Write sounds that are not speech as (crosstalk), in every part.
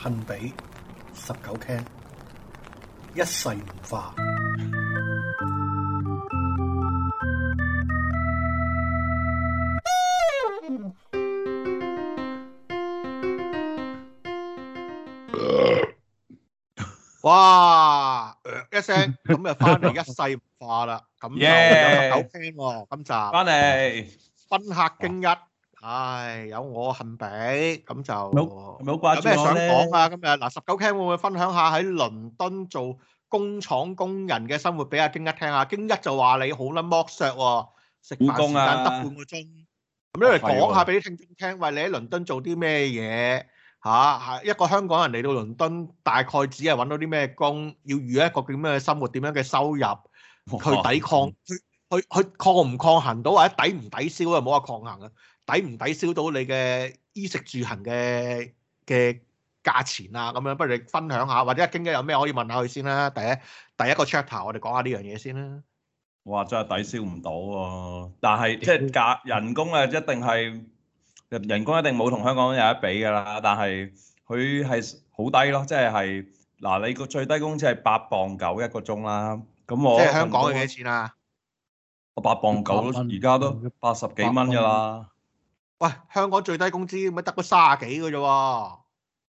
幸比十九 Ken，一世唔化。哇！一聲咁就翻嚟，一世唔化啦。咁又十九 Ken 喎，今集翻嚟賓客京一。係有我幸比咁就，唔好唔好掛住我咧。咁啊，嗱十九 K 會唔會分享下喺倫敦做工廠工人嘅生活俾阿京一聽下？京一就話你好捻剝削喎，食飯時間得半個鐘。咁一嚟講下俾啲聽眾聽，喂你喺倫敦做啲咩嘢？嚇，係一個香港人嚟到倫敦，大概只係揾到啲咩工？要預一個點樣嘅生活，點樣嘅收入，去抵抗去去去抗唔抗衡到，或者抵唔抵消？又唔好話抗衡啊。抵唔抵消到你嘅衣食住行嘅嘅價錢啊？咁樣不如你分享下，或者阿京一有咩可以問下佢先啦、啊。第一第一個 chapter，我哋講下呢樣嘢先啦、啊。哇！真係抵消唔到喎，但係即係價人工啊，一定係人工一定冇同香港有得比㗎啦。但係佢係好低咯，即係係嗱，你個最低工資係八磅九一個鐘啦、啊。咁我即係香港係幾錢啊？我八磅九元，而家都八十幾蚊㗎啦。喂，香港最低工資咪得嗰卅幾嘅啫，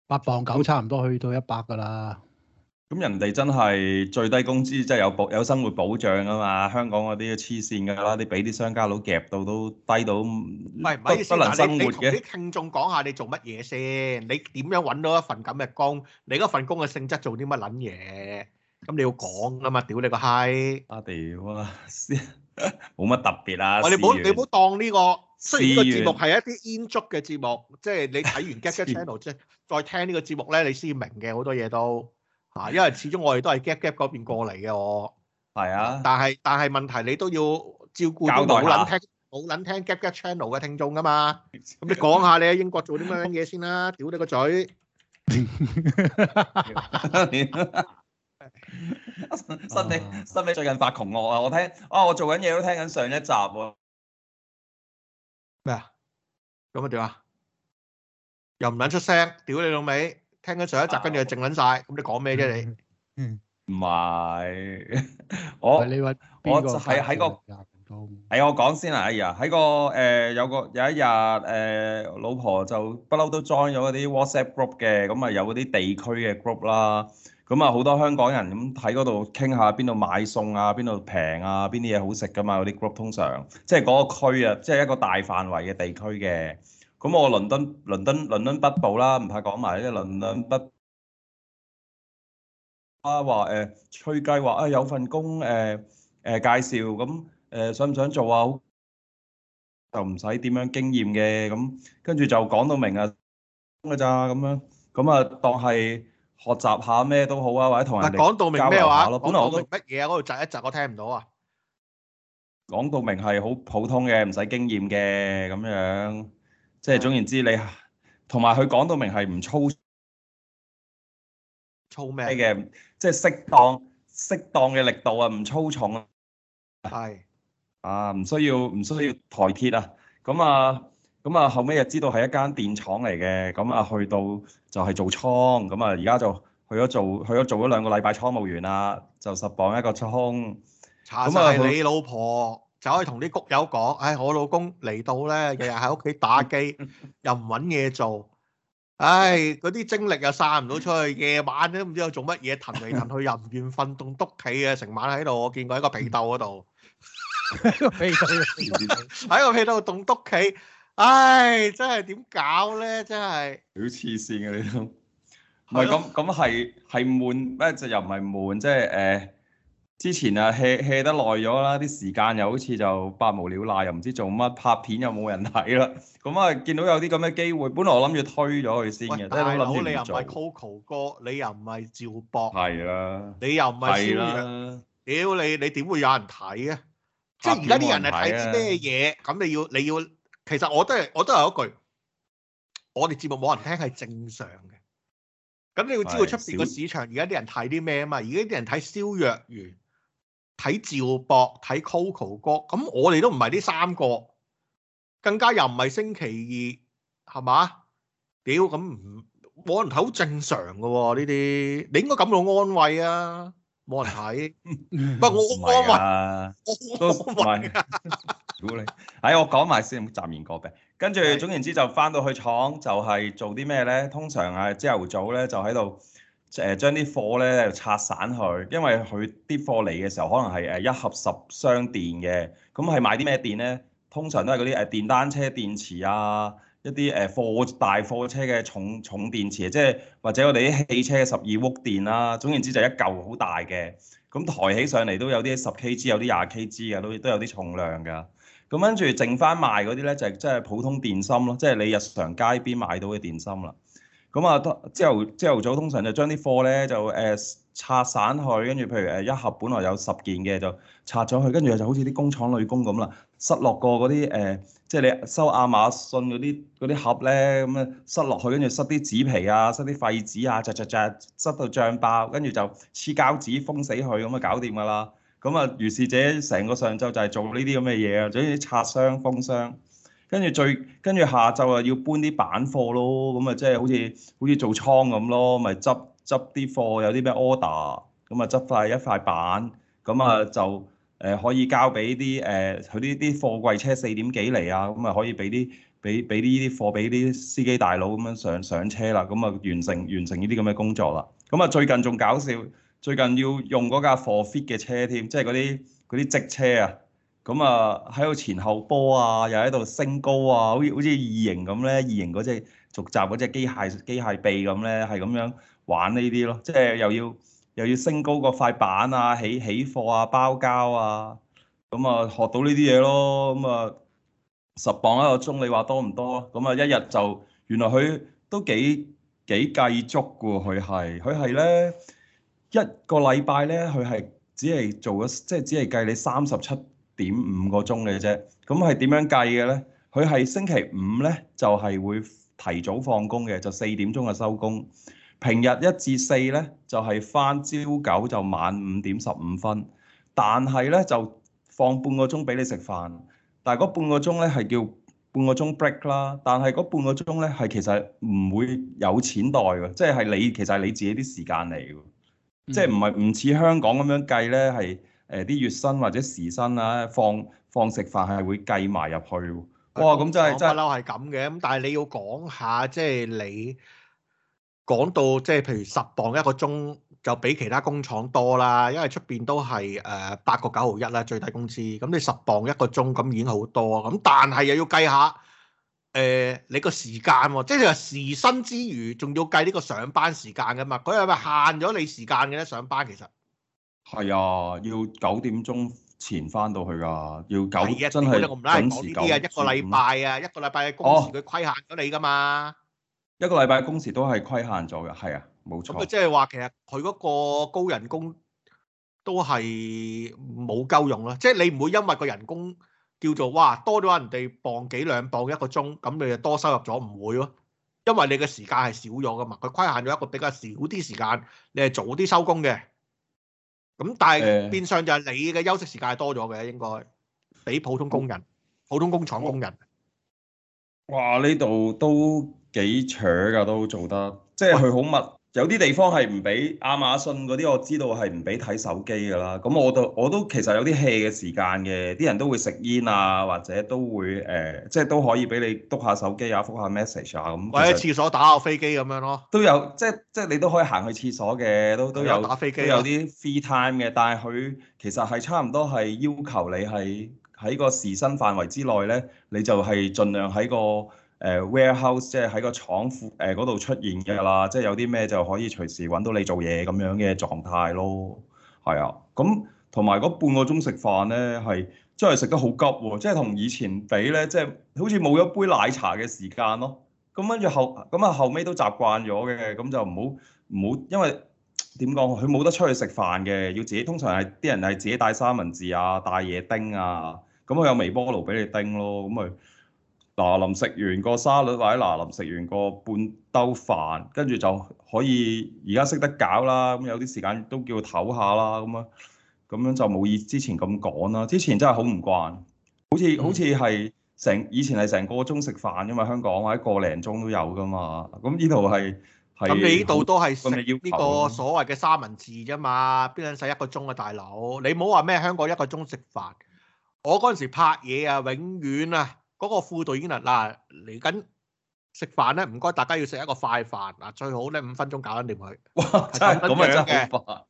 八磅九差唔多去到一百噶啦。咁人哋真係最低工資，即係有保有生活保障啊嘛。香港嗰啲黐線噶啦，你俾啲商家佬夾到都低到，唔係唔係，不能生活嘅。聽眾講下你做乜嘢先？你點樣搵到一份咁嘅工？你嗰份工嘅性質做啲乜撚嘢？咁你要講啊嘛，屌你個閪！阿屌，哇，冇乜特別啊。喂，你唔好你唔好當呢個。雖然呢個節目係一啲煙燻嘅節目，即係你睇完 Gap Gap Channel 即係再聽呢個節目咧，你先明嘅好多嘢都嚇，因為始終我哋都係 Gap Gap 嗰邊過嚟嘅我。係啊，但係但係問題你都要照顧到冇撚聽冇撚聽 Gap Gap Channel 嘅聽眾噶嘛？咁你講下你喺英國做啲乜撚嘢先啦，屌你個嘴！新年新年最近發窮惡啊，我聽啊，我做緊嘢都聽緊上一集喎。咩啊？咁啊點啊？又唔捻出聲，屌你老味！聽緊上一集，跟住就靜捻晒，咁、啊、你講咩啫你？嗯，唔係，我我喺喺個係我講先啊！哎呀，喺個誒、呃、有個有一日誒、呃，老婆就不嬲都裝咗嗰啲 WhatsApp group 嘅，咁啊有嗰啲地區嘅 group 啦。咁啊，好多香港人咁喺嗰度傾下邊度買餸啊，邊度平啊，邊啲嘢好食噶嘛？嗰啲 group 通常即係嗰個區啊，即係一個大範圍嘅地區嘅。咁我倫敦、倫敦、倫敦北部啦，唔怕講埋即係倫敦北啊話誒，吹雞話啊有份工誒誒介紹，咁誒想唔想做啊？就唔使點樣經驗嘅咁，跟住就講到明啊嘅咋咁樣，咁啊當係。學習下咩都好啊，或者同人哋交流下咯。本來我乜嘢啊？度窒一窒，我聽唔到啊。講到明係好普通嘅，唔使經驗嘅咁樣，即係總言之你，你同埋佢講到明係唔粗粗咩嘅，即係適當適當嘅力度的啊，唔粗重啊。係啊，唔需要唔需要抬鐵啊。咁啊。咁啊，後尾又知道係一間電廠嚟嘅，咁啊去到就係做倉，咁啊而家就去咗做，去咗做咗兩個禮拜倉務員啦，就十磅一個倉咁查你老婆就可以同啲谷友講，唉、哎，我老公嚟到咧，日日喺屋企打機， (laughs) 又唔揾嘢做，唉、哎，嗰啲精力又散唔到出去，夜晚都唔知佢做乜嘢，騰嚟騰去又唔願瞓，棟篤企呀，成晚喺度，我見過喺個被竇嗰度，喺 (laughs) 個被竇度棟篤企。唉，真係點搞咧？真係，好黐線嘅你都，唔係咁咁係係悶咩？就、啊、又唔係悶，即係誒，之前啊 hea hea 得耐咗啦，啲時間又好似就百無聊賴，又唔知做乜，拍片又冇人睇啦。咁啊，見到有啲咁嘅機會，本來我諗住推咗佢先嘅，但喺度諗，大佬，你又唔係 Coco 哥，你又唔係趙博，係啦，你又唔係，係啦，屌你你點會有人睇拍片 啊？即係而家啲人係睇啲咩嘢？咁你要你要。你要你要要要其實我都係，我都係嗰句，我哋節目冇人聽係正常嘅。咁你要知道出邊個市場而家啲人睇啲咩啊嘛？而家啲人睇蕭若元、睇趙博、睇 Coco 哥，咁我哋都唔係呢三個，更加又唔係星期二，係嘛？屌咁唔冇人睇好正常嘅喎呢啲，你應該感到安慰啊！冇人睇，唔係我我我問，我我都係。如果你，哎，我講埋先，暫言過別。跟住總言之就翻到去廠，就係做啲咩咧？通常啊，朝頭早咧就喺度誒將啲貨咧拆散佢，因為佢啲貨嚟嘅時候可能係誒一盒十箱電嘅，咁係買啲咩電咧？通常都係嗰啲誒電單車電池啊。一啲誒貨大貨車嘅重重電池，即係或者我哋啲汽車十二伏電啦，啊，總言之就一嚿好大嘅，咁抬起上嚟都有啲十 kg，有啲廿 kg 嘅，都都有啲重量㗎。咁跟住剩翻賣嗰啲咧，就即係普通電芯咯，即係你日常街邊買到嘅電芯啦。咁啊，朝朝朝頭早，早通常就將啲貨咧就誒、呃、拆散去，跟住譬如誒一盒本來有十件嘅就拆咗去，跟住就好似啲工廠女工咁啦，塞落個嗰啲誒。呃即係你收亞馬遜嗰啲啲盒咧，咁樣塞落去，跟住塞啲紙皮啊，塞啲廢紙啊，喳喳喳，塞到漲爆，跟住就黐膠紙封死佢，咁啊搞掂㗎啦。咁啊，如是者成個上晝就係做呢啲咁嘅嘢啊，總之拆箱封箱，跟住最跟住下晝啊要搬啲板貨咯，咁啊即係好似好似做倉咁咯，咪執執啲貨，有啲咩 order，咁啊執曬一塊板，咁啊就。嗯誒、呃、可以交俾啲誒佢呢啲貨櫃車四點幾嚟啊，咁啊可以俾啲俾俾啲呢啲貨俾啲司機大佬咁樣上上車啦，咁啊完成完成呢啲咁嘅工作啦。咁啊最近仲搞笑，最近要用嗰架 forklift 嘅車添，即係嗰啲嗰啲積車啊，咁啊喺度前後波啊，又喺度升高啊，好似好似異形咁咧，異形嗰隻續集嗰隻機械機械臂咁咧，係咁樣玩呢啲咯，即係又要。又要升高個塊板啊，起起貨啊，包膠啊，咁啊學到呢啲嘢咯，咁啊十磅一個鐘，你話多唔多啊？咁啊一日就原來佢都幾幾計足嘅喎，佢係佢係咧一個禮拜咧，佢係只係做咗即係只係計你三十七點五個鐘嘅啫。咁係點樣計嘅咧？佢係星期五咧就係會提早放工嘅，就四點鐘就收工。平日一至四咧，就係返朝九就晚五點十五分，但係咧就放半個鐘俾你食飯。但係嗰半個鐘咧係叫半個鐘 break 啦。但係嗰半個鐘咧係其實唔會有錢袋㗎，即係係你其實係你自己啲時間嚟㗎，嗯、即係唔係唔似香港咁樣計咧，係誒啲月薪或者時薪啊放放食飯係會計埋入去。哇的！咁真係真係我係咁嘅。咁、就係、但係你要講下，即、就、係、係、你。講到即係譬如十磅一個鐘就比其他工廠多啦，因為出邊都係誒八個九毫一啦最低工資。咁你十磅一個鐘咁已經好多啊！咁但係又要計下誒、呃、你個時間喎、哦，即、就、係、是、時薪之餘仲要計呢個上班時間㗎嘛。佢係咪限咗你時間嘅咧上班其實？係啊，要九點鐘前翻到去㗎，要九真係。係啊，冇得咁拉。講呢啲啊，哦、一個禮拜啊，一個禮拜嘅工時佢規限咗你㗎嘛。一個禮拜工時都係規限咗嘅，係啊，冇錯。咁即係話其實佢嗰個高人工都係冇夠用咯，即係你唔會因為個人工叫做哇多咗人哋磅幾兩磅一個鐘，咁你就多收入咗，唔會咯，因為你嘅時間係少咗噶嘛，佢規限咗一個比較少啲時間，你係早啲收工嘅。咁但係變相就係你嘅休息時間係多咗嘅，應該比普通工人、嗯、普通工廠工人。嗯哇！呢度都幾扯噶，都做得，即係佢好密，喂有啲地方係唔俾亞馬遜嗰啲，我知道係唔俾睇手機噶啦。咁我都我都其實有啲 hea 嘅時間嘅，啲人都會食煙啊，或者都會誒、呃，即係都可以俾你督下手機啊，覆下 message 啊咁。或者廁所打下飛機咁樣咯。都有，即係即係你都可以行去廁所嘅，都都有打飛機有，有啲 free time 嘅。但係佢其實係差唔多係要求你喺。喺個時薪範圍之內咧，你就係盡量喺個誒 warehouse，即係喺個廠庫誒嗰度出現嘅啦。即係有啲咩就可以隨時揾到你做嘢咁樣嘅狀態咯。係啊，咁同埋嗰半個鐘食飯咧，係真係食得好急喎。即係同以前比咧，即係好似冇一杯奶茶嘅時間咯。咁跟住後咁啊，後尾都習慣咗嘅，咁就唔好唔好，因為點講？佢冇得出去食飯嘅，要自己通常係啲人係自己帶三文治啊，帶嘢丁啊。咁我有微波爐俾你叮咯，咁咪嗱臨食完個沙律或者嗱臨食完個半兜飯，跟住就可以。而家識得搞啦，咁有啲時間都叫佢唞下啦，咁啊，咁樣就冇以之前咁講啦。之前真係好唔慣，好似好似係成以前係成個鐘食飯啫嘛，香港或者個零鐘都有噶嘛。咁呢度係係咁，你呢度都係食呢個所謂嘅三文治啫嘛，邊撚使一個鐘啊，大佬？你唔好話咩香港一個鐘食飯。我嗰陣時拍嘢啊，永遠啊，嗰、嗰個副導演啊，嗱嚟緊食飯咧，唔該大家要食一個快飯嗱，最好咧五分鐘搞掂佢。哇，咁啊，真好、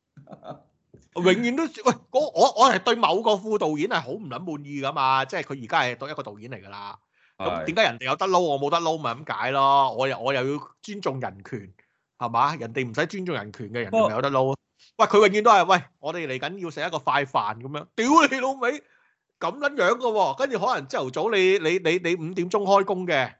就是、 (laughs) 永遠都喂，我我我係對某個副導演係好唔撚滿意噶嘛，即係佢而家係當一個導演嚟噶啦。咁點解人哋有得撈我冇得撈咪咁解咯？我又我又要尊重人權係嘛？人哋唔使尊重人權嘅人哋咪有得撈哇。喂，佢永遠都係喂，我哋嚟緊要食一個快飯咁樣，屌你老味。咁樣樣嘅喎，跟住可能朝頭早你你你你五點鐘開工嘅，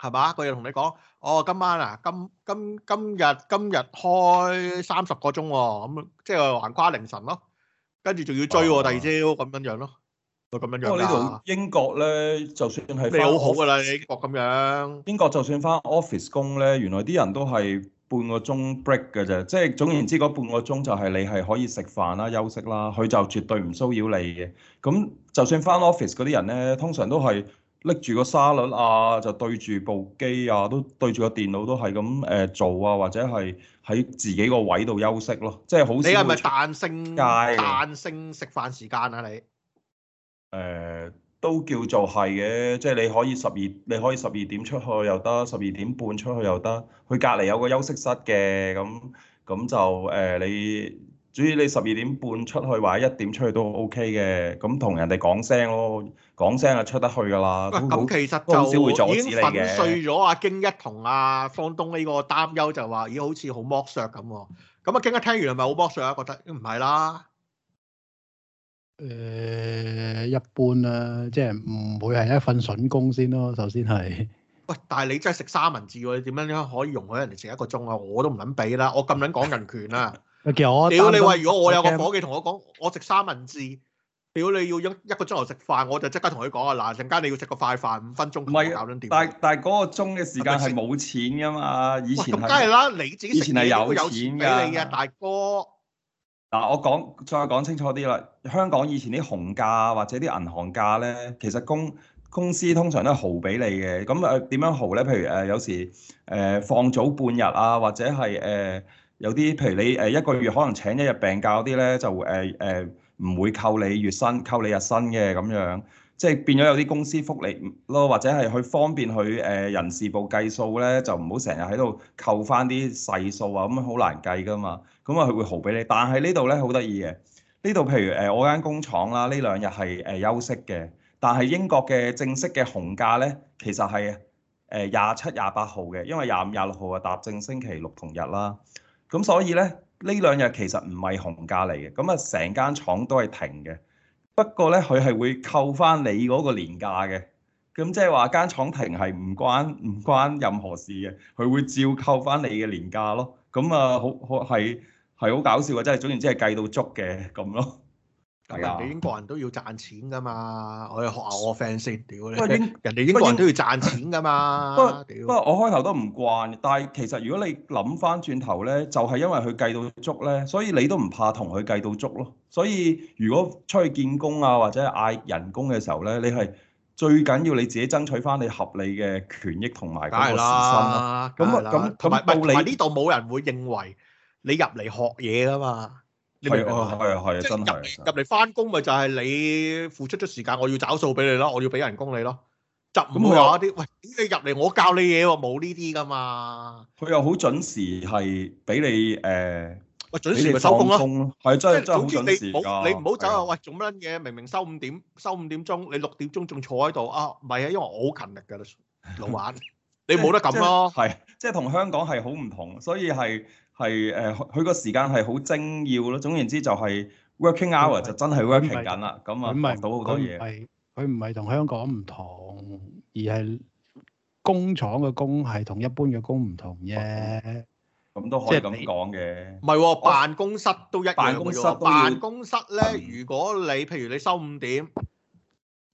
係嘛？佢又同你講，哦，今晚啊，今今今日今日開三十個鐘喎，咁即係橫跨凌晨咯，跟住仲要追喎第二朝咁樣樣咯，咁樣樣啦。不過呢度英國咧，就算係你好好㗎啦，英國咁樣。英國就算返 office 工咧，原來啲人都係，半個鐘 break 嘅啫，即係總言之，嗰半個鐘就係你係可以食飯啦、休息啦，佢就絕對唔騷擾你嘅。咁就算翻 office 嗰啲人咧，通常都係拎住個沙律啊，就對住部機啊，都對住個電腦都係咁誒做啊，或者係喺自己個位度休息咯，即係好少。你係咪彈性？彈性食飯時間啊，你？誒、呃。都叫做係嘅，即係你可以十二你可以十二點出去又得，十二點半出去又得。佢隔離有個休息室嘅，咁咁就誒、呃、你，主要你十二點半出去，或者一點出去都 O K 嘅。咁同人哋講聲咯，講聲啊出得去㗎喇。咁、啊、其實就已經粉碎咗阿京一同阿、啊、方東呢個擔憂就，就話咦好似好剝削咁喎、啊。咁啊京一聽完係咪好剝削啊？我覺得唔係啦。誒、呃，一般啦、啊，即係唔會係一份筍工先咯。首先係，喂，但係你真係食三文治喎？你點樣點樣可以容許人哋食一個鐘啊？我都唔肯俾啦。我咁捻講人權啊。屌 (laughs) 你話，如果我有個伙計同我講，我食三文治，屌你要一一個鐘頭食飯，我就即刻同佢講啊，嗱，陣間你要食個快飯五分鐘。咪搞掂。唔係，咁點？但係但係嗰個鐘嘅時間係冇錢噶嘛？喂以前咁梗係啦，你自己食係有錢俾你嘅，大哥、啊。的嗱，我講再講清楚啲啦。香港以前啲紅假或者啲銀行假咧，其實公公司通常都係豪俾你嘅。咁誒，點樣豪咧？譬如誒，有時誒、呃、放早半日啊，或者係誒、呃、有啲，譬如你誒一個月可能請一日病假嗰啲咧，就誒誒唔會扣你月薪，扣你日薪嘅咁樣。即係變咗有啲公司福利咯，或者係去方便去誒人事部計數咧，就唔好成日喺度扣翻啲細數啊，咁好難計噶嘛。咁啊佢會毫俾你，但係呢度咧好得意嘅，呢度譬如誒我間工廠啦，呢兩日係誒休息嘅，但係英國嘅正式嘅紅假咧，其實係誒廿七、廿八號嘅，因為廿五、廿六號啊，搭正星期六同日啦。咁所以咧，呢兩日其實唔係紅假嚟嘅，咁啊成間廠都係停嘅。不過咧，佢係會扣翻你嗰個年假嘅，咁即係話間廠停係唔關唔關任何事嘅，佢會照扣翻你嘅年假咯。咁啊，好好係係好搞笑嘅，即係總然之係計到足嘅咁咯。人哋英國人都要賺錢噶嘛，我係學下我 fans，屌你！ (laughs) 人哋英國人都要賺錢噶嘛， (laughs) (laughs) 不過我開頭都唔慣，但係其實如果你諗翻轉頭咧，就係、是、因為佢計到足咧，所以你都唔怕同佢計到足咯。所以如果出去見工啊，或者嗌人工嘅時候咧，你係最緊要你自己爭取翻你合理嘅權益同埋嗰個時薪啦。咁啊，咁同埋呢度冇人會認為你入嚟學嘢噶嘛。係啊，係啊，係啊，真係入嚟，入嚟翻工咪就係你付出咗時間，我要找數俾你咯，我要俾人工你咯，就唔會話啲喂，你入嚟我教你嘢喎冇呢啲噶嘛。佢又好準時係俾你，誒，喂，準時咪收工咯，係真係真係準時噶。你唔好走啊！喂，做乜撚嘢？明明收五點，收五點鐘，你六點鐘仲坐喺度啊？唔係啊，因為我好勤力噶，老闆，你冇得咁咯。係，即係同香港係好唔同，所以係。係誒，佢個時間係好精要咯。總言之，就係 working hour 就真係 working 緊啦。咁啊，學到好多嘢。佢唔係同香港唔同，而係工廠嘅工係同一般嘅工唔同啫。咁都可以咁講嘅。唔係喎，辦公室都一樣嘅喎。辦公室咧，如果你譬如你收五點，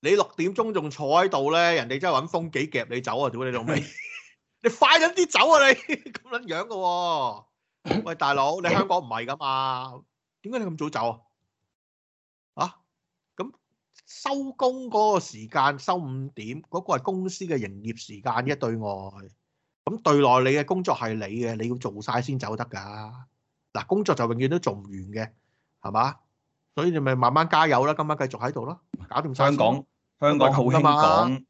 你六點鐘仲坐喺度咧，人哋真係揾風紀夾你走啊！屌你老味，你快咗啲走啊！你咁樣樣嘅喎。喂，大佬，你香港唔係噶嘛？點解你咁早走啊？咁收工嗰個時間收五點，嗰個係公司嘅營業時間，一對外。咁對內你嘅工作係你嘅，你要做晒先走得噶。嗱，工作就永遠都做唔完嘅，係嘛？所以你咪慢慢加油啦，今晚繼續喺度咯。搞掂晒香港，香港好香港。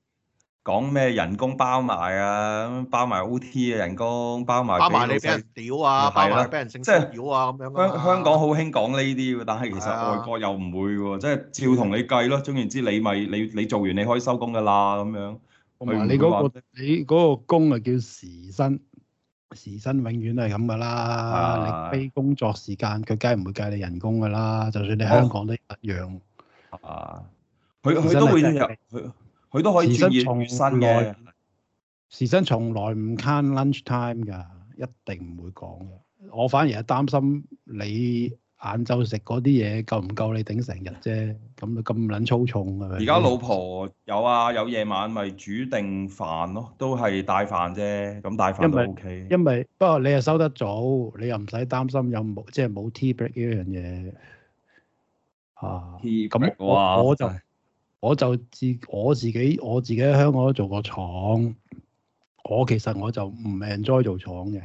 講咩人工包埋啊，咁包埋 O.T. 嘅人工，包埋包埋你俾人屌啊，包埋俾人即係屌啊咁樣。香香港好興講呢啲，但係其實外國又唔會嘅，即係照同你計咯。總言之，你咪你你做完你可以收工噶啦咁樣。同埋你嗰個你個工啊叫時薪，時薪永遠係咁噶啦。你非工作時間，佢梗係唔會計你人工噶啦。就算你香港都一樣。啊！佢佢都會佢都可以自生創新嘅，時薪從來唔 can lunch time 㗎，一定唔會講嘅。我反而係擔心你晏晝食嗰啲嘢夠唔夠你頂成日啫，咁就咁撚粗重㗎。而家老婆有啊，有夜晚咪煮定飯咯，都係帶飯啫，咁帶飯為都 OK。因為不過你又收得早，你又唔使擔心有冇即係冇 tea break 呢樣嘢啊。t Tea 哇 break、啊，我，話我就～我就自我自己我自己喺香港都做過廠，我其實我就唔 enjoy 做廠嘅，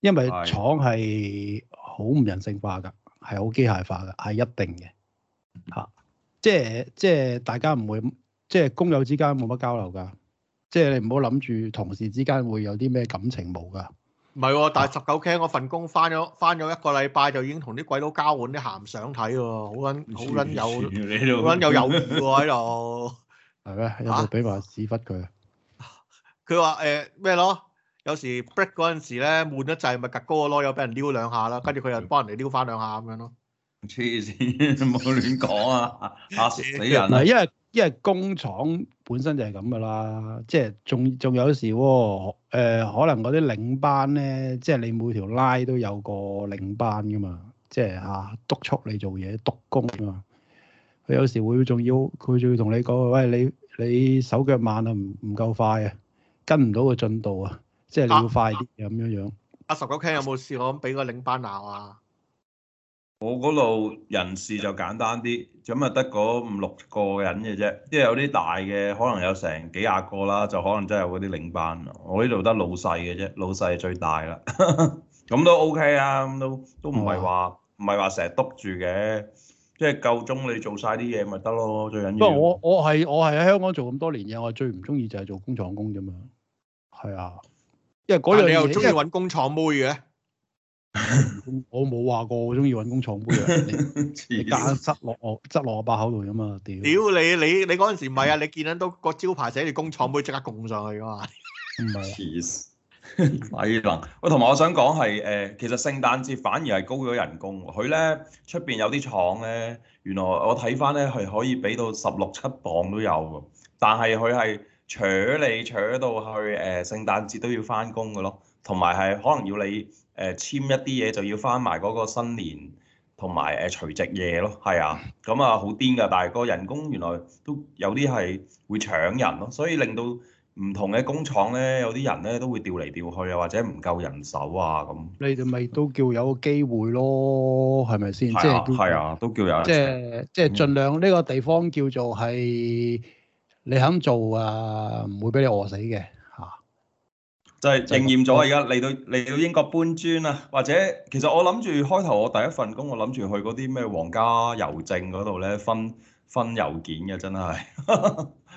因為廠係好唔人性化㗎，係好機械化㗎，係一定嘅吓。即係即係大家唔會即係工友之間冇乜交流㗎，即係你唔好諗住同事之間會有啲咩感情冇㗎。唔係喎，嗯、但係十九 K 嗰份工返咗返咗一個禮拜就已經同啲鬼佬交換啲鹹相睇喎，好撚好撚有好撚有友誼喎喺度。係咩？有冇俾埋屎忽佢？佢話誒咩咯？有時 break 嗰陣時咧悶得滯，咪格高咯，又俾人撩兩下啦，跟住佢又幫人哋撩返兩下咁樣咯。黐線，冇亂講啊！嚇死人啦！因為。因為工廠本身就係咁噶啦，即係仲仲有時喎、呃，可能嗰啲領班咧，即係你每條拉都有個領班噶嘛，即係啊督促你做嘢督工啊嘛，佢有時會仲要佢仲要同你講，喂，你你手腳慢啊，唔唔夠快啊，跟唔到個進度啊，即係你要快啲咁樣樣。阿、啊啊、十九 K 有冇試過俾個領班鬧啊？我嗰度人事就簡單啲，咁啊得嗰五六個人嘅啫，即係有啲大嘅，可能有成幾廿個啦，就可能真係嗰啲領班。我呢度得老細嘅啫，老細最大啦，咁 (laughs) 都 OK 啊，咁都都唔係話唔係話成日督住嘅，即係夠鐘你做晒啲嘢咪得咯，最緊要。不過我我係我係喺香港做咁多年嘢，我最唔中意就係做工廠工啫嘛。係啊，因為嗰樣你又中意搵工廠妹嘅。 (laughs) 我冇話過我中意搵工廠妹， (laughs) 你夾塞落我塞落我把口度噶嘛？屌你你你嗰陣時唔係啊！你見到個招牌寫住工廠妹」，即刻拱上去噶嘛？黐線，係啦，我同埋我想講係誒，其實聖誕節反而係高咗人工。佢咧出邊有啲廠咧，原來我睇翻咧係可以俾到十六七磅都有，但係佢係扯你扯到去誒，聖誕節都要翻工噶咯，同埋係可能要你。誒、呃、簽一啲嘢就要翻埋嗰個新年同埋誒除夕夜咯，係啊，咁啊好癲㗎，但係個人工原來都有啲係會搶人咯，所以令到唔同嘅工廠咧，有啲人咧都會調嚟調去，又或者唔夠人手啊咁。你哋咪都叫有機會咯，係咪先？即係，係啊，係啊，都叫有。即係即係盡量呢個地方叫做係你肯做啊，唔、嗯、會俾你餓死嘅。就係應驗咗而家嚟到嚟到英國搬磚啊，或者其實我諗住開頭我第一份工，我諗住去嗰啲咩皇家郵政嗰度咧分分郵件嘅，真係。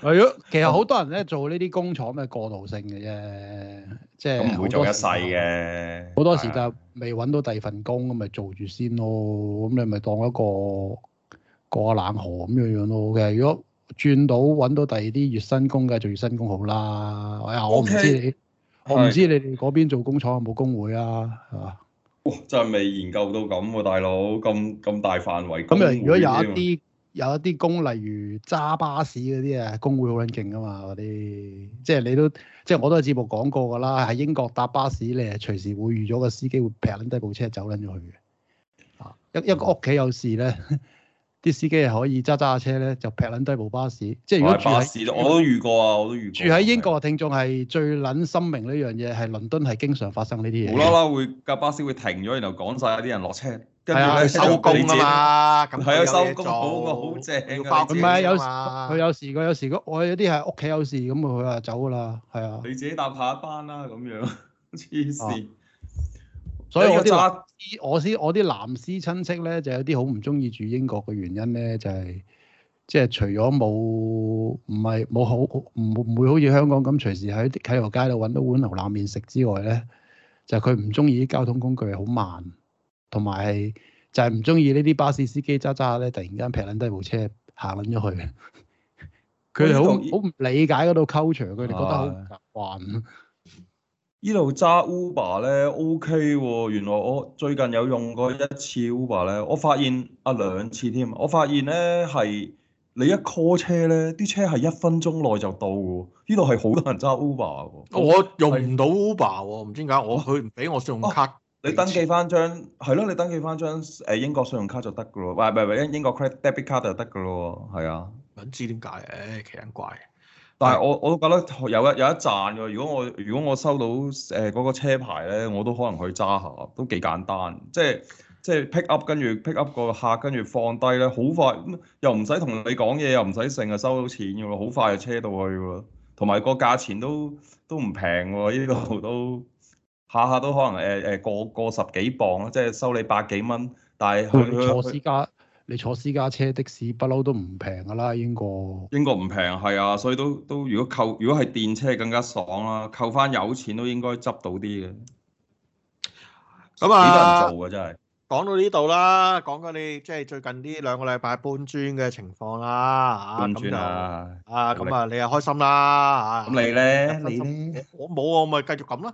係咯，其實好多人咧做呢啲工廠咩過渡性嘅啫，即係唔會做一世嘅。好多時就未揾到第二份工咁，咪的做住先咯。咁你咪當一個過冷河咁樣樣咯嘅。如果轉到揾到第二啲月薪工嘅，做月薪工好啦、哎。我又我唔知你。Okay. 我唔知你哋嗰邊做工廠有冇工會啊？係嘛？哇！真係未研究到咁喎啊，大佬咁咁大範圍。咁如果有一啲有一啲工，例如揸巴士嗰啲啊，工會好撚勁噶嘛嗰啲。即係你都即係我都喺節目講過㗎啦。喺英國搭巴士，你係隨時會預咗個司機會劈撚低部車走撚咗去嘅。啊！一一個屋企有事咧。 (laughs) 啲司機係可以揸揸下車咧，就劈撚低部巴士。即係如果巴士，我都遇過啊，我都遇過。住喺英國嘅聽眾係最撚心明呢樣嘢，係倫敦係經常發生呢啲嘢，無啦啦會架巴士會停咗，然後趕晒啲人落車，跟住佢收工啊嘛。係啊，收工好，好正啊。唔係啊，有時佢有時，有時我有啲係屋企有事咁，佢話走㗎啦，係啊。你自己搭下一班啦，啊，咁樣黐線。所以我啲我啲我啲男士親戚咧，就有啲好唔中意住英國嘅原因咧，就係即係除咗冇唔係冇好唔唔會好似香港咁隨時喺啲啟德街度揾到碗牛腩麵食之外咧，就係佢唔中意啲交通工具好慢，同埋就係唔中意呢啲巴士司機揸揸下咧，突然間劈撚低部車行撚咗去。佢哋好好唔理解嗰度 culture，佢哋覺得好唔慣。啊呢度揸 Uber 咧 OK 喎，原來我最近有用過一次 Uber 咧，我發現啊兩次添，我發現咧係你一 call 車咧，啲車係一分鐘內就到嘅喎，呢度係好多人揸 Uber 喎。我用唔到 Uber 喎是，唔知點解我佢唔俾我信用卡，你登記翻張係咯，你登記翻張誒英國信用卡就得嘅咯，喂，喂，喂，係英國 credit debit card 就得嘅咯，係啊，唔知點解，誒奇人怪。但係我我都覺得有有一，有一賺嘅。如果我如果我收到誒嗰個車牌咧，我都可能去揸下，都幾簡單。即係即係 pick up 跟住 pick up 個客，跟住放低咧，好快又唔使同你講嘢，又唔使成日收到錢嘅喎，好快就車到去嘅喎。同埋個價錢都都唔平喎，呢度都下下都可能誒誒過過十幾磅，即係收你百幾蚊，但係佢坐私家。你坐私家車的士，不嬲都唔平噶啦，英國英國唔平，係啊，所以都都如果扣，如果係電車更加爽啦，扣翻有錢都應該執到啲嘅、啊。咁就啊，幾多人做㗎真係？講到呢度啦，講緊你即係最近呢兩個禮拜搬磚嘅情況啦，搬磚啊咁啊，啊勞力 你又開心啦咁你咧，你呢我冇我咪繼續咁咯，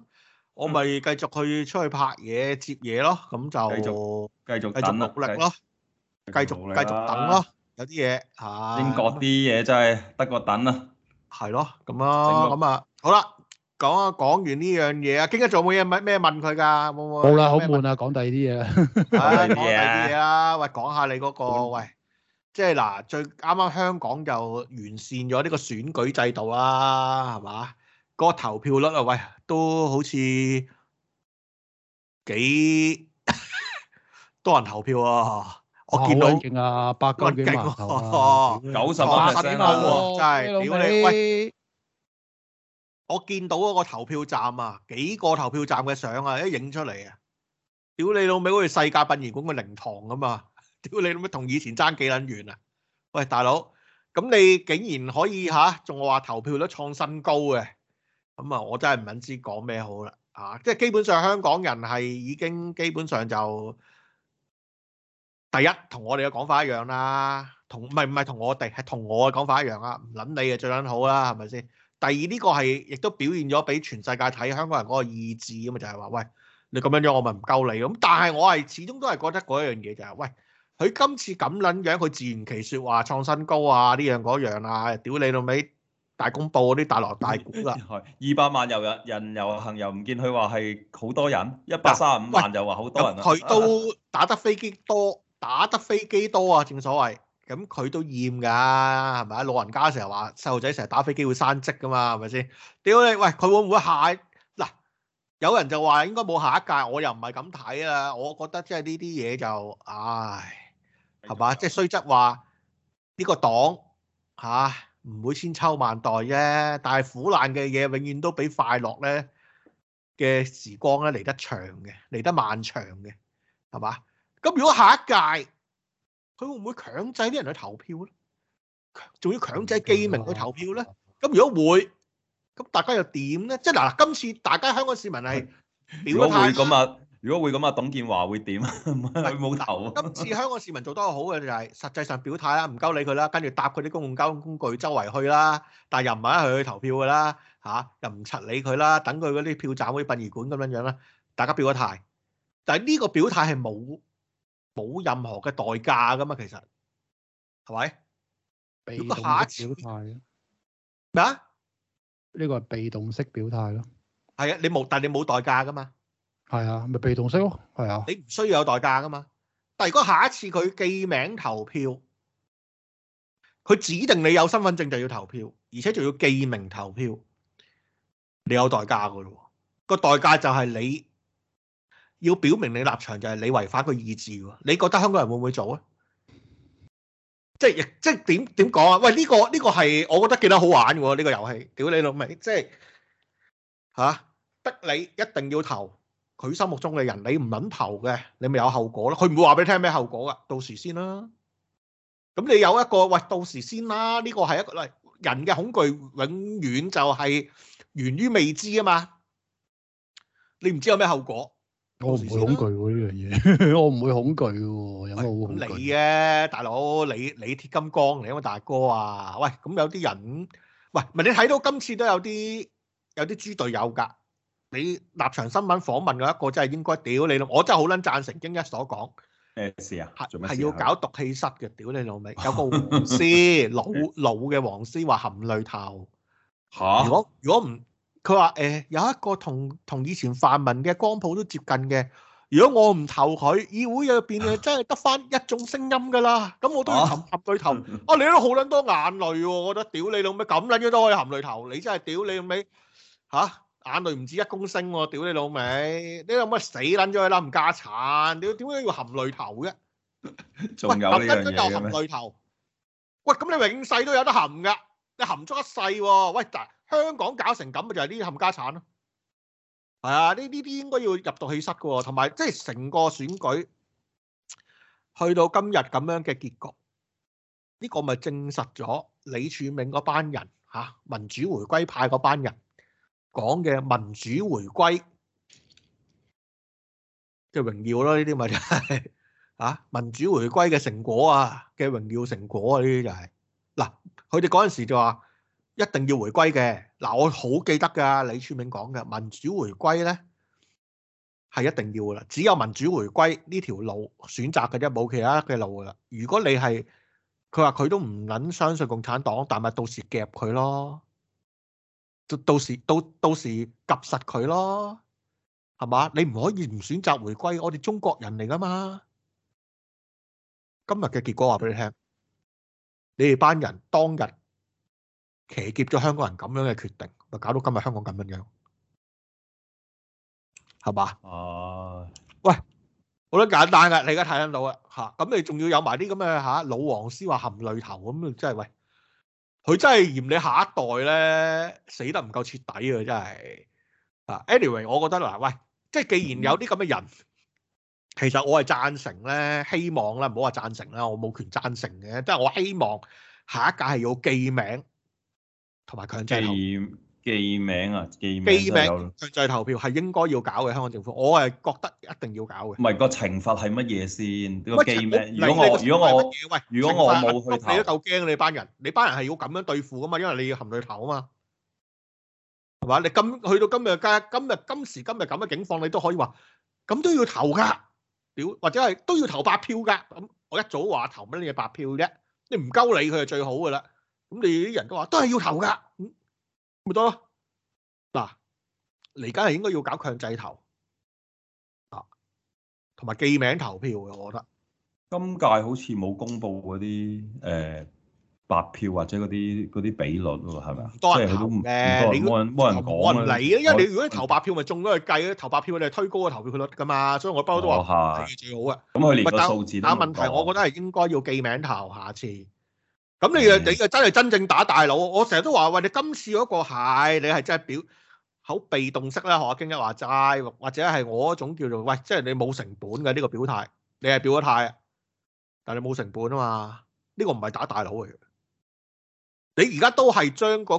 我咪繼續去出去拍嘢、接嘢咯，咁就繼續繼續繼續努力咯。繼續繼續等咯，有啲嘢吓。啊、英國啲嘢真係得個等啦。係咯，咁啊咁啊，好啦，講一講完呢樣嘢啊，今日做冇嘢，乜咩問佢噶冇冇？冇啦，好悶啊，講第二啲嘢啦，講第二啲嘢啦。喂，講下你嗰個喂，即係嗱，最啱啱香港就完善咗呢個選舉制度啦、啊，係嘛？嗰、嗰個投票率啊，喂，都好似幾 (laughs) 多人投票啊？我見到勁、哦、啊，百斤幾九十蚊真係屌你！喂，我見到嗰個投票站啊，幾個投票站嘅相啊，一影出嚟啊，屌你老味，好似世界殯儀館嘅靈堂咁啊！屌你老味同以前爭幾撚遠啊？喂，大佬，咁你竟然可以嚇仲話投票率創新高嘅，咁啊，我真係唔撚知講咩好啦嚇！即係基本上香港人係已經基本上就。第一同我哋嘅講法一樣啦，同唔係唔係同我哋係同我嘅講法一樣啊？唔撚理啊，最撚好啦，係咪先？第二呢個係亦都表現咗俾全世界睇香港人嗰個意志啊嘛，就係話喂，你咁樣樣我咪唔夠你咁。但係我係始終都係覺得嗰樣嘢就係喂，佢今次咁撚樣，佢自圓其説話創新高啊，呢樣嗰樣啊，屌你老味大公報嗰啲大鑼大鼓啦，二百萬又人人又行又唔見佢話係好多人，一百三十五萬又話好多人啊，佢都打得飛機多。打得飛機多啊，正所謂，咁佢都厭㗎，係咪啊？老人家成日話，細路仔成日打飛機會升職㗎嘛，係咪先？屌你喂，佢會唔會下？嗱，有人就話應該冇下一屆，我又唔係咁睇啊，我覺得即係呢啲嘢就，唉，係嘛？即係雖則話呢個黨嚇唔會千秋萬代啫，但係苦難嘅嘢永遠都比快樂咧嘅時光咧嚟得長嘅，嚟得漫長嘅，係嘛？咁如果下一屆佢會唔會強制啲人去投票咧？仲要強制記名去投票咧？咁如果會，咁大家又點咧？即係嗱，今次大家香港市民係表咗態。如果會咁啊，如果會咁啊，董建華會點啊？佢冇投啊！今次香港市民做得好嘅就係、係、實際上表態啦，唔鳩理佢啦，跟住搭佢啲公共交通工具周圍去啦，但係又唔係去投票㗎啦，嚇又唔擦理佢啦，等佢嗰啲票站嗰啲殯儀館咁樣樣啦，大家表個態。但係呢個表態係冇。冇任何嘅代價噶嘛，其實係咪？被動式表態咩啊？呢個係被動式表態咯，係啊，你冇但係你冇代價噶嘛，係啊，咪被動式咯，係啊。你唔需要有代價噶嘛，但係如果下一次佢記名投票，佢指定你有身份證就要投票，而且仲要記名投票，你有代價噶咯，個代價就係你。要表明你立場就係你違反佢意志喎，你覺得香港人會唔會做啊？即係即係點點講啊？喂，呢個呢個係我覺得幾得好玩喎，呢個遊戲，屌你老味，即係嚇逼你一定要投佢心目中嘅人，你唔肯投嘅，你咪有後果咯。佢唔會話俾你聽咩後果噶，到時先啦。咁你有一個喂，到時先啦。呢個係一個嚟人嘅恐懼，永遠就係源於未知啊嘛。你唔知有咩後果。我唔會恐懼嘅呢樣嘢， (laughs) 我唔會恐懼嘅、啊。喂有冇恐懼、啊？你嘅、啊、大佬，你你鐵金剛你啊，我大哥啊！喂，咁有啲人，喂，唔係你睇到今次都有啲有啲豬隊友噶。你立場新聞訪問嗰一個真係應該屌你咯，我真係好捻讚成京一所講。誒、啊，是啊，係要搞毒氣室嘅，屌你老味！啊、有個黃絲老老嘅黃絲話含淚投。吓、啊？如果如果唔？佢話誒有一個同同以前泛民嘅光譜都接近嘅，如果我唔投佢，議會入邊誒真係得翻一種聲音㗎啦，咁我都要含含淚投。啊，你都好撚多眼淚喎，我覺得屌你老味咁撚嘅都可以含淚投，你真係屌你老味嚇眼淚唔止一公升喎，屌你老味你有乜死撚咗去冧家產？你點解要含淚投嘅？喂，咁撚都夠含淚投。喂，咁你永世都有得含㗎。你含咗一世喎，喂！但香港搞成咁咪就係啲冚家產咯，係啊！呢呢啲應該要入毒氣室嘅喎，同埋即係成個選舉去到今日咁樣嘅結局，呢、這個咪證實咗李柱銘嗰班人嚇、啊、民主回歸派嗰班人講嘅民主回歸嘅榮耀咯，呢啲咪就係、是、嚇、啊、民主回歸嘅成果啊嘅榮耀成果啊，呢啲就係、是、嗱。啊。佢哋嗰陣時就話一定要回歸嘅，嗱，我好記得噶，李柱銘講嘅民主回歸咧係一定要噶啦，只有民主回歸呢條路選擇嘅啫，冇其他嘅路噶。如果你係佢話佢都唔撚相信共產黨，但咪到時夾佢咯，到時到時到到時夾實佢咯，係嘛？你唔可以唔選擇回歸，我哋中國人嚟噶嘛。今日嘅結果話俾你聽。你哋班人當日騎劫咗香港人咁樣嘅決定，就搞到今日香港咁樣樣，係嘛？哦、uh 嗯啊嗯，喂，好啦，簡單噶，你而家睇得到啦吓，咁你仲要有埋啲咁嘅吓老黃絲話含淚投咁樣，真係喂，佢真係嫌你下一代咧死得唔夠徹底啊，真係啊，anyway，我覺得嗱，喂，即係既然有啲咁嘅人。其實我係贊成咧，希望啦，唔好話贊成啦，我冇權贊成嘅，即係我希望下一屆係要記名同埋強制記記名啊，記名強制投票係應該要搞嘅。香港政府我係覺得一定要搞嘅。唔係個懲罰係乜嘢先？個記名如果我如果我喂如果我冇去投，你都夠驚你班人。你班人係要咁樣對付噶嘛，因為你要含淚投啊嘛，係嘛？你今去到今日，今今日今時今日咁嘅境況，你都可以話咁都要投噶。表或者係都要投白票㗎，咁我一早話投乜嘢白票啫，你唔鳩你佢就最好㗎啦。咁你啲人都話都係要投㗎，咁咪得咯。嗱，你而家係應該要搞強制投啊，同埋記名投票，我覺得。今屆好似冇公布嗰啲誒。欸白票或者嗰啲嗰啲比率咯，係咪啊？即係好唔多人冇人講嚟啊，因為你如果投白票咪中咗個計咯，投白票你係推高個投票率㗎嘛，所以我不嬲都話最好嘅。咁佢連個數字。但問題我覺得係應該要記名投，下次。咁你誒你誒真係真正打大佬，我成日都話喂，你今次嗰個蟹你係真係表好被動式啦，何家京一話齋，或者係我一種叫做喂，即係你冇成本嘅呢個表態，你係表咗態，但係你冇成本啊嘛，呢個唔係打大佬嚟嘅。你而家都係將嗰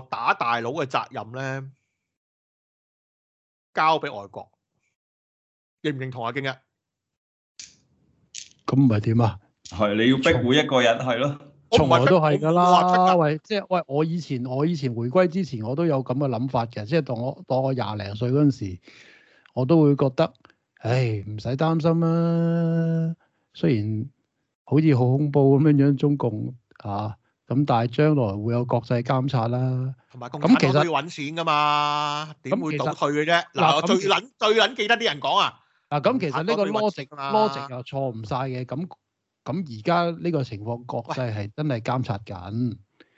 個打大佬嘅責任咧交俾外國，認唔認同阿啊？京一咁唔係點啊？係你要逼每一個人係咯，從來都係噶啦。喂，即係喂，我以前我以前回歸之前，我都有咁嘅諗法嘅，即係當我當我廿零歲嗰陣時，我都會覺得，唉，唔使擔心啦、啊。雖然好似好恐怖咁樣樣，中共啊～咁但係將來會有國際監察啦，同埋供應商可以揾錢噶嘛？點會倒退嘅啫？嗱實，我最撚最撚忍忍記得啲人講啊，嗱，咁其實呢個 logic logic 又錯唔晒嘅。咁咁而家呢個情況，國際係真係監察緊。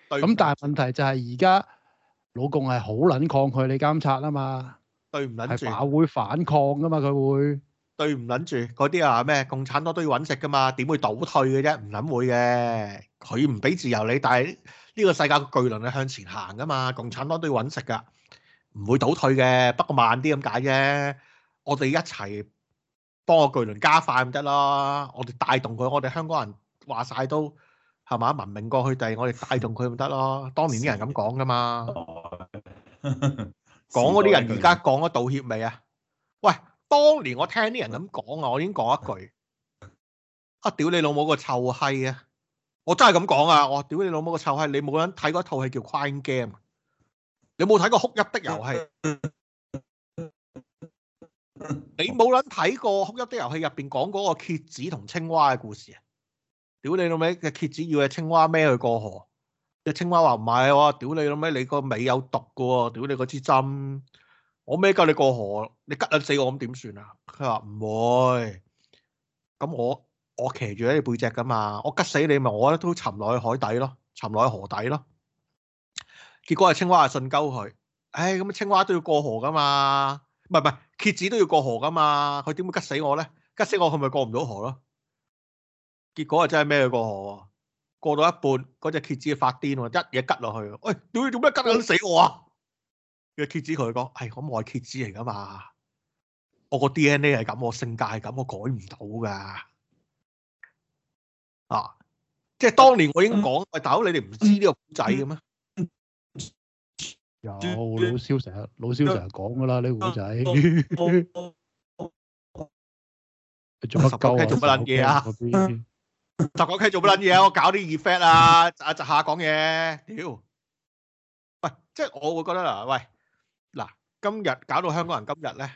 咁但係問題就係而家老共係好撚抗拒你監察啊嘛，對唔撚住，係反會反抗噶嘛，佢會。對唔撚住嗰啲啊咩？共產黨都要揾食噶嘛，點會倒退嘅啫？唔撚會嘅。佢唔俾自由你，但係呢個世界個巨輪係向前行噶嘛。共產黨都要揾食噶，唔會倒退嘅。不過慢啲咁解啫。我哋一齊幫個巨輪加快咪得咯。我哋帶動佢，我哋香港人話晒都係嘛文明過去，就係我哋帶動佢咪得咯。當年啲人咁講噶嘛。講嗰啲人而家講咗道歉未啊？喂！當年我聽啲人咁講啊，我已經講一句啊，屌你老母個臭閪啊！我真係咁講啊，我屌你老母個臭閪！你冇撚睇嗰套戲叫《Crying Game》？你冇睇過《哭泣的遊戲》？你冇撚睇過《哭泣的遊戲》入邊講嗰個蠍子同青蛙嘅故事啊？屌你老味嘅蠍子要係青蛙孭去過河，隻青蛙話唔係喎，屌你老味，你個尾有毒嘅喎，屌你嗰支針！我孭救你過河，你吉撚死我咁點算啊？佢話唔會，咁我我騎住喺你背脊噶嘛，我吉死你咪我哋都沉落去海底咯，沉落去河底咯。結果係青蛙係信鳩佢，唉、哎、咁青蛙都要過河噶嘛，唔係唔係蠍子都要過河噶嘛，佢點會吉死我咧？吉死我係咪過唔到河咯？結果係真係孭佢過河，過到一半嗰隻蠍子就發癲喎，一嘢吉落去，喂、哎、屌你做咩吉撚死我啊！個蠍子佢講，係咁、哎、我係蠍子嚟噶嘛，我個 DNA 係咁，我性格係咁，我改唔到噶，啊，即係當年我已經講，喂，大佬你哋唔知呢個古仔嘅咩？有老蕭成日，老蕭成日講噶啦呢古仔。做乜鳩做乜捻嘢啊？就廣溪做乜捻嘢我搞啲 effect 啊！阿窒下講嘢，屌，喂，即係我會覺得啦，喂。喂今日搞到香港人今日咧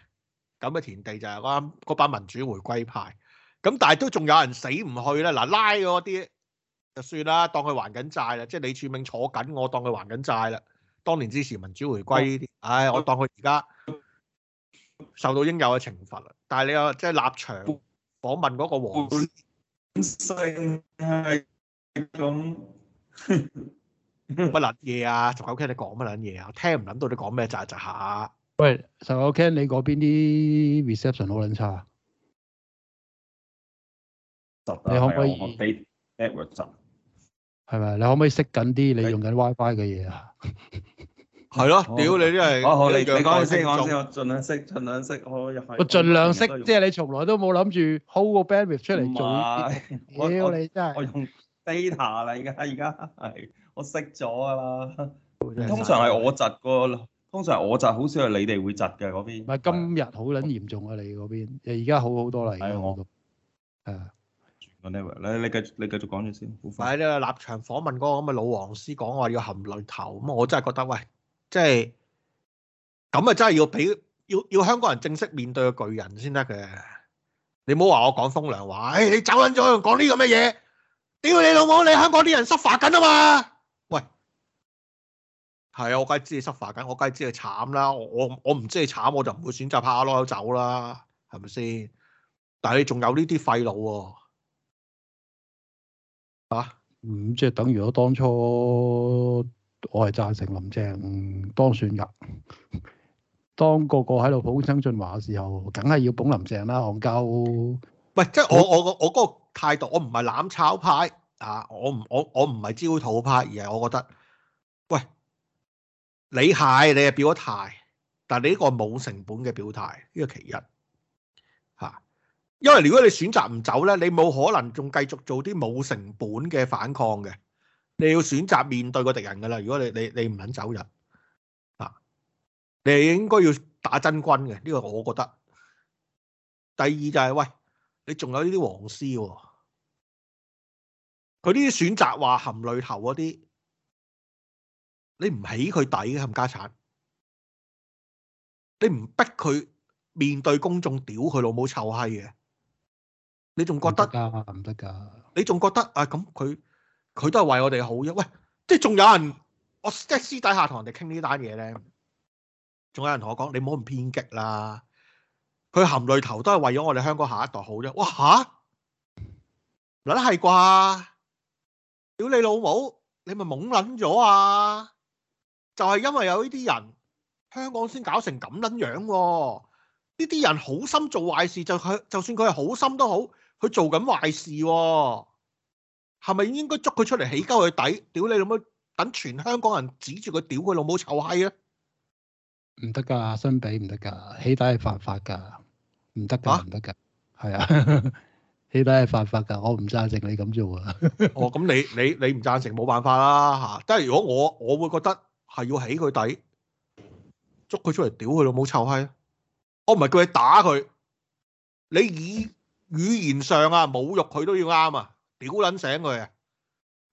咁嘅田地就係嗰啱班民主回歸派，咁但係都仲有人死唔去咧嗱，拉嗰啲就算啦，當佢還緊債啦，即係李柱銘坐緊，我當佢還緊債啦。當年支持民主回歸呢啲，唉、哎，我當佢而家受到應有嘅懲罰啦。但係你又即係立場訪問嗰個王？乜撚嘢啊？19 Ken 你講乜撚嘢啊？聽唔諗到你講咩？咋咋下。喂，19 Ken 你嗰邊啲 reception 好撚差？你可唔可以 update bandwidth 係咪？你可唔可以識緊啲？你用緊 WiFi 嘅嘢啊？係咯，屌你都係，你你講先，我先我盡量識盡量識，我入去。我盡量識，即係你從來都冇諗住 hold 個 bandwidth 出嚟做。唔係，我我用 data 啦，而家而家係。我識咗啦，通常係我窒個，通常我窒，好少係你哋會窒嘅，嗰邊。唔係今日好撚嚴重啊！你嗰邊，而家好好多啦不多。我都 never，你你繼你繼續講住先，好快。你立場訪問嗰個咁嘅老黃絲講話要含淚投，咁我真係覺得喂，即係咁啊，真係要俾要要香港人正式面對個巨人先得嘅。你唔好話我講風涼話，誒、哎，你走撚咗，講呢咁嘅嘢，屌你老母，你香港啲人失華緊啊嘛！係啊，我梗係知你 s 化 f 緊，我梗係知你慘啦。我我唔知你慘，我就唔會選擇拍下攞走啦，係咪先？但係你仲有呢啲廢腦喎，啊？啊、嗯，即係等於我當初我係贊成林鄭當選噶。當個個喺度捧曾俊華嘅時候，梗係要捧林鄭啦，戇鳩。喂，即係我、欸、我我嗰個態度，我唔係攬炒派啊，我唔我我唔係焦土派，而係我覺得。你係你係表咗態，但係你呢個冇成本嘅表態，呢個其一吓，啊。因為如果你選擇唔走咧，你冇可能仲繼續做啲冇成本嘅反抗嘅。你要選擇面對個敵人㗎喇。如果你你你唔肯走人，啊，你係應該要打真軍嘅。呢，這個我覺得。第二就係、是、喂，你仲有呢啲黃絲、啊，佢呢啲選擇話含淚投嗰啲。你唔起佢底嘅冚家產，你唔逼佢面對公眾屌佢老母臭閪嘅，你仲覺得唔得噶？你仲覺得啊？咁佢佢都係為我哋好啫。喂，即係仲有人我即係私底下同人哋傾呢單嘢咧，仲有人同我講：你唔好咁偏激啦。佢含淚頭都係為咗我哋香港下一代好啫。哇吓？撚係啩？屌你老母，你咪懵撚咗啊！就係因為有呢啲人，香港先搞成咁撚樣喎。呢啲人好心做壞事，就佢就算佢係好心都好，佢做緊壞事喎。係咪應該捉佢出嚟起鳩佢底？屌你老母！等全香港人指住佢屌佢老母臭閪啊！唔得噶，相比唔得噶，起底係犯法噶，唔得噶，唔得噶，係啊，起底係犯法噶，我唔贊成你咁做啊。哦，咁你你你唔贊成，冇辦法啦嚇。但係如果我我會覺得。係要起佢底，捉佢出嚟屌佢老母臭閪！我唔係叫你打佢，你以語言上啊侮辱佢都要啱啊！屌撚醒佢啊！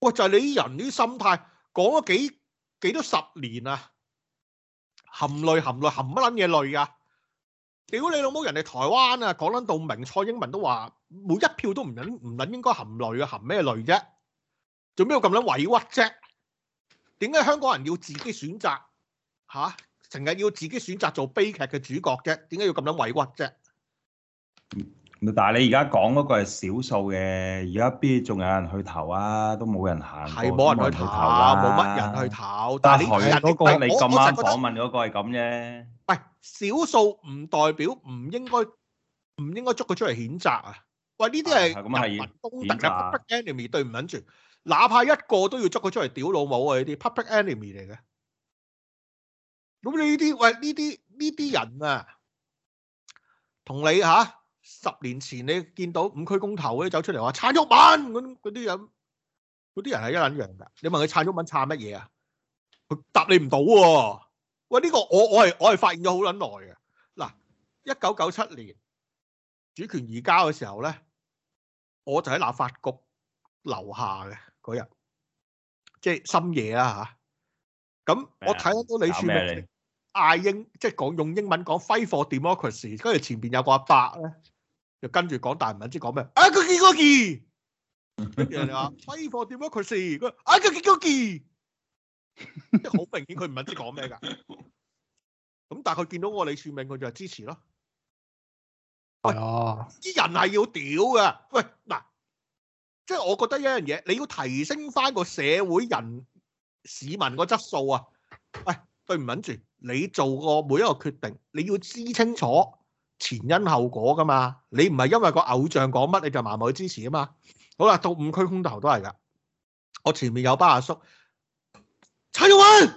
喂，就係你啲人啲心態，講咗幾幾多十年啊，含淚含淚含乜撚嘢淚㗎？屌你老母！人哋台灣啊，講撚到明，蔡英文都話每一票都唔撚唔撚應該含淚啊，含咩淚啫？做咩要咁撚委屈啫？點解香港人要自己選擇吓？成日要自己選擇做悲劇嘅主角啫？點解要咁樣委屈啫？但係你而家講嗰個係少數嘅，而家邊仲有人去投啊？都冇人行，係冇人去投啊！冇乜人去投。但係佢嗰個你咁啱訪問嗰個係咁啫。喂，少數唔代表唔應該，唔應該捉佢出嚟譴責啊！喂，呢啲係人民公敵啊，不 enemy 對唔緊住？哪怕一個都要捉佢出嚟屌老母啊！呢啲 public enemy 嚟嘅。咁你呢啲，喂呢啲呢啲人啊，同你嚇、啊、十年前你見到五區公投嗰啲走出嚟話撐毓民嗰啲人，嗰啲人係一撚樣噶。你問佢撐毓民撐乜嘢啊？佢答你唔到喎。喂，呢個我我係我係發現咗好撚耐嘅。嗱，一九九七年主權移交嘅時候咧，我就喺立法局樓下嘅。嗰日即係深夜啦、啊。吓、啊，咁我睇到李柱銘阿英即係講用英文講 fight for democracy，跟住前邊有個阿伯咧，就跟住講但文，唔知講咩 i g 啊？佢見個字，跟住你話 fight for democracy，g 佢啊，佢見個字，即係好明顯佢唔係唔知講咩㗎。咁但係佢見到我李柱銘，佢就係支持咯。啲 (laughs) 人係要屌嘅。喂嗱。即係我覺得一樣嘢，你要提升翻個社會人市民個質素啊！喂，對唔緊住，你做個每一個決定，你要知清楚前因後果噶嘛？你唔係因為個偶像講乜你就盲目支持啊嘛？好啦，到五區公投都係㗎。我前面有班阿叔，撐毓民，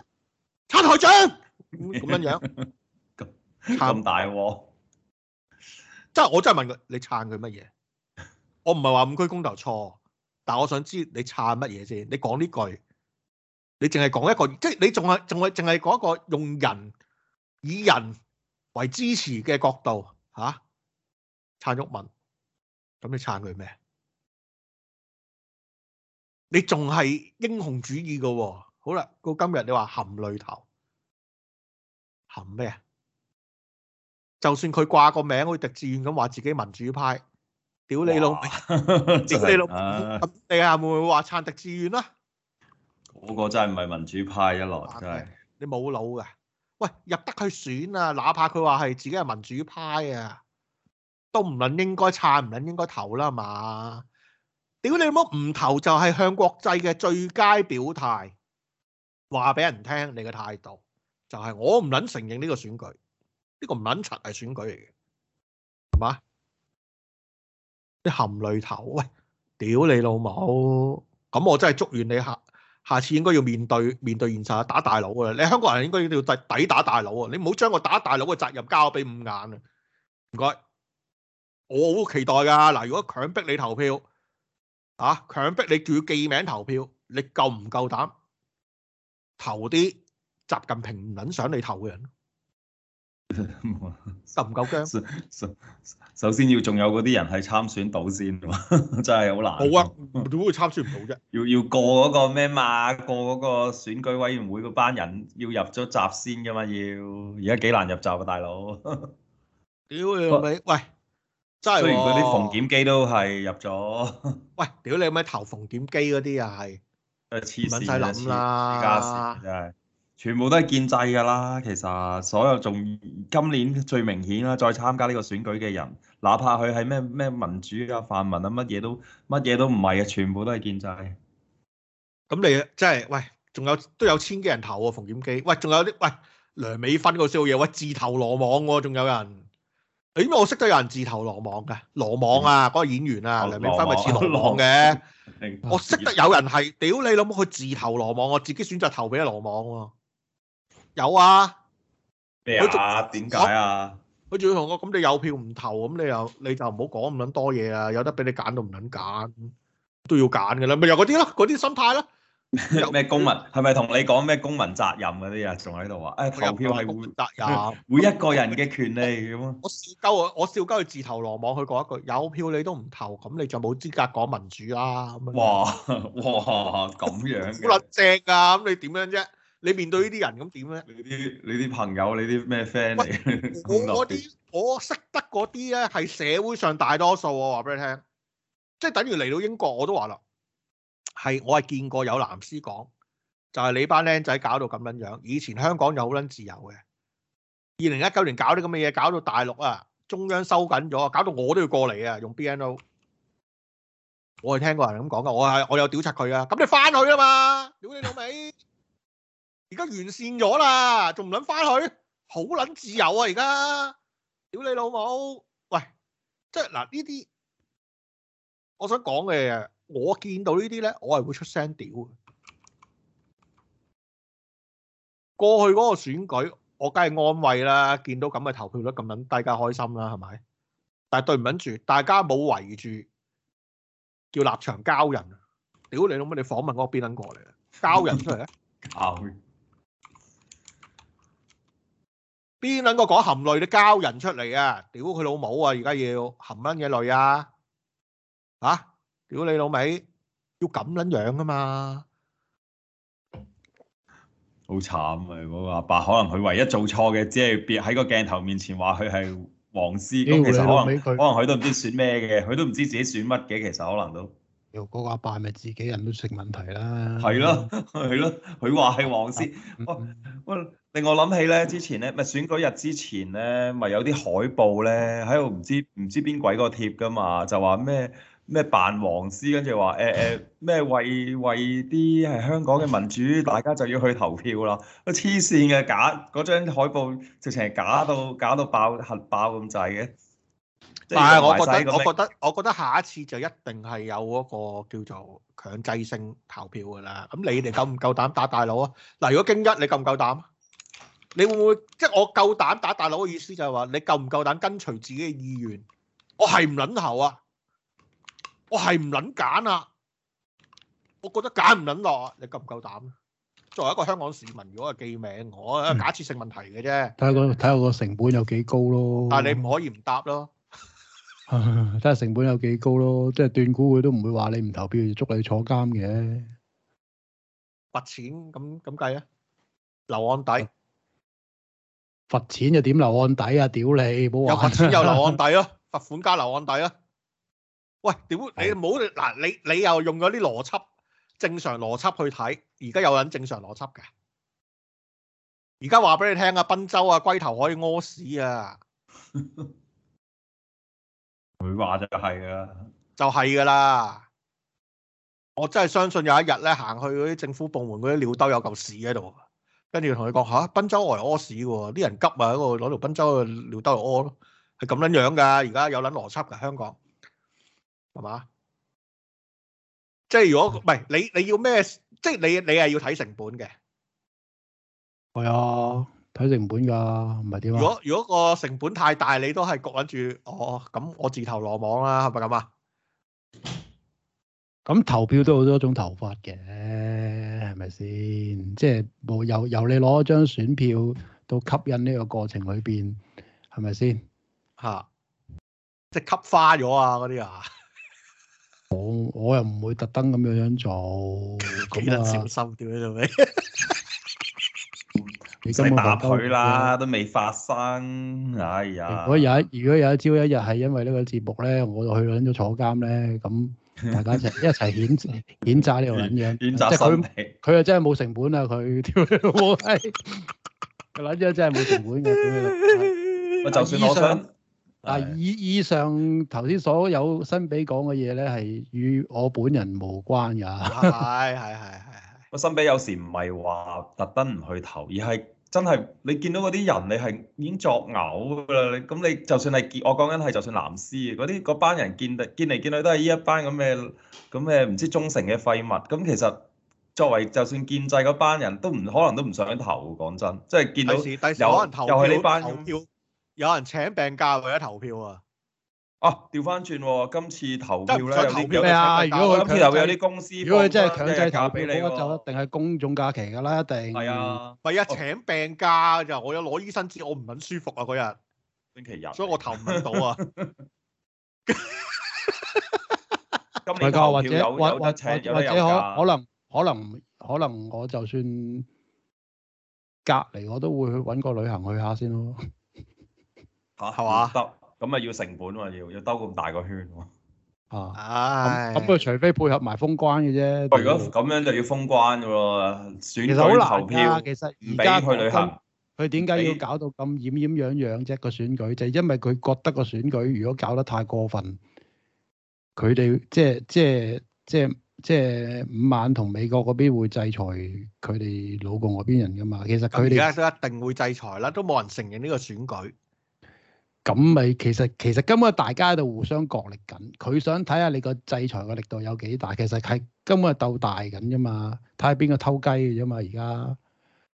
撐台長咁樣樣，咁 (laughs) 大鑊，即係我真係問佢，你撐佢乜嘢？我唔係話五區公投錯，但我想知你撐乜嘢先？你講呢句，你淨係講一個，即係你仲係仲係淨係講一個用人以人為支持嘅角度嚇、啊、撐毓民，咁你撐佢咩？你仲係英雄主義嘅喎、啊？好啦，到今日你話含淚投，含咩？就算佢掛個名，好似狄志遠咁話自己民主派。屌你老屌你老！咁哇你阿妹會唔會話撐狄志遠啦？嗰個真係唔係民主派一來，真係是你冇腦噶？喂，入得去選啊，哪怕佢話係自己係民主派啊，都唔捻應該撐，唔捻應該投啦，係嘛？屌你老母唔投就係向國際嘅最佳表態，話俾人聽你嘅態度就係、是、我唔捻承認呢個選舉，呢、這個唔捻撐係選舉嚟嘅，係嘛？含淚投，喂，屌你老母！咁我真係祝願你下下次應該要面對面對現實，打大佬啦！你香港人應該要要抵打大佬啊！你唔好將個打大佬嘅責任交俾五眼啊！唔該，我好期待㗎嗱，如果強迫你投票啊，強迫你仲要記名投票，你夠唔夠膽投啲習近平唔撚想你投嘅人？十九。首先要仲有嗰啲人係參選到先，真係好難。冇啊，點會參選唔到啫？要要過嗰個咩嘛？過嗰個選舉委員會嗰班人要入咗閘先噶嘛？要而家幾難入閘噶大佬？屌你咪喂，真係。雖然嗰啲馮檢基都係入咗。喂，屌你咪投馮檢基嗰啲又係。真係黐線啦！唔使諗啦。全部都係建制㗎啦。其實所有仲今年最明顯啦，再參加呢個選舉嘅人，哪怕佢係咩咩民主啊、泛民啊，乜嘢都乜嘢都唔係啊，全部都係建制。咁你真係喂，仲有都有千幾人投喎馮檢基。喂，仲有啲喂梁美芬個笑嘢，喂自投羅網喎，仲有人。點解我識得有人自投羅網㗎，羅網啊，嗰個演員啊，梁美芬咪似羅網嘅？我識得有人係屌你老母佢自投羅網，我自己選擇投俾阿羅網喎。有啊，咩啊？點解啊？佢仲要同我咁，你有票唔投，咁你又你就唔好講咁捻多嘢啊！有得俾你揀都唔捻揀，都要揀嘅啦，咪有嗰啲咯，嗰啲心態咯。有咩公民？係咪同你講咩公民責任嗰啲啊，仲喺度話誒，投票係公民責任，每一個人嘅權利咁啊！我笑鳩我笑鳩佢自投羅網，去講一句有票你都唔投，咁你就冇資格講民主啦。哇哇咁樣好卵正啊！咁你點樣啫？你面對呢啲人咁點咧？你啲你啲朋友，你啲咩 friend 嚟？我我啲我識得嗰啲咧，係社會上大多數。我話俾你聽，即係等於嚟到英國，我都話啦，係我係見過有藍絲講，就係你班僆仔搞到咁樣樣。以前香港就好撚自由嘅，二零一九年搞啲咁嘅嘢，搞到大陸啊，中央收緊咗，搞到我都要過嚟啊，用 BNO。我係聽過人咁講噶，我係我有屌柒佢啊！咁你翻去啊嘛，屌你老味？而家完善咗啦，仲唔捻翻去？好捻自由啊！而家，屌你老母！喂，即係嗱呢啲，我想講嘅，我見到呢啲咧，我係會出聲屌嘅。過去嗰個選舉，我梗係安慰啦，見到咁嘅投票率咁捻，大家開心啦，係咪？但係對唔捻住，大家冇圍住叫立場交人啊！屌你老母，你訪問嗰邊捻過嚟啦，交人出嚟咧。啊。邊兩個講含淚都叫人出嚟啊！屌佢老母啊！而家要含乜嘢淚啊！啊！屌你老味！要咁撚樣啊嘛！好慘啊！嗰個阿爸可能佢唯一做錯嘅，只係別喺個鏡頭面前話佢係黃絲。屌你老味佢。可能佢都唔知選咩嘅，佢都唔知自己選乜嘅，其實可能都。個阿伯咪自己人都成問題啦，係咯係咯，佢話係黃絲， (laughs) 哦、令我諗起咧之前咧，咪選舉日之前咧，咪有啲海報咧喺度唔知唔知邊鬼個貼噶嘛，就話咩咩扮黃絲，跟住話誒誒咩為為啲係香港嘅民主， (laughs) 大家就要去投票啦，個黐線嘅假嗰張海報，直情係假到假到爆核爆咁滯嘅。但係 (noise) 我覺得， (noise) 我覺得，我覺得下一次就一定係有嗰個叫做強制性投票㗎啦。咁你哋夠唔夠膽打大佬啊？嗱，如果京一你夠唔夠膽？你會唔會即係我夠膽打大佬嘅意思就係、是、話你夠唔夠膽跟隨自己嘅意願？我係唔撚投啊，我係唔撚揀啊，我覺得揀唔撚落啊。你夠唔夠膽？作為一個香港市民，如果係記名我，我、嗯、假設性問題嘅啫。睇下個睇下個成本有幾高咯。但係你唔可以唔答咯。睇下 (laughs) 成本有幾高咯，即係斷估佢都唔會話你唔投票就捉你坐監嘅，罰錢咁咁計啊，留案底。罰錢又點留案底啊？屌你，冇話又罰錢又留案底咯，罰款加留案底咯、啊。喂，屌你冇嗱，你你又用咗啲邏輯，正常邏輯去睇，而家有人正常邏輯嘅，而家話俾你聽啊，賓州啊，龜頭可以屙屎啊。 (laughs) 佢話就係噶，就係噶啦！我真係相信有一日咧，行去嗰啲政府部門嗰啲尿兜有嚿屎喺度，跟住同佢講嚇，賓周屙屎喎，啲人急啊，喺度攞條賓周嘅尿兜嚟屙咯，係咁撚樣噶，而家有撚邏輯噶香港，係嘛？即係如果唔係你你要咩？即係你你係要睇成本嘅，係啊。睇成本噶，唔係點啊？如果如果個成本太大，你都係焗緊住，哦，咁我自投羅網啦，係咪咁啊？咁、嗯、投票都好多種投法嘅，係咪先？即係由由你攞張選票到吸引呢個過程裏邊，係咪先？吓，即係吸花咗啊！嗰啲啊，我我又唔會特登咁樣樣做，咁樣、 (laughs) 啊、小心啲喺度咪？ (laughs) 你都唔答佢啦，都未發生。哎呀，如果有一如果有一朝一日係因為呢個節目咧，我就去揾咗坐監咧。咁大家一一齊譴譴責呢個撚樣， (laughs) 即佢佢又真係冇成本啊！佢屌佢撚咗真係冇成本嘅。我以上啊，以以上頭先所有幸比講嘅嘢咧，係與我本人無關㗎。係係係係係。我幸比有時唔係話特登唔去投，而係。真係你見到嗰啲人，你係已經作嘔㗎啦！你咁你就算係建，我講緊係就算藍絲嘅嗰啲嗰班人見第見嚟見去都係呢一班咁嘅咁嘅唔知忠誠嘅廢物。咁其實作為就算建制嗰班人都唔可能都唔想投，講真，即係見到有，就係呢班有人請病假為咗投票啊！哦，掉返轉，今次投票咧有啲咩啊？如果佢今次投票有啲公司，如果佢真係強制投俾你，就一定係公眾假期噶啦，一定係啊？唔係啊，請病假就我有攞醫生紙，我唔肯舒服啊，嗰日星期日，所以我投唔到啊。唔係噶，或者或或者可可能可能可能我就算隔離，我都會去搵個旅行去下先咯。吓係嘛？咁咪要成本喎？要要兜咁大個圈喎。哦，唉，咁佢除非配合埋封關嘅啫。如果咁樣就要封關噶咯，選舉投票。其實好難啊！其實而家佢旅行，佢點解要搞到咁掩掩掩掩啫？個選舉就係因為佢覺得個選舉如果搞得太過分，佢哋即係即係即係即係五眼同美國嗰邊會制裁佢哋老共外邊人噶嘛？其實佢哋而家都一定會制裁啦，都冇人承認呢個選舉。咁咪其實其實根本大家喺度互相角力緊，佢想睇下你個制裁嘅力度有幾大，其實係根本係鬥大緊啫嘛，睇下邊個偷雞嘅啫嘛而家。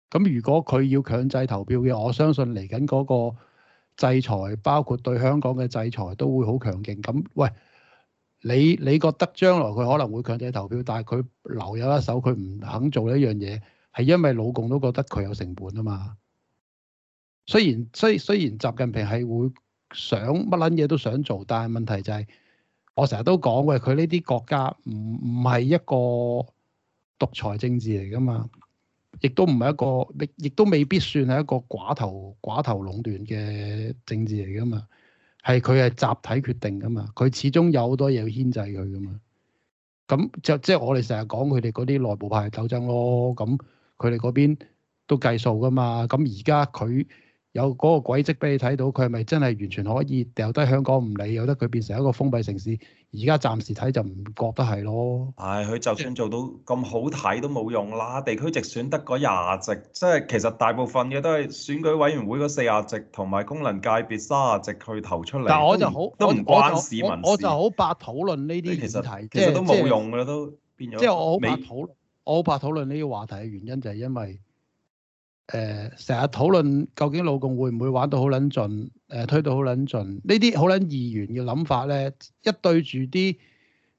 咁如果佢要強制投票嘅，我相信嚟緊嗰個制裁，包括對香港嘅制裁都會好強勁。咁喂，你你覺得將來佢可能會強制投票，但係佢留有一手，佢唔肯做呢樣嘢，係因為老共都覺得佢有成本啊嘛？雖然雖雖然習近平係會想乜撚嘢都想做，但係問題就係、是、我成日都講喂，佢呢啲國家唔唔係一個獨裁政治嚟噶嘛，亦都唔係一個亦都未必算係一個寡頭寡頭壟斷嘅政治嚟噶嘛，係佢係集體決定噶嘛，佢始終有好多嘢要牽制佢噶嘛。咁就即係、就是、我哋成日講佢哋嗰啲內部派鬥爭咯。咁佢哋嗰邊都計數噶嘛。咁而家佢。有嗰個軌跡俾你睇到，佢係咪真係完全可以掉低香港唔理，由得佢變成一個封閉城市？而家暫時睇就唔覺得係咯。係、哎，佢就算做到咁好睇都冇用啦。地區直選得嗰廿席，即係其實大部分嘅都係選舉委員會嗰四十席同埋功能界別卅席去投出嚟。但我就好都唔不我關市民事我，我，我就好怕討論呢啲問題，即係、即係、都冇用㗎都、即係即係、變咗。即係我好怕討，我好怕討論呢啲話題嘅原因就係因為。誒成日討論究竟老共會唔會玩到好撚盡，誒推到好撚盡呢啲好撚議員嘅諗法咧，一對住啲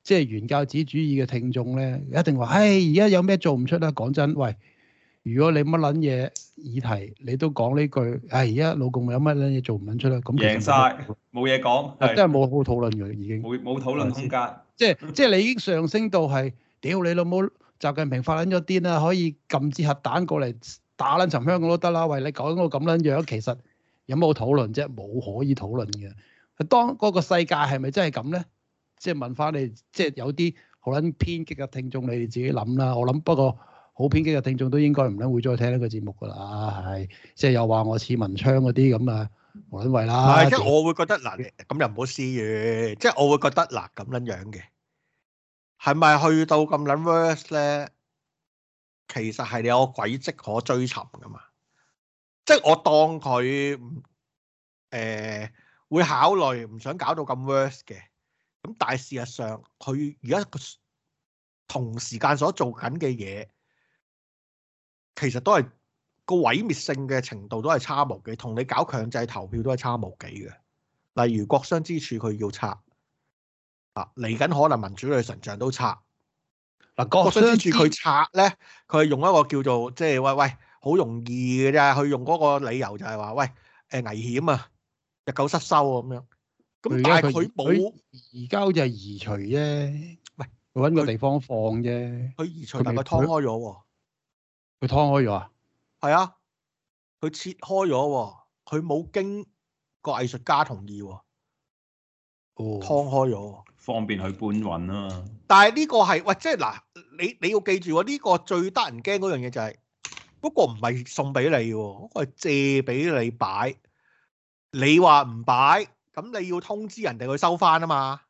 即係原教旨主義嘅聽眾咧，一定話：誒而家有咩做唔出啦？講真，喂，如果你乜撚嘢議題，你都講呢句，誒而家老共有乜撚嘢做唔撚出啦？咁贏曬，冇嘢講，真係冇好討論嘅，已經冇冇討論空間，即係即係你已經上升到係，屌你老母，習近平發撚咗癲啦，可以撳掣核彈過嚟。打撚沉香我都得啦，喂！你講到咁撚樣，其實有冇討論啫？冇可以討論嘅。當嗰個世界係咪真係咁咧？即係問翻你，即係有啲好撚偏激嘅聽眾，你哋自己諗啦。我諗不過好偏激嘅聽眾都應該唔撚會再聽呢個節目㗎啦，係即係又話我似文昌嗰啲咁啊，冇撚為啦。即係我會覺得嗱，咁又唔好私語。即係我會覺得嗱咁撚樣嘅，係咪去到咁撚 worse 咧？其實係你有個軌跡可追尋㗎嘛，即係我當佢誒、呃、會考慮唔想搞到咁 worse 嘅，咁但係事實上佢而家同時間所做緊嘅嘢，其實都係個毀滅性嘅程度都係差無幾，同你搞強制投票都係差無幾嘅。例如國殤之柱佢要拆啊，嚟緊可能民主女神像都拆。嗱，我想住佢拆咧，佢用一個叫做即係喂喂，好容易嘅啫。佢用嗰個理由就係話喂，誒危險啊，日久失修啊，咁樣。咁但係佢冇，而家就係移除啫。喂，佢搵個地方放啫。佢移除，但係佢劏開咗喎。佢劏開咗啊？係啊，佢切開咗，佢冇經個藝術家同意，劏開咗。方便去搬運啊！但係呢個係喂，即係嗱，你你要記住喎，呢個最得人驚嗰樣嘢就係，不過唔係送俾你喎，嗰個係借俾你擺。你話唔擺，咁你要通知人哋去收翻啊嘛。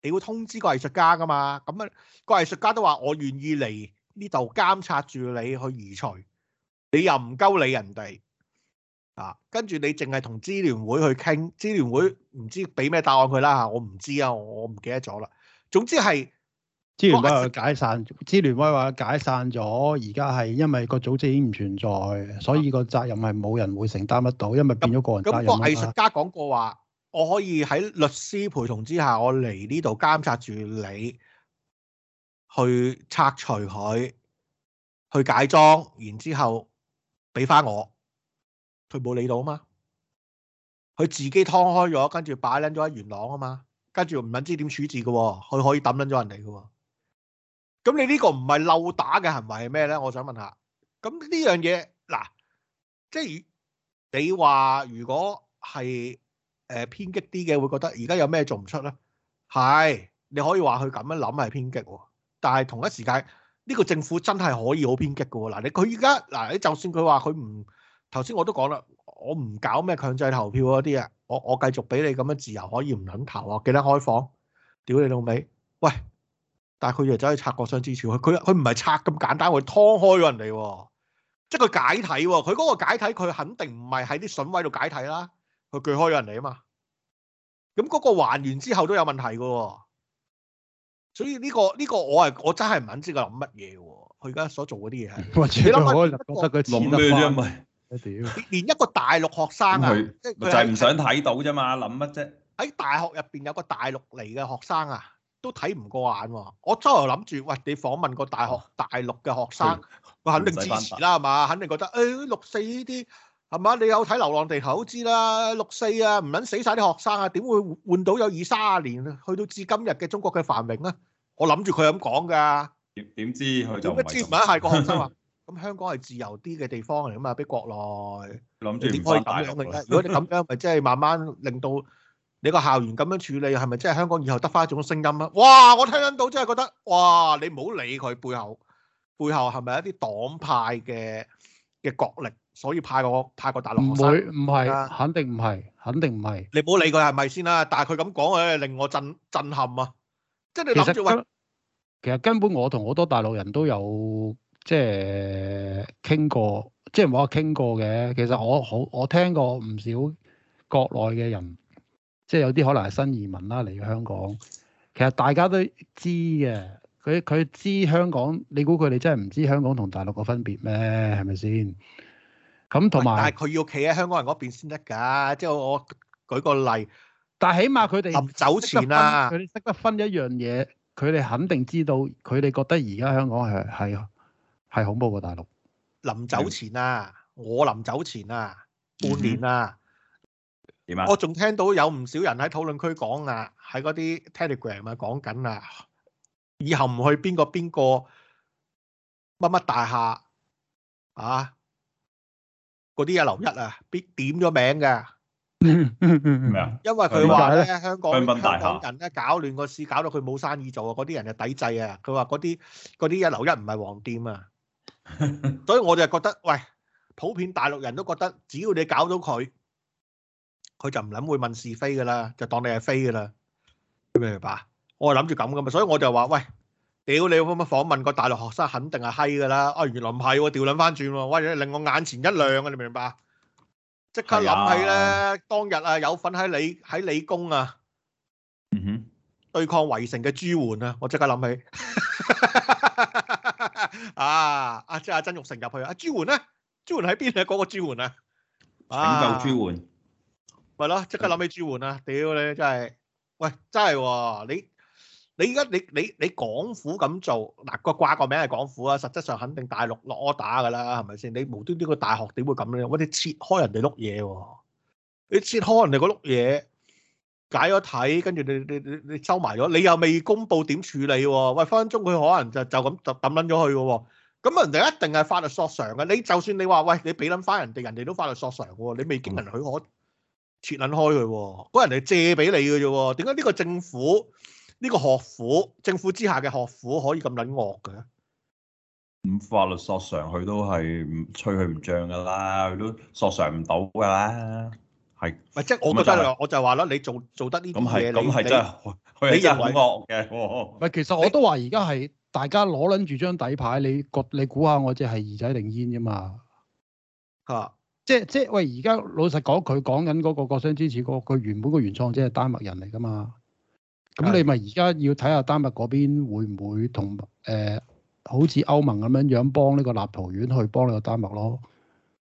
你要通知個藝術家噶嘛，咁啊個藝術家都話我願意嚟呢度監察住你去移除，你又唔夠理人哋。啊，跟住你淨係同支聯會去傾，支聯會唔知俾咩答案佢啦吓，我唔知啊，我唔記得咗啦。總之係支聯會解散，支聯會話解散咗，而家係因為個組織已經唔存在，所以個責任係冇人會承擔得到，因為變咗個人責任。咁個藝術家講過話，我可以喺律師陪同之下，我嚟呢度監察住你去拆除佢，去解裝，然之後俾翻我。佢冇理到啊嘛，佢自己劏開咗，跟住擺撚咗喺元朗啊嘛，跟住唔撚知點處置嘅喎、哦，佢可以抌撚咗人哋嘅喎，咁你呢個唔係漏打嘅行為係咩咧？我想問下。咁呢樣嘢嗱，即係你話如果係誒偏激啲嘅，會覺得而家有咩做唔出咧？係你可以話佢咁樣諗係偏激，但係同一時間呢、呢個政府真係可以好偏激嘅喎。嗱，你佢而家嗱，你就算佢話佢唔。頭先我都講啦，我唔搞咩強制投票嗰啲啊，我我繼續俾你咁樣自由，可以唔捻投啊，記得開房，屌你老味。喂！但係佢又走去拆國殤之柱，佢佢唔係拆咁簡單，佢劏開咗人哋喎，即係佢解體喎。佢嗰個解體，佢肯定唔係喺啲筍位度解體啦，佢劵開咗人哋啊嘛。咁嗰個還完之後都有問題嘅喎。所以呢、呢個呢、呢個我係我真係唔捻知佢諗乜嘢喎。佢而家所做嗰啲嘢係，你諗覺得佢黐得連一個大陸學生啊，嗯、就係唔想睇到啫嘛，諗乜啫？喺大學入邊有個大陸嚟嘅學生啊，都睇唔過眼喎、啊。我周頭諗住，喂，你訪問個大學大陸嘅學生，我、嗯、肯定支持啦，係嘛？肯定覺得誒，六四呢啲係嘛？你有睇《流浪地球》都知啦，六四啊，唔捻死晒啲學生啊，點會換到有二三十年去到至今日嘅中國嘅繁榮啊？」我諗住佢咁講噶，點點知佢就唔係唔係係個學生啊？ (laughs) 咁香港係自由啲嘅地方嚟啊嘛，畀國內諗住點可以咁樣嘅？如果你咁樣，咪即係慢慢令到你個校園咁樣處理，係咪即係香港以後得返一種聲音咧？哇！我聽緊到真係覺得，哇！你唔好理佢背後背後係咪一啲黨派嘅嘅角力，所以派個派個大陸唔會唔係，肯定唔係，肯定唔係。你唔好理佢係咪先啦，但係佢咁講咧，令我震震撼啊！即係你諗住話，其實根本我同好多大陸人都有。即係傾過，即係冇話傾過嘅。其實我好，我聽過唔少國內嘅人，即係有啲可能係新移民啦嚟咗香港。其實大家都知嘅，佢佢知香港。你估佢哋真係唔知香港同大陸嘅分別咩？係咪先？咁同埋，但係佢要企喺香港人嗰邊先得㗎。即係我舉個例，但係起碼佢哋臨走前啊，佢哋識得分一樣嘢，佢哋肯定知道，佢哋覺得而家香港係係啊。係恐怖過大陸。臨走前啊，我臨走前啊，半年啊，點啊？我仲聽到有唔少人喺討論區講啊，喺嗰啲 Telegram 啊講緊啊，以後唔去邊個邊個乜乜大廈啊，嗰啲一樓一啊，必點咗名㗎。咩啊？因為佢話咧，香港香港人咧搞亂個市，搞到佢冇生意做啊！嗰啲人就抵制啊！佢話嗰啲嗰啲一樓一唔係黃店啊！所以我就覺得，喂，普遍大陸人都覺得，只要你搞到佢，佢就唔諗會問是非噶啦，就當你係非噶啦，你明唔明白？我係諗住咁噶嘛，所以我就話，喂，屌你，乜訪問個大陸學生肯定係閪噶啦，啊，原來唔係，調捻翻轉喎，哇，令我眼前一亮啊，你明唔明白？即刻諗起咧，當日啊，有份喺理喺理工啊，嗯哼，對抗圍城嘅朱援啊，我即刻諗起。啊！阿即阿曾玉成入去，阿朱媛咧，朱媛喺邊啊？講個朱媛啊！拯救朱媛。係咯，即刻諗起朱媛啊！屌你真係，喂真係喎！你你而家你你你港府咁做嗱，個掛個名係港府啊，實質上肯定大陸落 order 打噶啦，係咪先？你無端端個大學點會咁樣？喂，你切開人哋碌嘢喎，你切開人哋個碌嘢。解咗睇，跟住你你你你收埋咗，你又未公布點處理喎？喂，分分鐘佢可能就就咁抌撚咗去嘅喎，咁人哋一定係法律索償嘅。你就算你話喂，你俾撚返人哋，人哋都法律索償喎，你未經人許可切撚開佢喎，嗰人哋借俾你嘅啫喎。點解呢個政府呢個學府政府之下嘅學府可以咁撚惡嘅？咁、嗯、法律索償佢都係唔吹佢唔漲㗎啦，佢都索償唔到㗎啦。係，是不即係我覺得，就是、我就話啦，是你做做得呢啲嘢，真你你又惡嘅，唔、哦、其實我都話而家係大家攞撚住張底牌，你估你估下我只係二仔定煙啫嘛？嚇、啊！即即喂，而家老實講，佢講緊嗰個國商支持嗰個，佢原本個原創者係丹麥人嚟噶嘛？咁的你咪而家要睇下丹麥嗰邊會唔會同誒、呃、好似歐盟咁樣樣幫呢個立陶宛去幫呢個丹麥咯？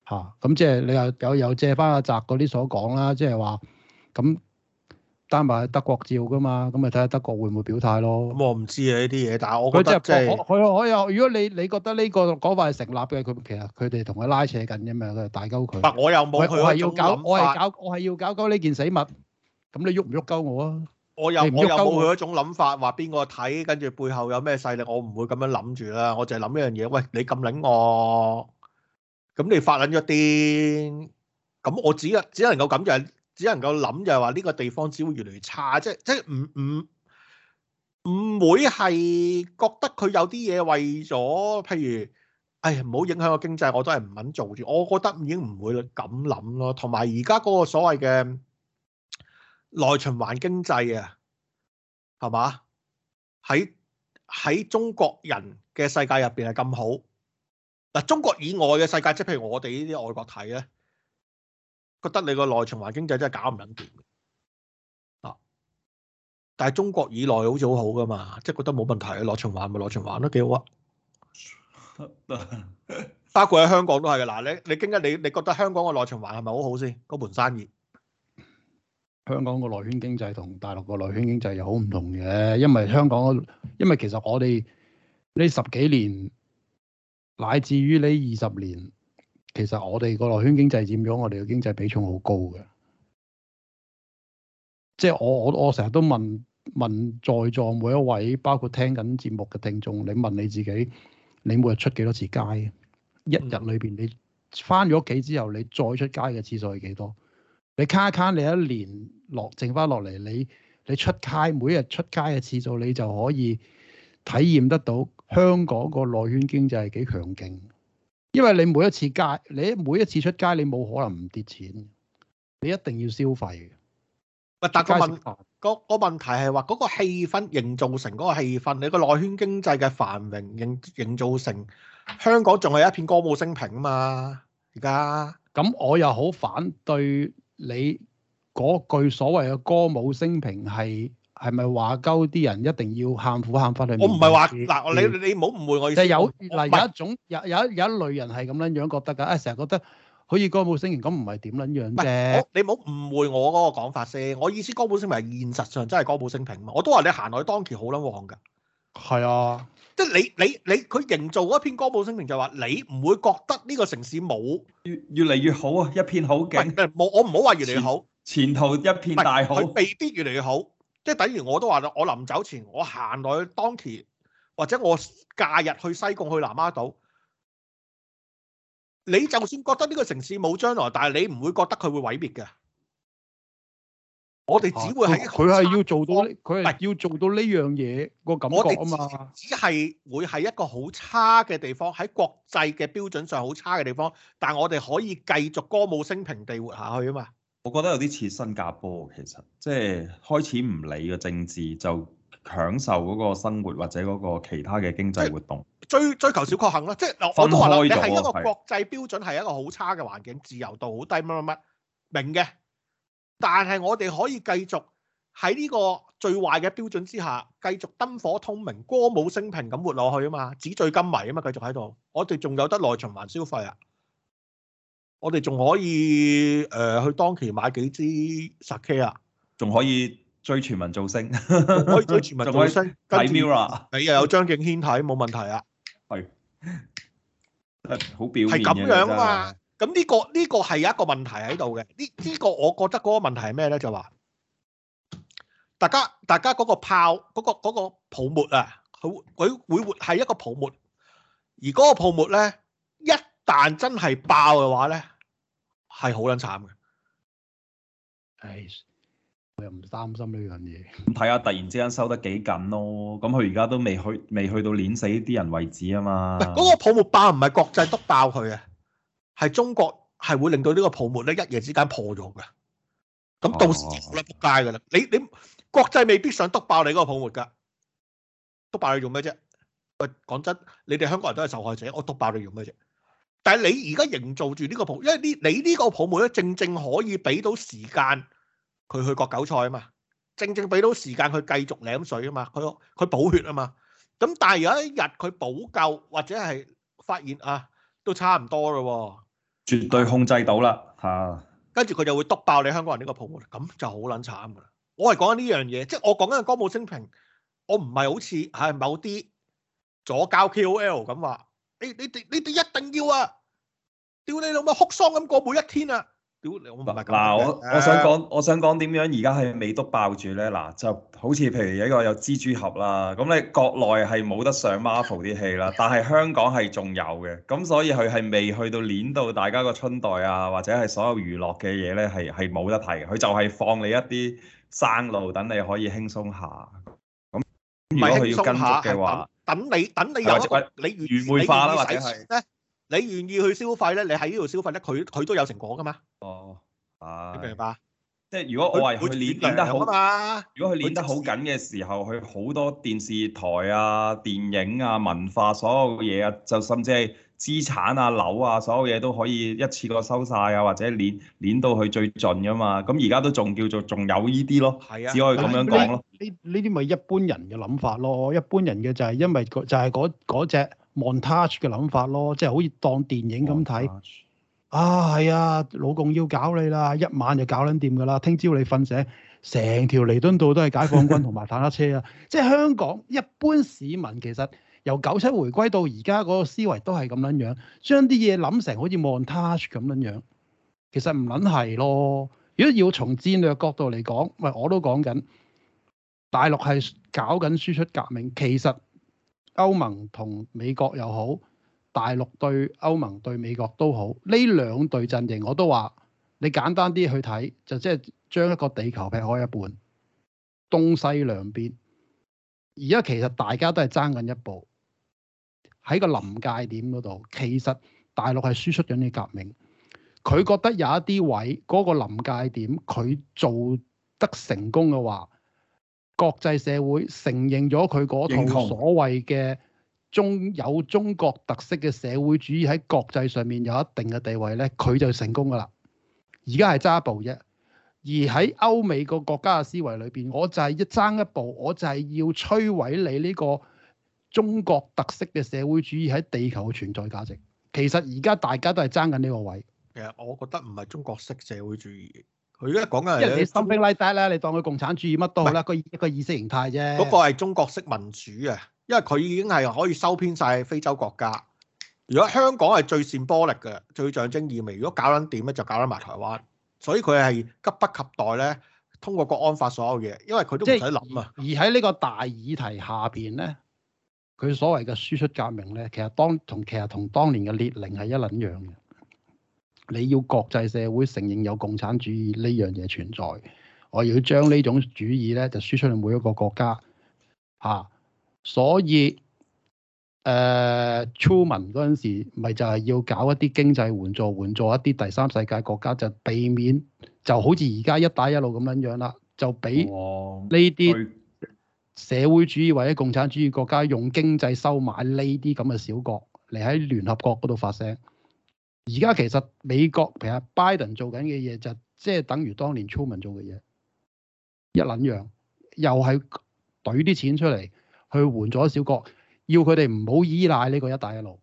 嚇，咁即係你又有有借翻阿澤嗰啲所講啦，即係話咁單埋德國照㗎嘛，咁咪睇下德國會唔會表態咯？咁、嗯、我唔知啊呢啲嘢，但係我佢、就是、即係即係，佢我如果你你覺得呢個講法係成立嘅，佢其實佢哋同佢拉扯緊㗎嘛，佢大鳩佢。我又冇佢嗰種諗我係搞，我係要，要搞搞呢件死物。咁你喐唔喐鳩我啊？我又我喐冇佢嗰種諗法？話邊個睇？跟住背後有咩勢力？我唔會咁樣諗住啦。我就係諗一樣嘢。喂，你咁聰我？咁你發捻咗啲，咁我只只能夠咁就係，只能夠諗就係話呢個地方只會越嚟越差，即係即係唔唔唔會係覺得佢有啲嘢為咗，譬如，哎，唔好影響個經濟，我都係唔肯做住。我覺得已經唔會咁諗咯。同埋而家嗰個所謂嘅內循環經濟啊，係嘛？喺喺中國人嘅世界入邊係咁好。嗱，中國以外嘅世界，即係譬如我哋呢啲外國睇咧，覺得你個內循環經濟真係搞唔緊掂。啊！但係中國以內好似好好㗎嘛，即係覺得冇問題，內循環咪內循環都幾好啊！包括喺香港都係嘅。嗱、啊，你你今日你你覺得香港個內循環係咪好好先？嗰盤生意，香港個內圈經濟同大陸個內圈經濟又好唔同嘅，因為香港，因為其實我哋呢十幾年。乃至於呢二十年，其實我哋個內圈經濟佔咗我哋嘅經濟比重好高嘅。即係我我我成日都問問在座每一位，包括聽緊節目嘅聽眾，你問你自己，你每日出幾多次街？一日裏邊你翻咗屋企之後，你再出街嘅次數係幾多？你卡卡你一年落剩翻落嚟，你你出街每日出街嘅次數，你就可以體驗得到。香港個內圈經濟係幾強勁，因為你每一次街，你每一次出街，你冇可能唔跌錢，你一定要消費嘅。喂，但個問個個問題係話嗰個氣氛營造成嗰個氣氛，你個內圈經濟嘅繁榮營造成香港仲係一片歌舞升平啊嘛！而家咁我又好反對你嗰句所謂嘅歌舞升平係。係咪話鳩啲人一定要喊苦喊翻去？我唔係話嗱，你你唔好誤會我意思。就有嗱有一種有有一有一類人係咁樣樣覺得㗎，誒成日覺得好似歌舞升平，咁唔係點樣樣啫？你唔好誤會我嗰個講法先。我意思歌舞升平係現實上真係歌舞升平嘛？我都話你行落去當期好撚旺㗎。係啊，即係你你你佢營造嗰一片歌舞升平，就話你唔會覺得呢個城市冇越越嚟越好啊，一片好景。唔係，唔係冇，我唔好話越嚟越好，前途一片大好。未必越嚟越好。即係等於我都話啦，我臨走前我行落去當期，或者我假日去西貢去南丫島，你就算覺得呢個城市冇將來，但係你唔會覺得佢會毀滅嘅。我哋只會係佢係要做到，佢係要做到呢樣嘢個感覺啊嘛。我哋只係會係一個好差嘅地方，喺國際嘅標準上好差嘅地方，但我哋可以繼續歌舞升平地活下去啊嘛。我覺得有啲似新加坡，其實即係開始唔理個政治，就享受嗰個生活或者嗰個其他嘅經濟活動。追追求小確幸咯，即係我，我都話啦，你係一個國際標準，係是一個好差嘅環境，自由度好低，乜乜乜明嘅。但係我哋可以繼續喺呢個最壞嘅標準之下，繼續燈火通明、歌舞升平咁活落去啊嘛，紙醉金迷啊嘛，繼續喺度，我哋仲有得內循環消費啊！我哋仲可以誒、呃，去當期買幾支 Sake 啊？仲可以追全民造星， (laughs) 可以追全民造星。睇 Mirror，你又有張敬軒睇，冇問題啊。係，好表係咁樣嘛、啊？咁呢、這個呢、這個係有一個問題喺度嘅。呢、這、呢個我覺得嗰個問題係咩咧？就話、是、大家大家嗰個炮，嗰、那個、那個泡沫啊，佢佢會會係一個泡沫，而嗰個泡沫咧。但真係爆嘅話咧，係好撚慘嘅。唉，我又唔擔心呢樣嘢。睇下突然之間收得幾緊咯、哦。咁佢而家都未去，未去到碾死啲人為止啊嘛。嗰個泡沫爆唔係國際督爆佢啊，係中國係會令到呢個泡沫咧一夜之間破咗嘅。咁到時冇啦仆街噶啦。你你國際未必想督爆你嗰個泡沫噶，督爆你用咩啫？講真，你哋香港人都係受害者。我督爆你用咩啫？但係你而家營造住呢個泡，因為呢你呢個泡沫咧，正正可以俾到時間佢去割韭菜啊嘛，正正俾到時間佢繼續舐水啊嘛，佢佢補血啊嘛。咁但係有一日佢補救或者係發現啊，都差唔多咯喎，絕對控制到啦嚇。跟住佢就會篤爆你香港人呢個泡沫，咁就好撚慘噶啦。我係講緊呢樣嘢，即係我講緊歌舞升平，我唔係好似係某啲左膠 KOL 咁話，你你哋你哋一定要啊！屌你老母，哭喪咁過每一天啊！屌你、啊，我唔係咁。嗱，我我想講，我想講點樣而家係未篤爆住咧？嗱、啊，就好似譬如有一個有蜘蛛俠啦，咁你國內係冇得上 Marvel 啲戲啦，但係香港係仲有嘅，咁所以佢係未去到碾到大家個春代啊，或者係所有娛樂嘅嘢咧係係冇得睇嘅，佢就係放你一啲生路，等你可以輕鬆下。咁如果佢要跟住嘅話等，等你等你有，你完完化啦，或者係。你願意去消費咧，你喺呢度消費咧，佢佢都有成果噶嘛？哦，啊，你明白吧？即係如果我係佢鏈得好啊嘛！就係、如果佢鏈得好緊嘅時候，佢好多電視台啊、電影啊、文化所有嘢啊，就甚至係資產啊、樓啊所有嘢都可以一次過收晒啊，或者鏈鏈到佢最盡噶嘛？咁而家都仲叫做仲有依啲咯，係啊，只可以咁樣講咯。呢呢啲咪一般人嘅諗法咯，一般人嘅就係因為就係嗰嗰隻。就係 Montage 嘅諗法咯，即係好似當電影咁睇，Mont age. 啊係啊，老共要搞你啦，一晚就搞撚掂噶啦，聽朝你瞓醒，成條彌敦道都係解放軍同埋坦克車啊！ (laughs) 即係香港一般市民其實由九七回歸到而家嗰個思維都係咁撚樣，將啲嘢諗成好似 montage 咁撚樣，其實唔撚係咯。如果要從戰略角度嚟講，喂，我都講緊，大陸係搞緊輸出革命，其實。歐盟同美國又好，大陸對歐盟對美國都好，呢兩隊陣營我都話，你簡單啲去睇就即係將一個地球劈開一半，東西兩邊。而家其實大家都係爭緊一步，喺個臨界點嗰度，其實大陸係輸出緊啲革命，佢覺得有一啲位嗰個臨界點，佢做得成功嘅話。國際社會承認咗佢嗰套所謂嘅中有中國特色嘅社會主義，喺國際上面有一定嘅地位呢，佢就成功噶啦。而家係爭一步啫，而喺歐美個國家嘅思維裏邊，我就係一爭一步，我就係要摧毀你呢個中國特色嘅社會主義喺地球嘅存在價值。其實而家大家都係爭緊呢個位，其實我覺得唔係中國式社會主義。佢咧講緊係，即你心平你當佢共產主義乜都好啦，是個一個意識形態啫。嗰個係中國式民主啊，因為佢已經係可以收編晒非洲國家。如果香港係最善波力嘅，最象徵意味。如果搞撚掂咧，就搞撚埋台灣。所以佢係急不及待咧，通過國安法所有嘢，因為佢都唔使諗啊。而喺呢個大議題下邊咧，佢所謂嘅輸出革命咧，其實當同其實同當年嘅列寧係一捻樣嘅。你要國際社會承認有共產主義呢樣嘢存在，我要將呢種主義咧就輸出去每一個國家嚇、啊，所以誒，Truman 嗰時咪就係、是、要搞一啲經濟援助，援助一啲第三世界國家，就避免就好似而家一帶一路咁樣樣啦，就俾呢啲社會主義或者共產主義國家用經濟收買呢啲咁嘅小國嚟喺聯合國嗰度發聲。而家其實美國譬如拜登做緊嘅嘢就即、是、係等於當年 Truman 做嘅嘢，一捻樣又係懟啲錢出嚟去援咗小國，要佢哋唔好依賴呢個一帶一路。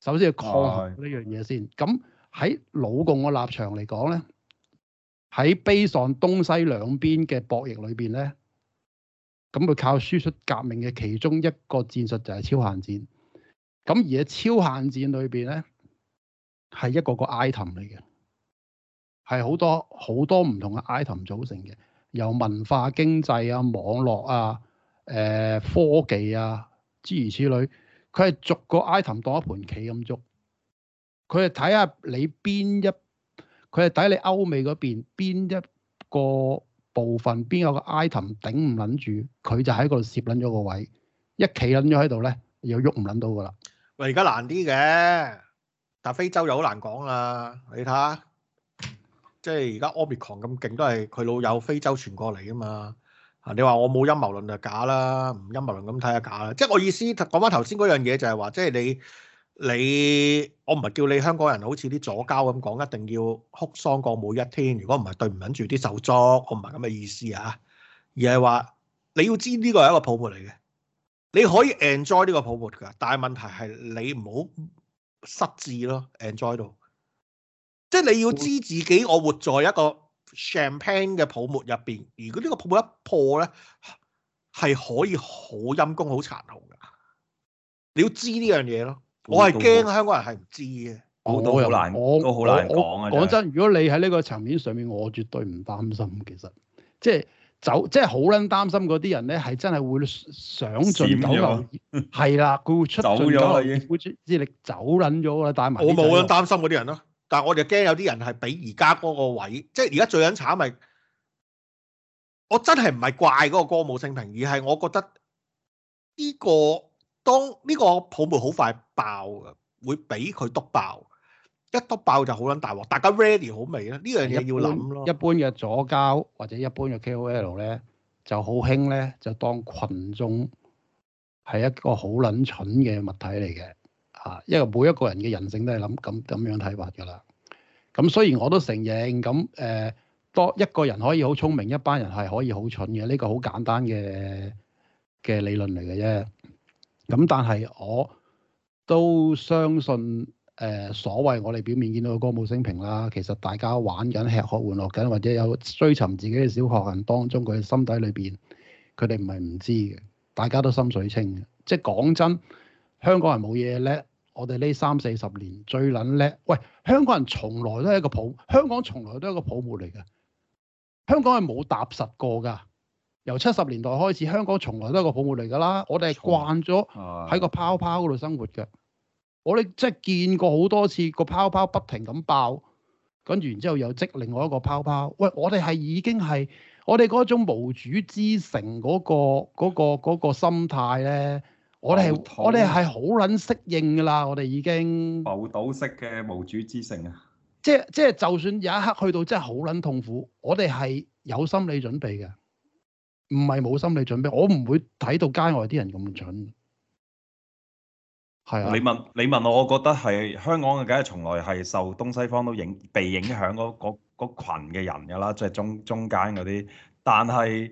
首先係抗衡呢樣嘢先。咁喺、哦、老共嘅立場嚟講咧，喺悲喪東西兩邊嘅博弈裏邊咧，咁佢靠輸出革命嘅其中一個戰術就係超限戰。咁而喺超限戰裏邊咧。係一個個 item 嚟嘅，係好多好多唔同嘅 item 組成嘅，由文化、經濟啊、網絡啊、誒、呃、科技啊，諸如此類，佢係逐個 item 當一盤棋咁捉，佢係睇下你邊一，佢係睇你歐美嗰邊邊一個部分邊有個 item 頂唔捻住，佢就喺度攝捻咗個位，一企捻咗喺度咧，又喐唔捻到噶啦。喂，而家難啲嘅。但非洲又好難講啦，你睇下，即係而家 omicron 咁勁，都係佢老友非洲傳過嚟啊嘛。啊，你話我冇陰謀論就假啦，唔陰謀論咁睇下假啦。即係我意思，講翻頭先嗰樣嘢就係話，即係你你我唔係叫你香港人好似啲左膠咁講，一定要哭喪過每一天，如果唔係對唔緊住啲手足，我唔係咁嘅意思啊。而係話你要知呢個係一個泡沫嚟嘅，你可以 enjoy 呢個泡沫噶，但係問題係你唔好。失智咯，enjoy 到，即係你要知自己我活在一個 champagne 嘅泡沫入邊，如果呢個泡沫一破咧，係可以好陰功、好殘酷噶。你要知呢樣嘢咯，我係驚香港人係唔知嘅。我都好難講，都好難講啊！講真，如果你喺呢個層面上面，我絕對唔擔心，其實即係。走即係好撚擔心嗰啲人咧，係真係會想盡走流，係啦了，佢會出流流走咗了，會出啲力走撚咗啦，帶埋我冇撚擔心嗰啲人咯，但係我哋驚有啲人係畀而家嗰個位，即係而家最撚慘咪，我真係唔係怪嗰個歌舞升平，而係我覺得呢個當呢個泡沫好快爆嘅，會畀佢篤爆。一篤爆就好撚大鑊，大家 ready 好未啦。呢樣嘢要諗。一般嘅左膠或者一般嘅 KOL 咧，就好興咧，就當群眾係一個好撚蠢嘅物體嚟嘅，嚇！因為每一個人嘅人性都係諗咁咁樣睇法㗎啦。咁雖然我都承認，咁誒多一個人可以好聰明，一班人係可以好蠢嘅，呢個好簡單嘅嘅理論嚟嘅啫。咁但係我都相信。誒、呃、所謂我哋表面見到嘅歌舞升平啦，其實大家玩緊吃喝玩樂緊，或者有追尋自己嘅小學人當中，佢嘅心底裏邊佢哋唔係唔知嘅，大家都心水清嘅。即係講真，香港人冇嘢叻，我哋呢三四十年最撚叻。喂，香港人從來都係一個泡沫，香港從來都係個泡沫嚟嘅，香港係冇踏實過㗎。由七十年代開始，香港從來都係個泡沫嚟㗎啦。我哋係慣咗喺個泡泡度生活嘅。我哋即係見過好多次個泡泡不停咁爆，跟住然之後又積另外一個泡泡。喂，我哋係已經係我哋嗰種無主之城嗰個嗰個嗰個心態咧，我哋係口頭我哋係好捻適應噶啦，我哋已經浮島式嘅無主之城啊！即即係就算有一刻去到真係好捻痛苦，我哋係有心理準備嘅，唔係冇心理準備。我唔會睇到街外啲人咁蠢。係啊，你問你問我，我覺得係香港嘅，梗係從來係受東西方都影被影響嗰羣嘅人㗎啦，就是，即係中中間嗰啲。但係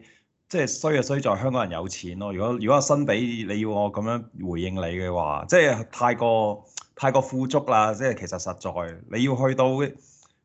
即係衰啊，衰在香港人有錢咯。如果如果新比你要我咁樣回應你嘅話，即係太過太過富足啦。即係其實實在，你要去到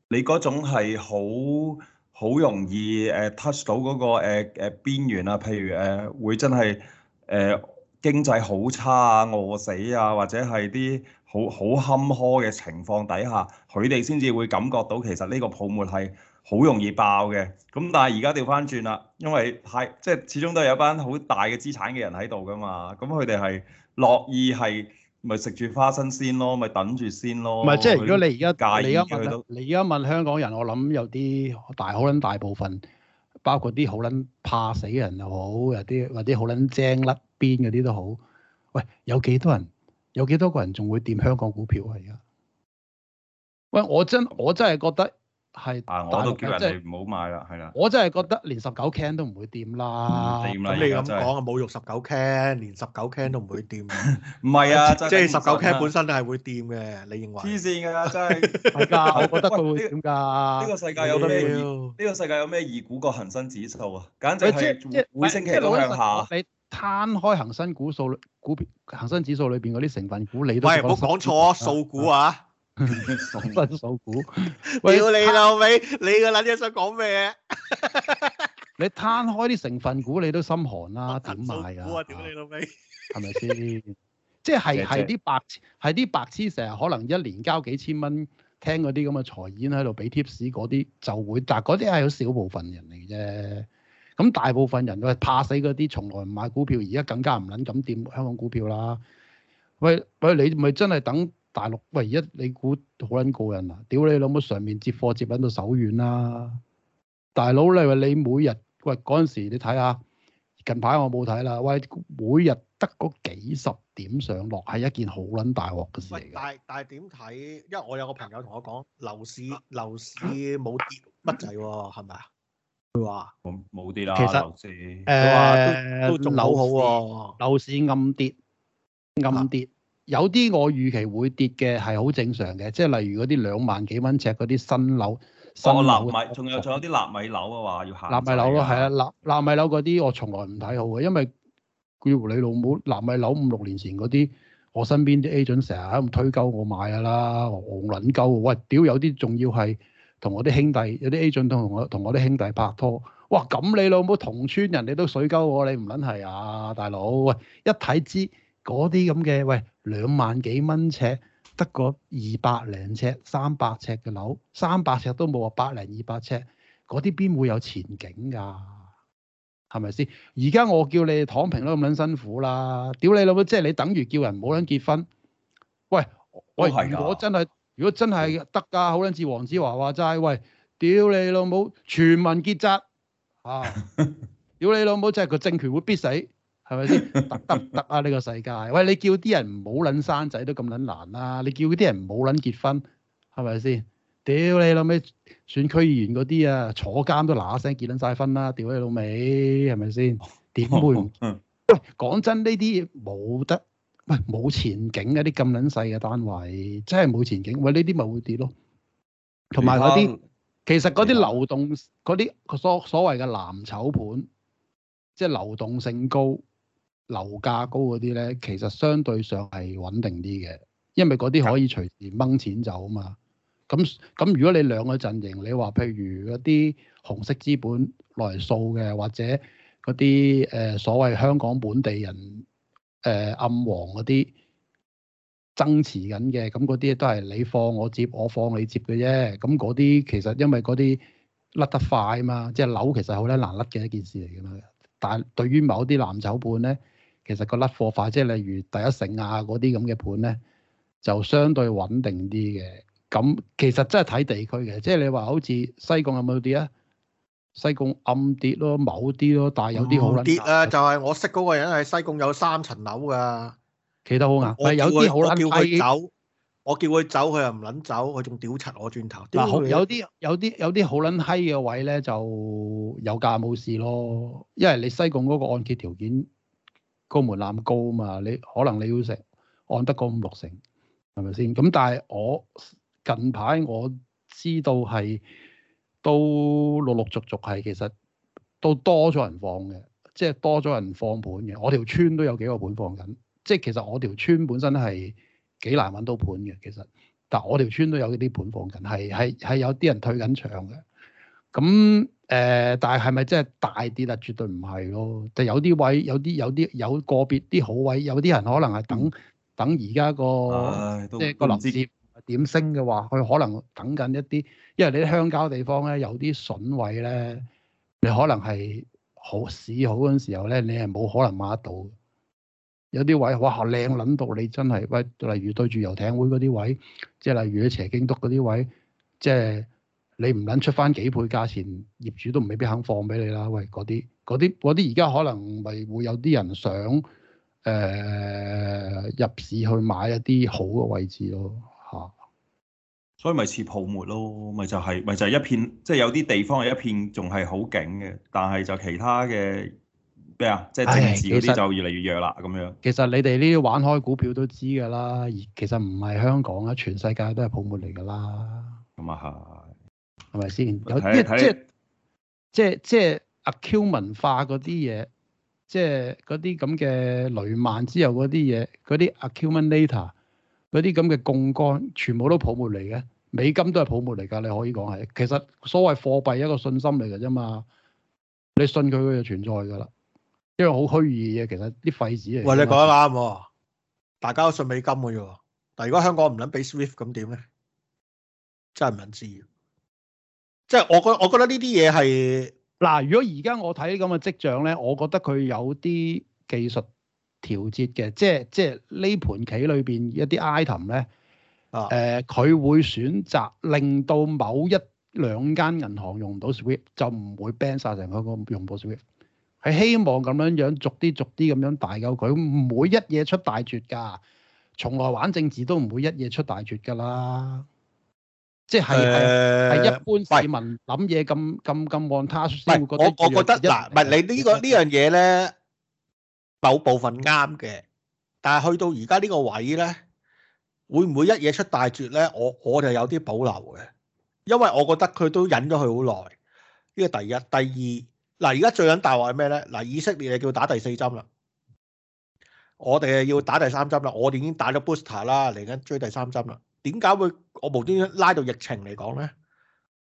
你嗰種係好好容易誒、uh, touch 到嗰、那個誒誒、uh, uh, 邊緣啊，譬如誒、uh, 會真係誒。Uh, 經濟好差啊，餓死啊，或者係啲好好坎坷嘅情況底下，佢哋先至會感覺到其實呢個泡沫係好容易爆嘅。咁但係而家調翻轉啦，因為係，即係始終都係有班好大嘅資產嘅人喺度噶嘛。咁佢哋係樂意係咪食住花生先咯，咪、就是、等住先咯。唔係即係如果你而家你問都你而家問香港人，我諗有啲大好撚大部分，包括啲好撚怕死人又好，有啲或者好撚精甩。邊嗰啲都好，喂，有幾多人，有幾多個人仲會掂香港股票啊？而家，喂，我真我真係覺得係，啊，我都叫人哋唔好買啦，係啦，我真係覺得連19 Ken 都唔會掂啦，唔掂啦、嗯，你咁講 (laughs) 啊，侮辱19 Ken，連19 Ken 都唔會掂，唔係啊，即係19 Ken 本身都係會掂嘅，你認為？黐線㗎，真係，係㗎， (laughs) (laughs) (laughs) (laughs) 我覺得佢會掂㗎。呢、呢個呢個世界有咩呢 (laughs) 個世界有咩二股過恒生指數啊？簡直係每星期都向下。攤開恒生股數股恆生指數裏邊嗰啲成分股、啊，你都唔好講錯數股啊！ (laughs) 數分數股，屌你老味，你個撚嘢想講咩？ (laughs) 你攤開啲成分股，你都心寒啦、啊，點買啊？數股啊！屌你老味，係咪先？ (laughs) 即係係啲白係啲白痴，成日可能一年交幾千蚊聽嗰啲咁嘅財演喺度俾貼士嗰啲，就會，但嗰啲係有少部分人嚟啫。咁大部分人都係怕死嗰啲，從來唔買股票，而家更加唔撚敢掂香港股票啦。喂喂，你咪真係等大陸喂一，你估好撚過癮啊！屌你老母，上面接貨接撚到手軟啦、啊！大佬，你話你每日喂嗰陣時你看看，你睇下近排我冇睇啦。喂，每日得嗰幾十點上落係一件好撚大鑊嘅事嚟嘅。喂，但但係點睇？因為我有個朋友同我講，樓市樓市冇跌乜滯喎，係咪啊？佢話冇冇啲啦，其實誒、呃，都都仲好喎、啊，樓市暗跌，暗跌，有啲我預期會跌嘅係好正常嘅，即係例如嗰啲兩萬幾蚊尺嗰啲新樓，新樓、哦、米，仲有仲有啲納米樓啊，話要行，納米樓咯，係啊，納納米樓嗰啲我從來唔睇好嘅，因為叫你老母，納米樓五六年前嗰啲，我身邊啲 agent 成日喺度推鳩我買啊啦，狂輪鳩，喂，屌，有啲仲要係。同我啲兄弟有啲 agent 都同我同我啲兄弟拍拖，哇！咁你老母同村人你都水溝我，你唔撚係啊，大佬喂！一睇知嗰啲咁嘅喂，兩萬幾蚊尺得個二百零尺、三百尺嘅樓，三百尺尺都冇話百零二百尺，嗰啲邊會有前景㗎、啊？係咪先？而家我叫你躺平都咁撚辛苦啦、啊！屌你老母，即係你等於叫人唔好撚結婚。喂喂，如果真係～如果真係得噶，好捻似黃子華話齋，喂，屌你老母，全民結紮啊！屌 (laughs) 你老母，即係個政權會必死，係咪先？得得得啊？呢、呢個世界，喂，你叫啲人唔好捻生仔都咁捻難啦、啊，你叫啲人唔好捻結婚，係咪先？屌你老味選區議員嗰啲啊，坐監都嗱嗱聲結捻晒婚啦，屌你老味，係咪先？點會？講 (laughs) (laughs) 真，呢啲冇得。哎，冇前景嗰啲咁撚細嘅單位，真係冇前景。喂、哎，呢啲咪會跌咯。同埋嗰啲，方其實嗰啲流動嗰啲方所所謂嘅藍籌盤，即係流動性高、樓價高嗰啲呢，其實相對上係穩定啲嘅，因為嗰啲可以隨時掹錢走啊嘛。咁咁，如果你兩個陣營，你話譬如嗰啲紅色資本來掃嘅，或者嗰啲誒所謂香港本地人。誒、呃、暗黃嗰啲增持緊嘅，咁嗰啲都係你放我接，我放你接嘅啫。咁嗰啲其實因為嗰啲甩得快啊嘛，即係樓其實好難難甩嘅一件事嚟㗎嘛。但係對於某啲藍籌盤咧，其實個甩貨快，即係例如第一城啊嗰啲咁嘅盤咧，就相對穩定啲嘅。咁其實真係睇地區嘅，即係你話好似西貢有冇跌啊？西貢暗跌咯，某啲咯，但係有啲好捻跌啊！就係、是、我識嗰個人係西貢有三層樓噶，企得好硬，我有啲好捻閪。我叫佢走，黑我叫佢走，佢又唔捻走，佢仲屌柒我轉頭。有啲有啲有啲好捻閪嘅位咧，就有價冇市咯。因為你西貢嗰個按揭條件個門檻高嘛，你可能你要食，按得個五六成，係咪先？咁但係我近排我知道係。都陸陸續續係，其實都多咗人放嘅，即係多咗人放盤嘅。我條村都有幾個盤放緊，即係其實我條村本身係幾難揾到盤嘅，其實，但我條村都有啲盤放緊，係係係有啲人退緊場嘅。咁誒、呃，但係係咪真係大跌啊？絕對唔係咯，就有啲位，有啲有啲有，有個別啲好位，有啲人可能係等等而家個即係個樓點升嘅話，佢可能等緊一啲，因為你啲鄉郊地方咧有啲筍位咧，你可能係好市好嗰陣時候咧，你係冇可能買得到。有啲位哇，靚撚到你真係喂，例如對住遊艇會嗰啲位，即係例如啲斜京篤嗰啲位，即係你唔撚出翻幾倍價錢，業主都未必肯放俾你啦。喂，嗰啲嗰啲嗰啲而家可能咪會有啲人想誒、呃、入市去買一啲好嘅位置咯。所以咪似泡沫咯，咪就係、是、咪就係、是、一片，即、就、係、是、有啲地方係一片仲係好勁嘅，但係就其他嘅咩啊，即係、就是、政治嗰啲就越嚟越弱啦咁樣、哎其。其實你哋呢啲玩開股票都知㗎啦，而其實唔係香港啊，全世界都係泡沫嚟㗎啦。咁、嗯、啊係，係咪先？即即即即阿 Q 文化嗰啲嘢，即係嗰啲咁嘅雷曼之後嗰啲嘢，嗰啲 accumulator 嗰啲咁嘅槓桿，全部都泡沫嚟嘅。美金都係泡沫嚟㗎，你可以講係。其實所謂貨幣一個信心嚟㗎啫嘛，你信佢佢就存在㗎啦。因為好虛擬嘅，其實啲廢紙嚟。喂，你講得啱大家都信美金㗎喎。但係如果香港唔撚俾 SWIFT 咁點咧？真係唔撚知。即係我覺，我覺得呢啲嘢係嗱，如果而家我睇咁嘅跡象咧，我覺得佢有啲技術調節嘅，即係即係呢盤棋裏邊一啲 item 咧。啊！誒，佢會選擇令到某一兩間銀行用唔到 Swift，就唔會 ban 晒成個個用部 Swift。係希望咁樣樣逐啲逐啲咁樣大救佢，唔會一嘢出大絕㗎。從來玩政治都唔會一嘢出大絕㗎啦。即係係係一般市民諗嘢咁咁咁 one touch 先會覺得住。嗱，唔係你呢個呢樣嘢咧，某部分啱嘅，但係去到而家呢個位咧。會唔會一嘢出大絕咧？我我哋有啲保留嘅，因為我覺得佢都忍咗佢好耐。呢個第一，第二，嗱而家最緊大鑊係咩咧？嗱，以色列又叫打第四針啦，我哋啊要打第三針啦，我哋已經打咗 booster 啦，嚟緊追第三針啦。點解會我無端端拉到疫情嚟講咧？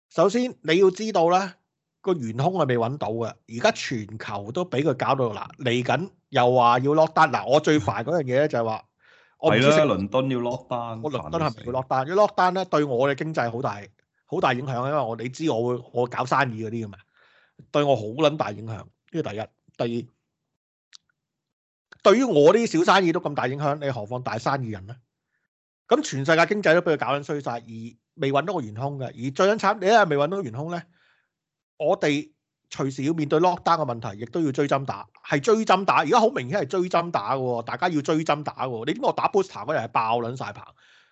首先你要知道咧，個元兇係未揾到嘅，而家全球都俾佢搞到嗱，嚟緊又話要落單嗱。我最煩嗰樣嘢咧就係話。 (laughs) 係啦，我倫敦要落單，我倫敦係唔會落單。要落單咧，對我嘅經濟好大好大影響，因為我你知我會我搞生意嗰啲噶嘛，對我好撚大影響。呢個第一，第二，對於我啲小生意都咁大影響，你何況大生意人咧？咁全世界經濟都俾佢搞撚衰晒，而未揾到個元兇嘅，而最撚慘，你都係未揾到元兇咧，我哋。隨時要面對 lockdown 嘅問題，亦都要追針打，係追針打。而家好明顯係追針打嘅，大家要追針打嘅。你點解我打 booster 嗰日係爆撚晒棚，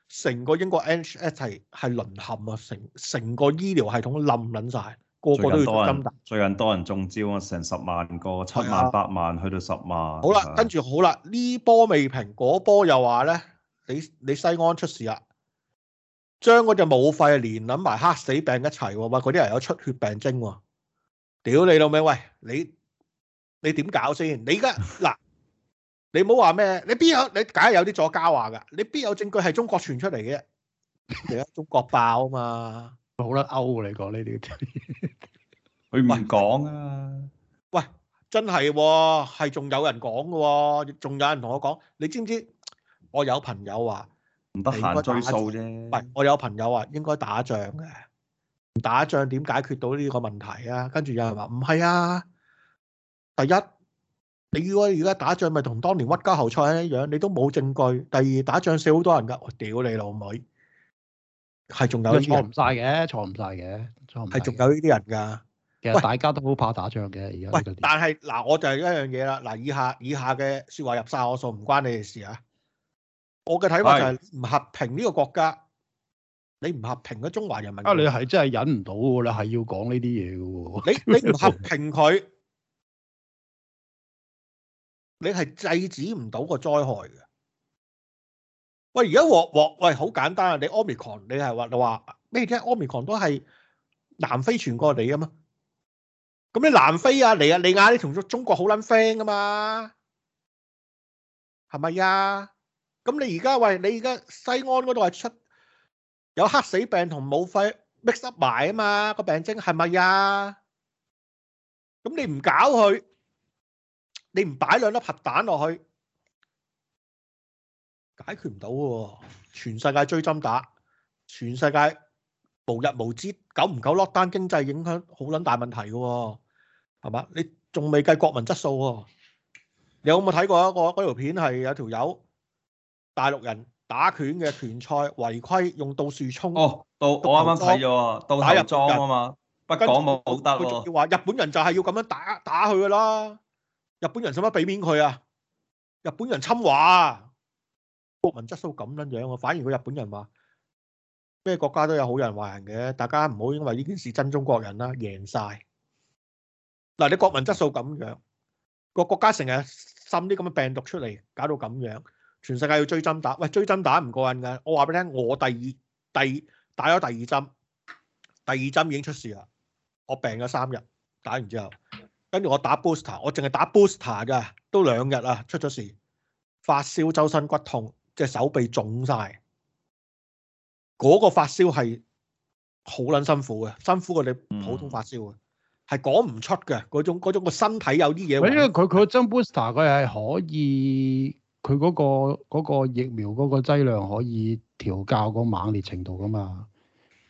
成個英國 NHS 係係淪陷啊！成成個醫療系統冧撚晒，個,個個都要追針打。最近多人，最近多人中招啊！成十萬個，七萬八萬、啊、去到十萬。好啦了，啊、跟住好啦，呢波未平，嗰波又話咧，你你西安出事啦，將嗰隻武肺連撚埋黑死病一齊，話嗰啲人有出血病徵、啊。屌你老味，喂你你點搞先？你而家嗱，你冇話咩？你邊有你梗係有啲作家話噶？你邊有證據係中國傳出嚟嘅？你而家中國爆啊嘛，好啦，歐你講呢啲，佢唔係講啊？喂，真係係仲有人講噶，仲有人同我講，你知唔知？我有朋友話唔得閒追數啫，唔係我有朋友話應該打仗嘅。打仗點解決到呢個問題啊？跟住有人話唔係啊！第一，你如果而家打仗，咪同當年屈家後賽一樣，你都冇證據。第二，打仗死好多人噶，我、哎、屌你老妹，係仲有呢啲錯唔晒嘅，錯唔晒嘅，係仲有呢啲人噶。其實大家都好怕打仗嘅。而家喂但係嗱，我就係一樣嘢啦。嗱，以下以下嘅說話入晒我數，唔關你嘅事啊。我嘅睇法就係、是、唔是合平呢個國家。你唔合評嘅中華人民？啊！你係真係忍唔到㗎啦，你係要講呢啲嘢㗎喎！你 (laughs) 你唔合評佢，你係制止唔到個災害嘅。喂！而家鑊鑊，喂，好簡單啊！你奧密克隆，你係話你話咩啫？奧密克隆都係南非傳過嚟啊嘛。咁你南非啊，尼亞利亞，你同、啊、中國好撚 friend 㗎嘛？係咪呀？咁你而家喂，你而家西安嗰度係出？有黑死病同武肺 mix 埋啊嘛，個病徵係咪呀？咁你唔搞佢，你唔擺兩粒核彈落去，解決唔到喎。全世界追針打，全世界無日無之，久唔久落單，經濟影響好撚大問題嘅喎，係嘛？你仲未計國民質素喎？你有冇睇過一個嗰條片係有條友大陸人？打拳嘅拳賽違規用道樹沖哦，倒我啱啱睇咗，到打入咗。啊嘛，不講武武德咯。仲要話日本人就係要咁樣打打佢噶啦，日本人使乜俾面佢啊？日本人侵華，啊，國民質素咁撚樣啊，反而佢日本人話咩國家都有好人壞人嘅，大家唔好因為呢件事憎中國人啦，贏晒嗱，你國民質素咁樣，個國家成日滲啲咁嘅病毒出嚟，搞到咁樣。全世界要追針打，喂，追針打唔過癮㗎。我話俾你聽，我第二、第二打咗第二針，第二針已經出事啦。我病咗三日，打完之後，跟住我打 booster，我淨係打 booster 㗎，都兩日啦，出咗事，發燒、周身骨痛，即係手臂腫晒。嗰、嗰個發燒係好撚辛苦嘅，辛苦過你普通發燒嘅，係講唔出嘅嗰種嗰個身體有啲嘢。因為佢佢針 booster 佢係可以。佢嗰個嗰個疫苗嗰個劑量可以調校個猛烈程度㗎嘛？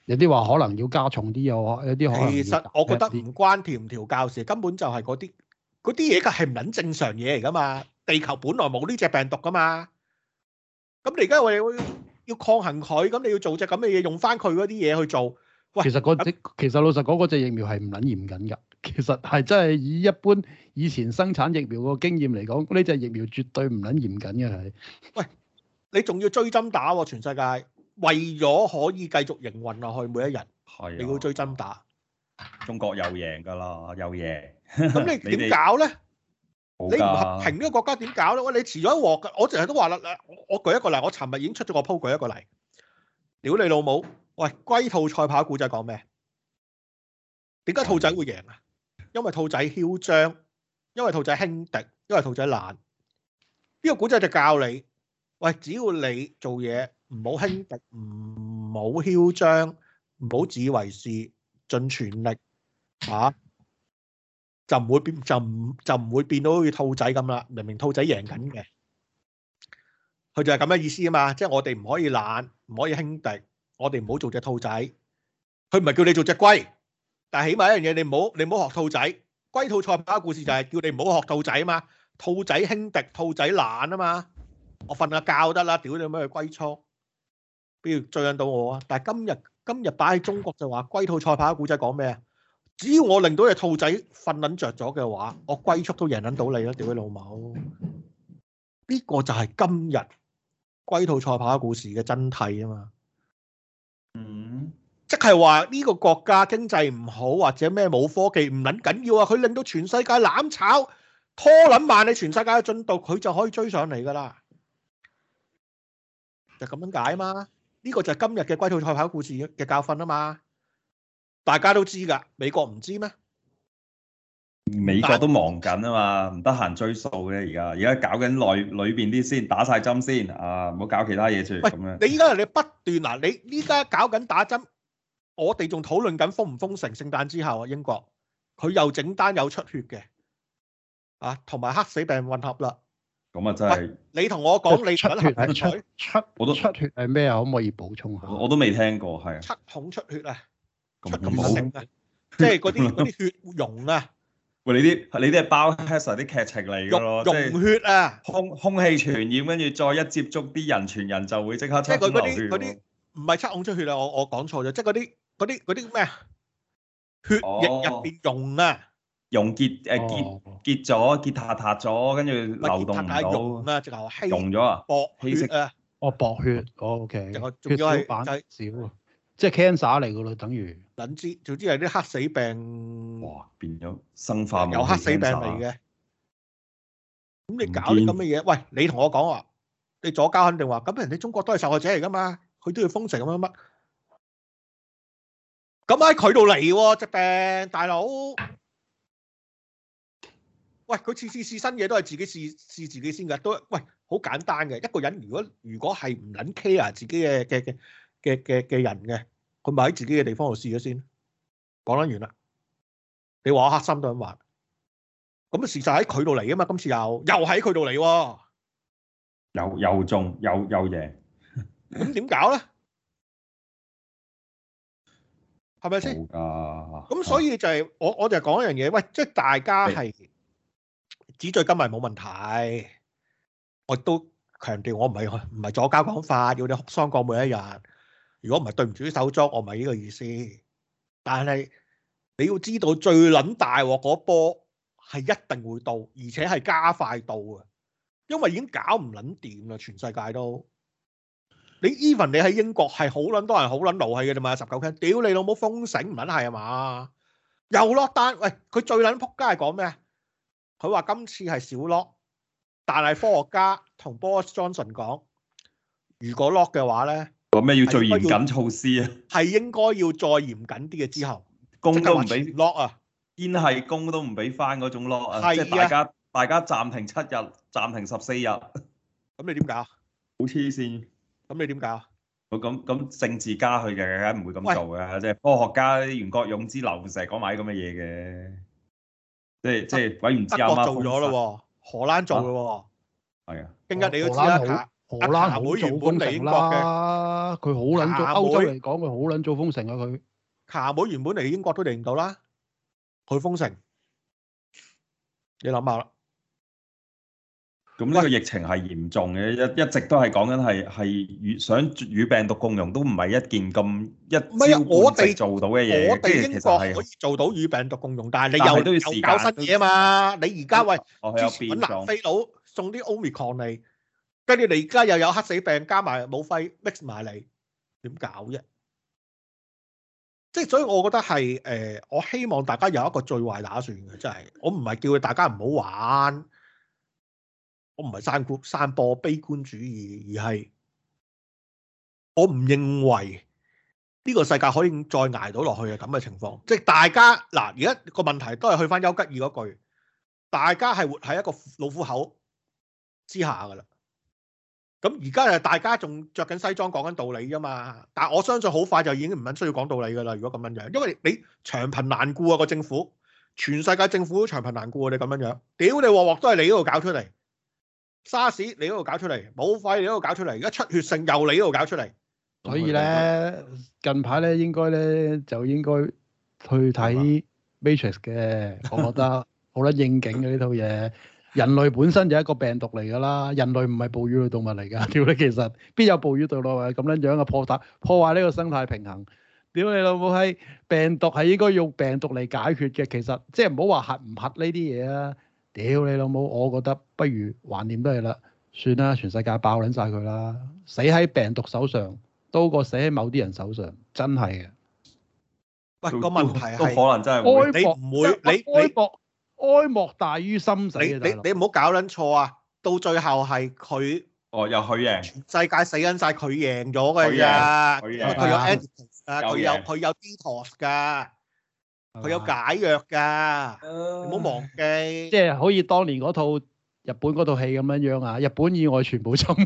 有啲話可能要加重啲，有啊，有啲可能。其實我覺得唔關調唔調校事，根本就係嗰啲嗰啲嘢嘅係唔撚正常嘢嚟㗎嘛。地球本來冇呢隻病毒㗎嘛，咁你而家我哋要要抗衡佢，咁你要做隻咁嘅嘢，用返佢嗰啲嘢去做。喂，其實嗰隻其實老實講，嗰隻疫苗係唔撚嚴緊㗎。其實係真係以一般以前生產疫苗個經驗嚟講，呢隻疫苗絕對唔捻嚴謹嘅係。喂，你仲要追針打喎？全世界為咗可以繼續營運落去，每一日你要追針打。中國又贏噶啦，又贏。咁你點搞咧？你唔停呢個國家點搞咧？喂，你遲咗一鑊噶。我成日都話啦，我舉一個例，我尋日已經出咗個鋪，舉一個例。屌你老母！喂，龜兔賽跑古仔講咩？點解兔仔會贏啊？因為兔仔囂張，因為兔仔輕敵，因為兔仔懶。呢個古仔就教你，喂，只要你做嘢唔好輕敵，唔好囂張，唔好自以為是，盡全力啊，就唔會變，就唔就唔會變到好似兔仔咁啦。明明兔仔贏緊嘅，佢就係咁嘅意思啊嘛。即係我哋唔可以懶，唔可以輕敵，我哋唔好做隻兔仔。佢唔係叫你做隻龜。但係起碼一樣嘢，你唔好你唔好學兔仔。龜兔賽跑故事就係叫你唔好學兔仔啊嘛。兔仔輕敵，兔仔懶啊嘛。我瞓下覺得啦，屌你咩去龜速？不如追引到我啊！但係今日今日擺喺中國就話龜兔賽跑故事講咩啊？只要我令到隻兔仔瞓撚着咗嘅話，我龜速都贏撚到你啦、啊，屌你老母！呢、這個就係今日龜兔賽跑故事嘅真諦啊嘛。嗯。即係話呢個國家經濟唔好或者咩冇科技，唔捻緊要啊？佢令到全世界攬炒拖捻慢你全世界嘅進度，佢就可以追上嚟噶啦。就咁樣解嘛。呢個就係今日嘅龜兔賽跑故事嘅教訓啊嘛！大家都知噶，美國唔知咩？美國都忙緊啊嘛，唔得閒追數嘅。而家而家搞緊內裏邊啲先，打晒針先啊，唔好搞其他嘢住。咁樣。喂，你依家你不斷嗱，你依家搞緊打針。我哋仲討論緊封唔封城？聖誕之後啊，英國佢又整單又出血嘅，啊，同埋黑死病混合啦。咁啊，真係你同我講，你出血係佢出，我都出血係咩啊？可唔可以補充下？我都未聽過，係七孔出血啊！即係嗰啲嗰啲血溶啊！喂，你啲你啲係包劇情嚟㗎溶血啊！空空氣傳染，跟住再一接觸啲人傳人就會即刻出血。即係嗰啲嗰啲唔係七孔出血啊！啊啊、我我講錯咗，即係啲。嗰啲啲咩啊？血液入邊溶啊，溶解誒結、啊、結咗結塌塌咗，跟住流動唔到啊！溶咗啊！了薄血啊！哦，薄血，O K。仲、哦 okay、血小板少，即係 cancer 嚟噶咯，等於等之總之係啲黑死病。哇！變咗生化有黑死病嚟嘅。咁你搞啲咁嘅嘢，喂！你同我講話，你左膠肯定話，咁人哋中國都係受害者嚟噶嘛？佢都要封城咁樣乜？咁喺佢度嚟喎，隻病大佬。喂，佢次次試新嘢，都係自己試試自己先嘅，都喂好簡單嘅。一個人如果如果係唔捻 care 自己嘅嘅嘅嘅嘅嘅人嘅，佢咪喺自己嘅地方度試咗先。講得完啦。你話黑心都咁話。咁啊，事實喺佢度嚟啊嘛。今次又又喺佢度嚟喎。又又中又又贏。咁點搞咧？係咪先？咁、嗯、所以就係、是啊、我，我就講一樣嘢。喂，即係大家係紙醉金迷冇問題。我都強調我，我唔係唔係左膠講法，要你哭喪過每一日。如果唔係對唔住啲手足，我唔係呢個意思。但係你要知道，最撚大鑊嗰波係一定會到，而且係加快到嘅，因為已經搞唔撚掂啦，全世界都。你 even 你喺英國係好撚多人好撚勞氣嘅啫嘛，十九 percent，屌你老母封城唔撚係啊嘛，又落單，喂，佢最撚撲街係講咩？佢話今次係少 lock，但係科學家同 Boris Johnson 講，如果 lock 嘅話咧，講咩要最嚴謹措施啊？係應該要再嚴謹啲嘅之後，工都唔俾 lock 啊，邊係工都唔俾翻嗰種 lock 啊？即係大家大家暫停七日，暫停十四日，咁你點搞啊？好黐線！咁你點搞啊？我咁咁政治家佢嘅梗唔會咁做嘅，即係科學家袁國勇之流成日講埋啲咁嘅嘢嘅，即係即係鬼唔知阿媽做咗咯，荷蘭做咯，係啊，英吉你都知啦，荷蘭會原本嚟英國嘅，佢好捻做歐洲嚟講，佢好捻做封城啊佢。荷蘭會原本嚟英國都嚟唔到啦，佢封城，你諗下啦。咁呢個疫情係嚴重嘅，一一直都係講緊係係與想與病毒共融都唔係一件咁一招半式做到嘅嘢。我哋英國可以做到與病毒共融，但係你又又搞失嘢啊嘛！你而家喂，之前揾南非佬送啲 Omicron 嚟，跟住你而家又有黑死病加埋武肺 mix 埋你，點搞啫？即係所以，我覺得係誒，我希望大家有一個最壞打算嘅，真係我唔係叫大家唔好玩。唔係山谷山坡悲觀主義，而係我唔認為呢個世界可以再捱到落去嘅咁嘅情況，即係大家嗱，而家個問題都係去翻丘吉爾嗰句：「大家係活喺一個老虎口之下噶啦」。咁而家啊，大家仲着緊西裝講緊道理啫嘛。但係我相信好快就已經唔緊需要講道理噶啦。如果咁樣樣，因為你長貧難顧啊，個政府全世界政府都長貧難顧啊。你咁樣樣，屌尿尿尿你鑊鑊都係你嗰度搞出嚟。沙士你嗰度搞出嚟，武肺你嗰度搞出嚟，而家出血性又你嗰度搞出嚟。所以咧，嗯、近排咧，應該咧，就應該去睇 Matrix 嘅，嗎我覺得好 (laughs) 得應景嘅呢套嘢。人類本身就係一個病毒嚟噶啦，人類唔係哺乳類動物嚟噶，屌你其實邊有哺乳動物咁樣樣嘅破壞破壞呢個生態平衡。屌你老母閪，病毒係應該用病毒嚟解決嘅，其實即係唔好話核唔核呢啲嘢啊。屌你老母，我覺得不如懷念都係啦，算啦，全世界爆捻晒佢啦，死喺病毒手上多過死喺某啲人手上，真係嘅。喂，個問題係哀莫哀莫大於心死你大佬，你唔好搞捻錯啊，到最後係佢哦，又佢贏，全世界死緊晒，佢贏咗嘅啫，佢有誒，佢、啊、有佢贏有 detox 噶。佢有解藥噶，唔好、哦、忘記，即係好似當年嗰套日本嗰套戲咁樣樣啊！日本以外全部沉沒， (laughs)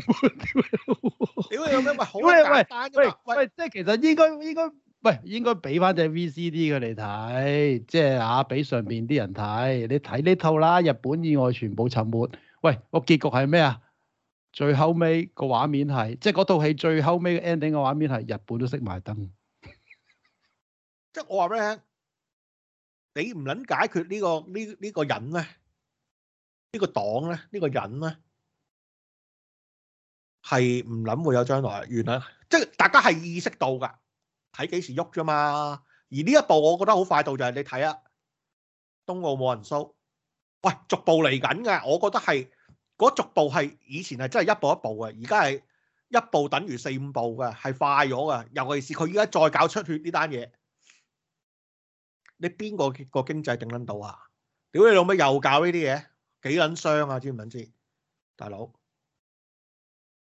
屌你老母，喂，好簡單噶嘛？喂喂，即係其實應該應該喂應該俾翻隻 VCD 佢嚟睇，即係啊，俾上邊啲人睇，你睇呢套啦！日本以外全部沉沒，喂，個結局係咩啊？最後尾個畫面係，即係嗰套戲最後尾個 ending 嘅畫面係日本都熄埋燈，即係我話俾你聽。你唔捻解決呢、這個呢呢、這個這個人咧？呢、這個黨咧？呢、這個人咧係唔捻會有將來？原來即係大家係意識到噶，睇幾時喐啫嘛。而呢一步我覺得好快到，就是，就係你睇啊，東澳冇人收，喂，逐步嚟緊嘅。我覺得係嗰、那個、逐步係以前係真係一步一步嘅，而家係一步等於四五步嘅，係快咗噶。尤其是佢依家再搞出血呢單嘢。你邊個個經濟頂撚到啊？屌你老味又搞呢啲嘢，幾撚傷啊？知唔知唔知？大佬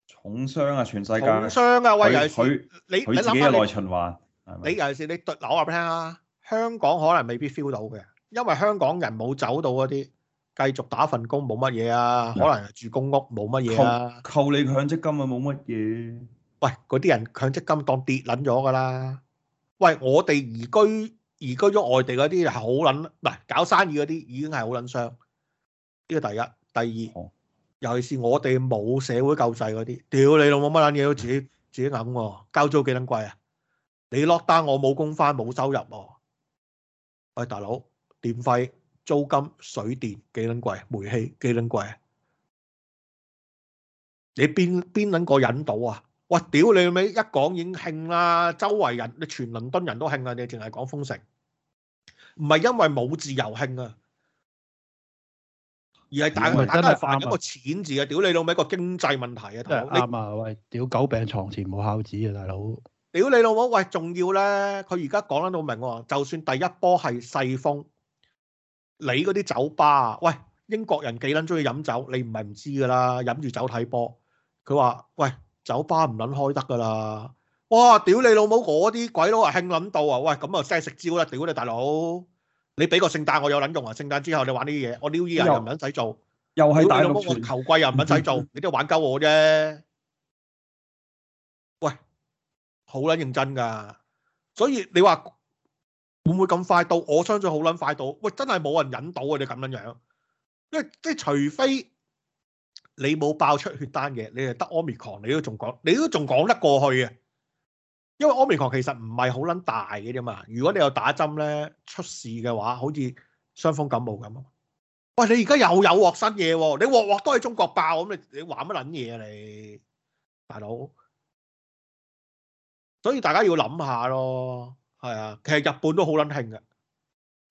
重傷啊！全世界重傷啊！喂，佢你你諗嘅內循環，你尤其是你奪樓話俾你聽啊！香港可能未必 feel 到嘅，因為香港人冇走到嗰啲，繼續打份工冇乜嘢啊，可能住公屋冇乜嘢啊，扣你強積金啊冇乜嘢。喂，嗰啲人強積金當跌撚咗噶啦。喂，我哋移居，移居咗外地嗰啲係好撚，唔係搞生意嗰啲已經係好撚傷。呢個第一，第二，尤其是我哋冇社會救濟嗰啲，屌你老母乜撚嘢都自己自己揞喎，交租幾撚貴啊？你落單我冇工返冇收入喎。喂，大佬，電費、租金、水電幾撚貴？煤氣幾撚貴？你邊邊撚個忍到啊？我屌你咪一講已經興啦，周圍人你全倫敦人都興啊，你淨係講豐城。唔係因為冇自由興啊，而係大大家犯一個錢字啊！屌你老母一個經濟問題啊！大佬，啱啊！你喂，屌狗病床前冇孝子啊！大佬，屌你老母！喂，仲要咧，佢而家講得都明喎，啊，就算第一波係細風，你嗰啲酒吧，喂，英國人幾撚中意飲酒，你唔係唔知噶啦，飲住酒睇波。佢話：喂，酒吧唔撚開得噶啦。哇！屌你老母，嗰啲鬼佬啊，興撚到啊！喂，咁啊即係食蕉啦！屌你大佬，你俾個聖誕我有撚用啊！聖誕之後你玩呢啲嘢，我 New Year 又唔撚使做，又係大佬我球季又唔撚使做，你都玩鳩我啫！喂，好撚認真㗎，所以你話會唔會咁快到？我相信好撚快到！喂，真係冇人忍到啊！你咁樣樣，因為即係除非你冇爆出血單嘅，你係得 Omicron，你都仲講，你都仲講得過去嘅。因為 Omicron 其實唔係好捻大嘅啫嘛，如果你有打針咧出事嘅話，好似傷風感冒咁啊！喂，你而家又有鑊新嘢，啊，你鑊鑊都係中國爆，咁你你玩乜捻嘢啊你，大佬？所以大家要諗下咯。係啊，其實日本都好捻興嘅，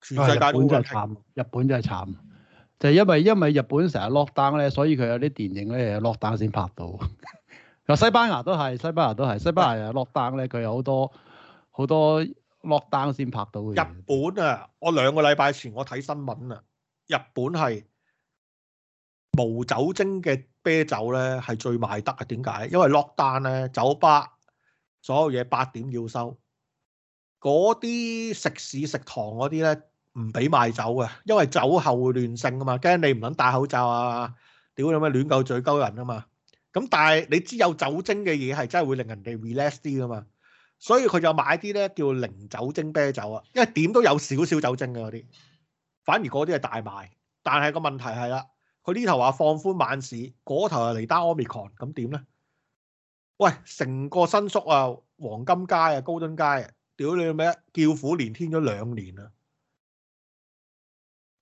全世界都好興。日本真係慘，日本就係慘，就係、是、因為因為日本成日落單咧，所以佢有啲電影咧落單先拍到。嗱，西班牙都係，西班牙都係，西班牙落單咧，佢有好多好多落單先拍到嘅。日本啊，我兩個禮拜前我睇新聞啊，日本係無酒精嘅啤酒咧係最賣得啊？點解？因為落單咧，酒吧所有嘢八點要收，嗰啲食肆食堂嗰啲咧唔俾賣酒啊，因為酒後會亂性啊嘛，驚你唔肯戴口罩啊，屌有咩亂鳩嘴鳩人啊嘛。咁但係你知有酒精嘅嘢係真係會令人哋 relax 啲噶嘛，所以佢就買啲咧叫零酒精啤酒啊，因為點都有少少酒精嘅嗰啲，反而嗰啲係大賣。但係個問題係啦，佢呢頭話放寬晚市，嗰頭又嚟單 omicron，咁點咧？喂，成個新宿啊、黃金街啊、高登街啊，屌你咩？叫苦連天咗兩年啊，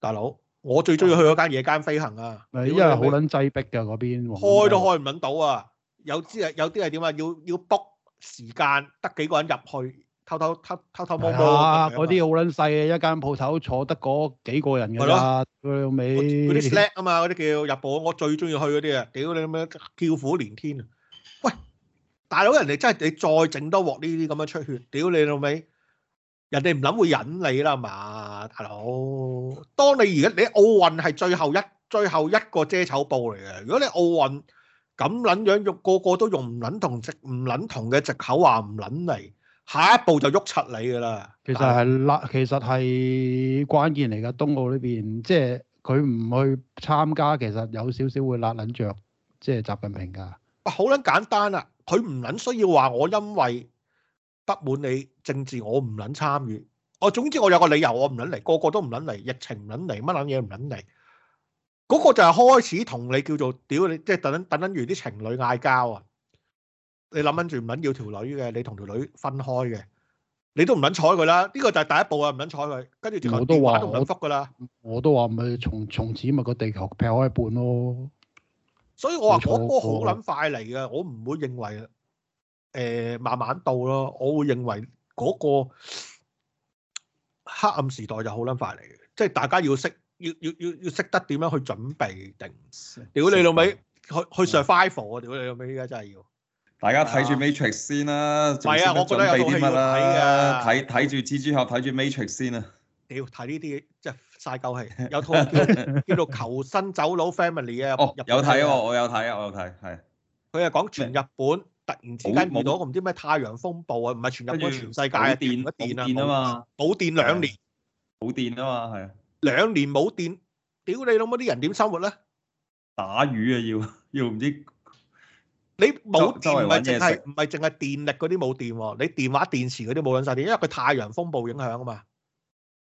大佬。我最中意去嗰間夜間飛行啊！因為好撚擠逼㗎嗰邊，開都開唔撚到啊！有啲係有啲係點啊？要要 book 時間，得幾個人入去偷偷偷偷偷摸摸。啊，嗰啲好撚細啊！一間鋪頭坐得嗰幾個人㗎啦，屌老味。嗰啲 s l 啊嘛，嗰啲叫日本，我最中意去嗰啲啊！屌你咁樣叫苦連天啊！喂，大佬，人哋真係你再整多鑊呢啲咁樣出血，屌、啊、你老、啊、味。人哋唔諗會忍你啦嘛，大佬。當你而家你奧運係最後一最後一個遮醜布嚟嘅，如果你奧運咁撚樣用個個都用唔撚同藉唔撚同嘅藉口話唔撚嚟，下一步就喐柒你噶啦。其實係啦，是其實係關鍵嚟嘅。冬奧呢邊即係佢唔去參加，其實有少少會辣撚着，即係習近平㗎。好撚簡單啦，佢唔撚需要話我因為。不滿你政治，我唔捻參與。我總之我有個理由，我唔捻嚟，個個都唔捻嚟。疫情唔捻嚟，乜捻嘢唔捻嚟。嗰個就係開始同你叫做屌你，即係等等，等於啲情侶嗌交啊！你諗緊住唔捻要條女嘅，你同條女分開嘅，你都唔捻睬佢啦。呢個就係第一步啊，唔捻睬佢。跟住全部都話都唔捻覆噶啦，我都話唔係從從此咪個地球劈開一半咯。所以我話嗰波好捻快嚟噶，我唔會認為啊。誒，慢慢到咯。我會認為嗰、那個、喔、黑暗時代就好撚快嚟嘅，即係大家要識，要要要要識得點樣去準備定。屌你老尾，去去 survive 我屌你老尾，依家真係要。要大家睇住 Matrix 先啦、啊。唔係 m ur l Graph 啊，我覺得有套戲要睇嘅、啊，睇睇住蜘蛛俠，睇住 Matrix 先啊。屌，睇呢啲即係晒夠氣，有套叫做， (laughs) 叫做《求生走佬 Family》啊。啊哦，有睇啊，我有睇啊，我有睇，係。佢係講全日本、嗯。突然之間變咗個唔知咩太陽風暴啊，唔係全日本全世界電啊電啊嘛，冇電兩年，冇電啊嘛係，兩年冇電，屌你老母啲人點生活咧？打魚啊要要唔知？你冇電唔係淨係唔係淨係電力嗰啲冇電，你電話電池嗰啲冇撚曬電，因為佢太陽風暴影響啊嘛。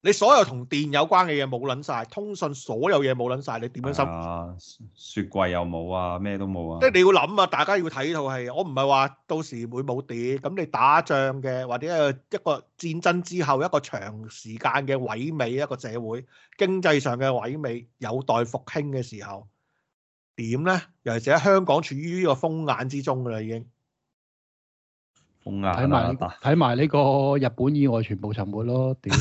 你所有同電有關嘅嘢冇捻晒，通訊所有嘢冇捻晒，你點樣生？雪櫃又冇啊，咩都冇啊！即係你要諗啊，大家要睇到係，我唔係話到時會冇電，咁你打仗嘅或者一個戰爭之後一個長時間嘅萎靡一個社會經濟上嘅萎靡有待復興嘅時候，點咧？尤其是喺香港處於呢個風眼之中啦，已經風眼睇埋睇埋呢個日本以外全部沉沒咯，點！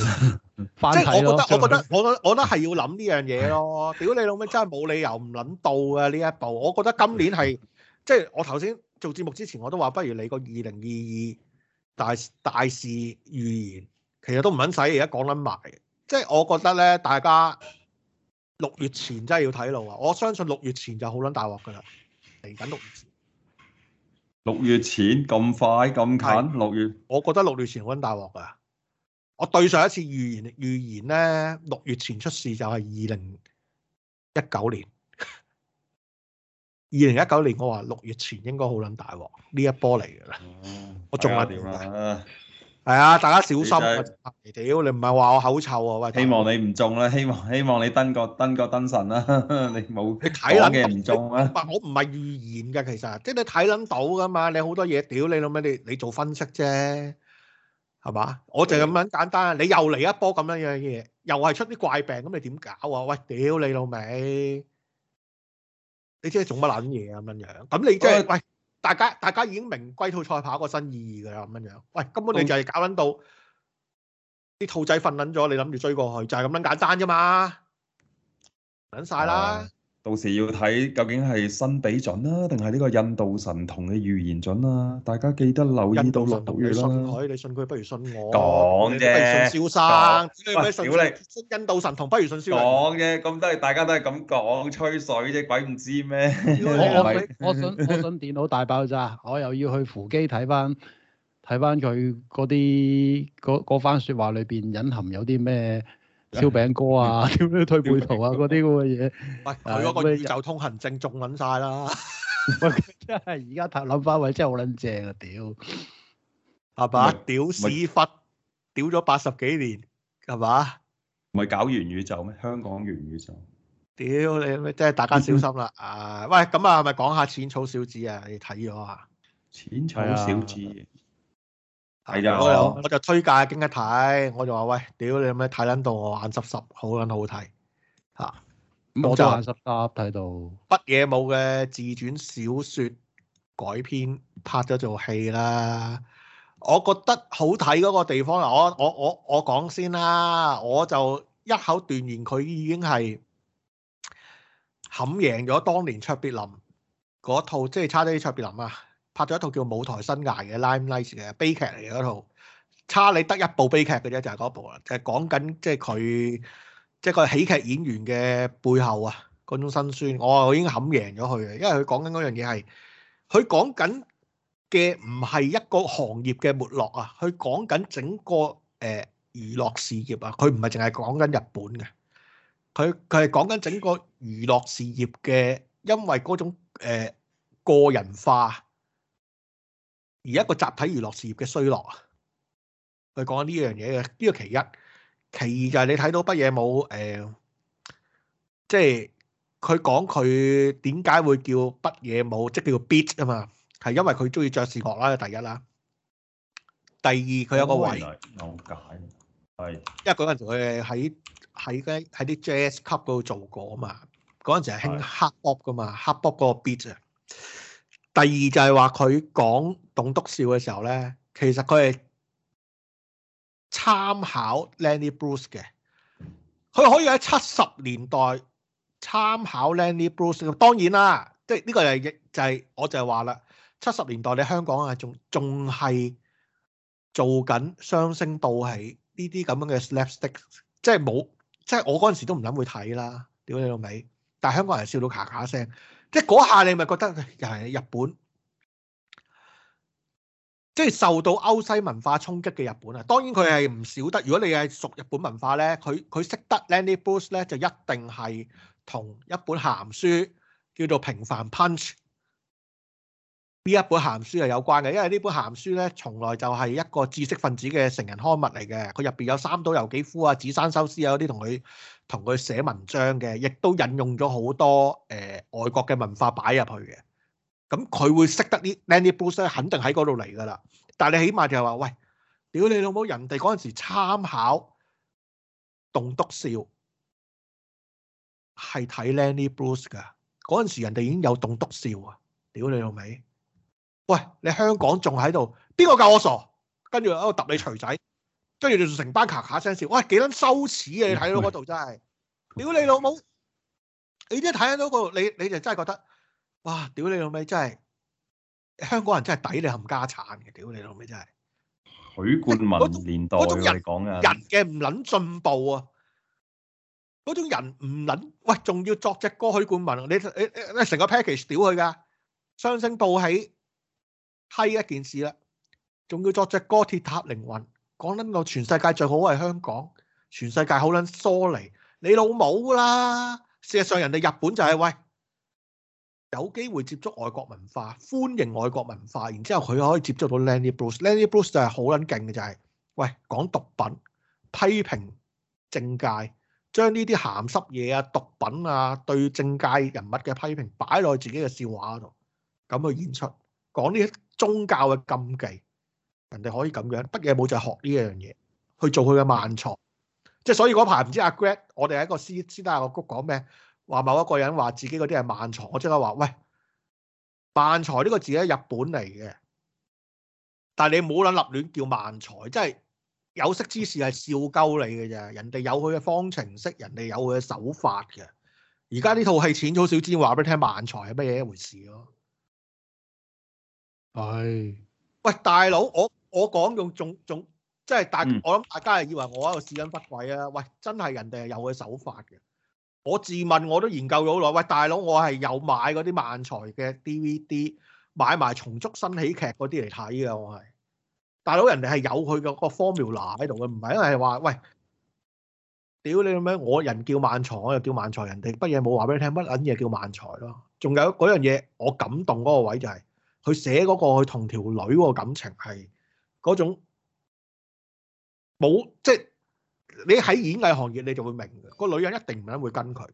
即係我覺得，我覺得，我覺得係 (laughs) 要諗呢樣嘢咯。屌你老味，真係冇理由唔諗到啊。呢一步。我覺得今年係，即係我頭先做節目之前，我都話不如你個二零二二大大事預言，其實都唔撚使，而家講撚埋。即係我覺得咧，大家六月前真係要睇路啊！我相信六月前就好撚大鑊㗎啦，嚟緊六月前，六月前咁快咁近六月，我覺得六月前好撚大鑊㗎。我對上一次預言預言咧，六月前出事就係二零一九年。二零一九年我話六月前應該好撚大鑊，呢一波嚟噶啦。我中乜點啊？係啊，大家小心啊！屌你唔係話我口臭啊？喂，希望你唔中啦，希望希望你登過登過登神啦。你冇你睇撚嘅唔中啦。唔係我唔係預言㗎，其實即係你睇撚到噶嘛。你好多嘢屌你老味？你你做分析啫。係嘛？我就咁樣簡單啊！嗯、你又嚟一波咁樣樣嘢，又係出啲怪病，咁你點搞啊？喂，屌你老味！你即係做乜撚嘢咁樣樣？咁你即、就、係、是、喂，喂大家，大家已經明龜兔賽跑個新意義噶啦咁樣樣。喂，根本你就係搞撚到啲、嗯、兔仔瞓撚咗，你諗住追過去就係、是、咁樣簡單啫嘛，瞓晒啦。啊到時要睇究竟係新比準啦、啊，定係呢個印度神童嘅預言準啊？大家記得留意到六月印度語啦。信你信佢不如信我。講啫。你信小生，印度神童不如信小。講嘅，咁都係大家都係咁講吹水啫，鬼唔知咩 (laughs) 我。我我信我信電腦大爆炸， (laughs) 我又要去扶基睇翻睇翻佢嗰啲嗰番說話裏邊隱含有啲咩？燒餅歌啊，點咩推背圖啊，嗰啲咁嘅嘢，唔係佢嗰個宇宙通行證，仲撚晒啦。真係而家諗翻起真係好撚正啊！屌，係嘛喂？屌屎忽，屌咗八十幾年，係嘛？唔係搞元宇宙咩？香港元宇宙。屌你！真係大家小心啦啊！ (laughs) 喂，咁啊，係咪講下淺草小子啊？你睇咗下淺草小子。哎係我就推介京一睇，我就話：喂，屌你有咩睇撚到我眼濕濕，好撚好睇吓。啊嗯、我都就眼濕濕睇到。北野武嘅自傳小說改編拍咗做戲啦，我覺得好睇嗰個地方啊！我我我我講先啦，我就一口斷言佢已經係冚贏咗當年卓別林嗰套，即係差啲卓別林啊！拍咗一套叫《舞台生涯》嘅《Limelight》嘅悲劇嚟嘅嗰套，差你得一部悲劇嘅啫，就係嗰部啦。誒，講緊即係佢即係個喜劇演員嘅背後啊，嗰種辛酸，我我已經冚贏咗佢嘅，因為佢講緊嗰樣嘢係佢講緊嘅唔係一個行業嘅沒落啊，佢講緊整個誒娛樂事業啊，佢唔係淨係講緊日本嘅，佢佢係講緊整個娛樂事業嘅，因為嗰種誒個人化。而一個集體娛樂事業嘅衰落啊，佢講呢樣嘢嘅呢個其一，其二就係你睇到北野武誒，即係佢講佢點解會叫北野武，即係叫 beat 啊嘛，係因為佢中意爵士樂啦，第一啦，第二佢有個位，有解、哦，係，因為嗰陣時佢喺喺啲喺啲 jazz club 嗰度做過啊是嘛，嗰陣時係興黑 box 噶嘛，黑 box 嗰個 beat 啊，第二就係話佢講。棟篤笑嘅時候咧，其實佢係參考 Lenny Bruce 嘅，佢可以喺七十年代參考 Lenny Bruce。當然啦，即係呢個又亦就係我就係話啦，七十年代你香港啊，仲仲係做緊雙星報喜係呢啲咁樣嘅 slapstick，即係冇，即係我嗰陣時都唔諗會睇啦，屌你老味。但係香港人笑到咔咔聲，即係嗰下你咪覺得又係日本。即係受到歐西文化衝擊嘅日本啊，當然佢係唔少得。如果你係熟日本文化呢，佢佢識得 Lenny Bruce 呢，就一定係同一本鹹書叫做《平凡 Punch》呢一本鹹書係有關嘅，因為呢本鹹書呢，從來就係一個知識分子嘅成人刊物嚟嘅，佢入邊有三島由紀夫啊、寺山修司啊嗰啲同佢同佢寫文章嘅，亦都引用咗好多誒、呃、外國嘅文化擺入去嘅。咁佢會識得啲 Lenny Bruce 肯定喺嗰度嚟噶啦。但係你起碼就係、是、話，喂，屌你老母！人哋嗰陣時參考棟篤笑係睇 Lenny Bruce 噶，嗰陣時人哋已經有棟篤笑啊！屌你老味，喂，你香港仲喺度，邊個教我傻？跟住喺度揼你錘仔，跟住就成班咔咔聲笑，喂，幾撚羞恥啊！你睇到嗰度真係，屌你老母！你真睇到嗰度，你你就真係覺得。哇！屌你老味，真係香港人真係抵你冚家產嘅，屌你老味真係。許冠文年代嚟講嘅人嘅唔捻進步啊，嗰種人唔捻喂，仲要作隻歌許冠文，你你你成個 package 屌佢噶，雙聲報喜，係一件事啦，仲要作隻歌《鐵塔凌雲》講緊個全世界最好係香港，全世界好捻疏離，你老母啦。事實上，人哋日本就係、是、喂。有機會接觸外國文化，歡迎外國文化，然之後佢可以接觸到 Lenny Bruce。Lenny Bruce 就係好捻勁嘅，就係喂，講毒品，批評政界，將呢啲咸濕嘢啊、毒品啊，對政界人物嘅批評擺落自己嘅笑話嗰度，咁去演出，講呢啲宗教嘅禁忌，人哋可以咁樣，乜嘢冇就學呢一樣嘢去做佢嘅漫才，即係所以嗰排唔知阿 Greg，我哋喺個先先得阿谷講咩？話某一個人話自己嗰啲係漫才，我即刻話：喂，漫才呢個字係日本嚟嘅，但係你冇撚立亂叫漫才，即係有識之士係笑鳩你嘅啫。人哋有佢嘅方程式，人哋有佢嘅手法嘅。而家呢套戲淺草小子，話俾你聽，漫才係乜嘢一回事咯。係是。喂，大佬，我我講仲仲仲即係大，我諗、嗯、大家係以為我喺度市恩不軌啊！喂，真係人哋係有佢手法嘅。我自問我都研究咗好耐，喂，大佬，我係有買嗰啲漫才嘅 DVD，買埋《重足新喜劇》嗰啲嚟睇嘅，我係。大佬，人哋係有佢個個 formula 喺度嘅，唔係因為話喂，屌你咁樣，我人叫漫才，我又叫漫才，人哋乜嘢冇話俾你聽，乜撚嘢叫漫才咯？仲有嗰樣嘢，我感動嗰個位就係佢寫嗰個佢同條女個感情係嗰種冇即。你喺演藝行業，你就會明嘅。個女人一定唔撚會跟佢，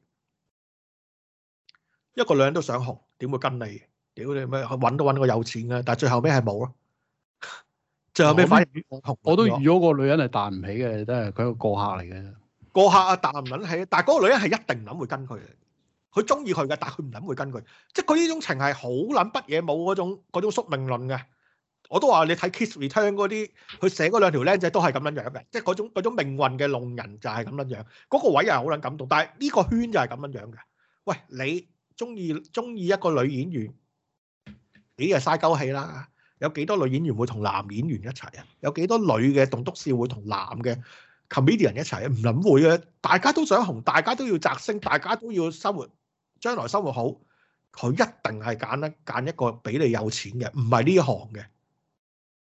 一個女人都想紅，點會跟你？屌你咩？去揾都揾個有錢嘅，但係最後尾係冇咯。最後尾反而紅我都預咗個女人係彈唔起嘅，都係佢個過客嚟嘅。過客啊，彈唔撚起。但係嗰個女人係一定諗會跟佢，佢中意佢嘅，但係佢唔撚會跟佢。即係佢呢種情係好撚筆嘢冇嗰種嗰種宿命論嘅。我都話你睇 Kids Return 嗰啲，佢寫嗰兩條靚仔都係咁樣樣嘅，即係嗰種嗰種命運嘅弄人就係咁樣樣。嗰個位又係好撚感動，但係呢個圈就係咁樣樣嘅。喂，你中意中意一個女演員，你又嘥鳩氣啦。有幾多女演員會同男演員一齊啊？有幾多女嘅棟篤笑會同男嘅 comedian 一齊啊？唔諗會啊，大家都想紅，大家都要擲星，大家都要生活，將來生活好，佢一定係揀一揀一個比你有錢嘅，唔係呢一行嘅。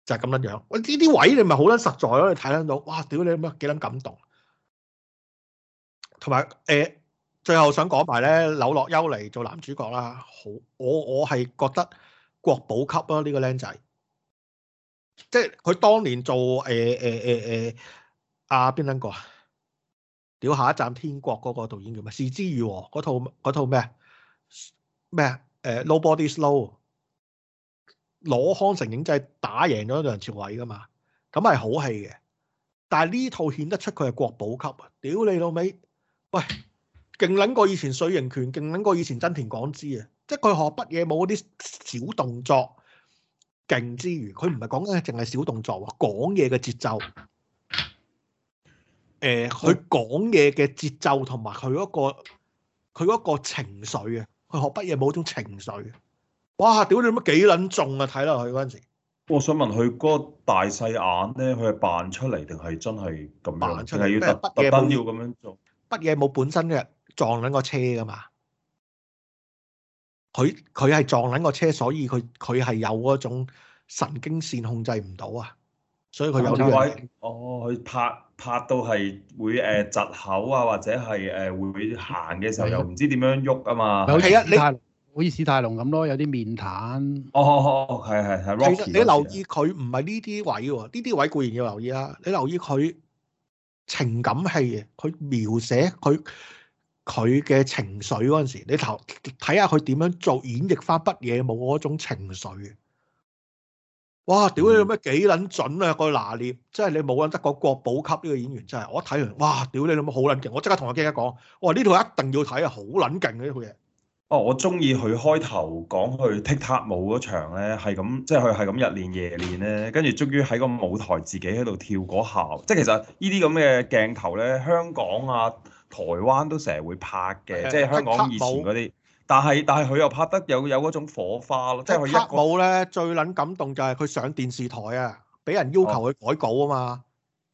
就係咁樣樣，喂，呢啲位你咪好撚實在咯，你睇得到，哇屌你乜幾撚感動？同埋誒，最後想講埋咧，柳樂優嚟做男主角啦，好，我我係覺得國寶級咯、啊、呢個僆仔，即係佢當年做誒誒誒誒阿邊撚個啊？屌下一站天國嗰個導演叫咩？是枝裕和套，套嗰套咩咩啊、呃、？Nobody Slow。攞康城影制打贏咗梁朝偉噶嘛，咁係好戲嘅。但係呢套顯得出佢係國寶級啊！屌你老味，喂，勁撚過以前水形拳，勁撚過以前真田廣之啊！即係佢學北野武嗰啲小動作勁之餘，佢唔係講緊淨係小動作喎，講嘢嘅節奏，誒、呃，佢講嘢嘅節奏同埋佢嗰個佢嗰個情緒啊，佢學北野武嗰種情緒。哇！屌你乜幾撚重啊！睇落去嗰陣時，我、哦、想問佢嗰個大細眼咧，佢係扮出嚟定係真係咁樣？扮出嚟，要特登要咁樣做。乜嘢冇本身嘅撞緊個車噶嘛？佢佢係撞緊個車，所以佢佢係有嗰種神經線控制唔到啊，所以佢有啲位，哦，佢拍拍到係會誒窒口啊，或者係誒會行嘅時候又唔知點樣喐啊嘛。係啊，你。好似史泰龍咁咯，有啲面癱、哦。哦，係係係。其實你留意佢唔係呢啲位喎，呢啲位固然要留意啦。你留意佢情感戲啊，佢描寫佢佢嘅情緒嗰陣時，你睇睇下佢點樣做演繹翻不嘢冇嗰種情緒。哇！屌、嗯、你做咩幾撚準啊？個拿捏，真係你冇撚得個國寶級呢個演員真係，我睇完哇！屌你老母好撚勁！我即刻同阿基一講，我話呢套一定要睇啊，好撚勁呢套嘢。哦，我中意佢開頭講佢踢踏舞嗰場咧，係咁，即係佢係咁日練夜練咧，跟住終於喺個舞台自己喺度跳嗰下，即係其實呢啲咁嘅鏡頭咧，香港啊、台灣都成日會拍嘅，即係香港以前嗰啲。 (music) 但係但係佢又拍得有有嗰種火花咯， (music) 即係佢一個。踢踏舞咧最捻感動就係佢上電視台啊，俾人要求佢改稿啊嘛，哦、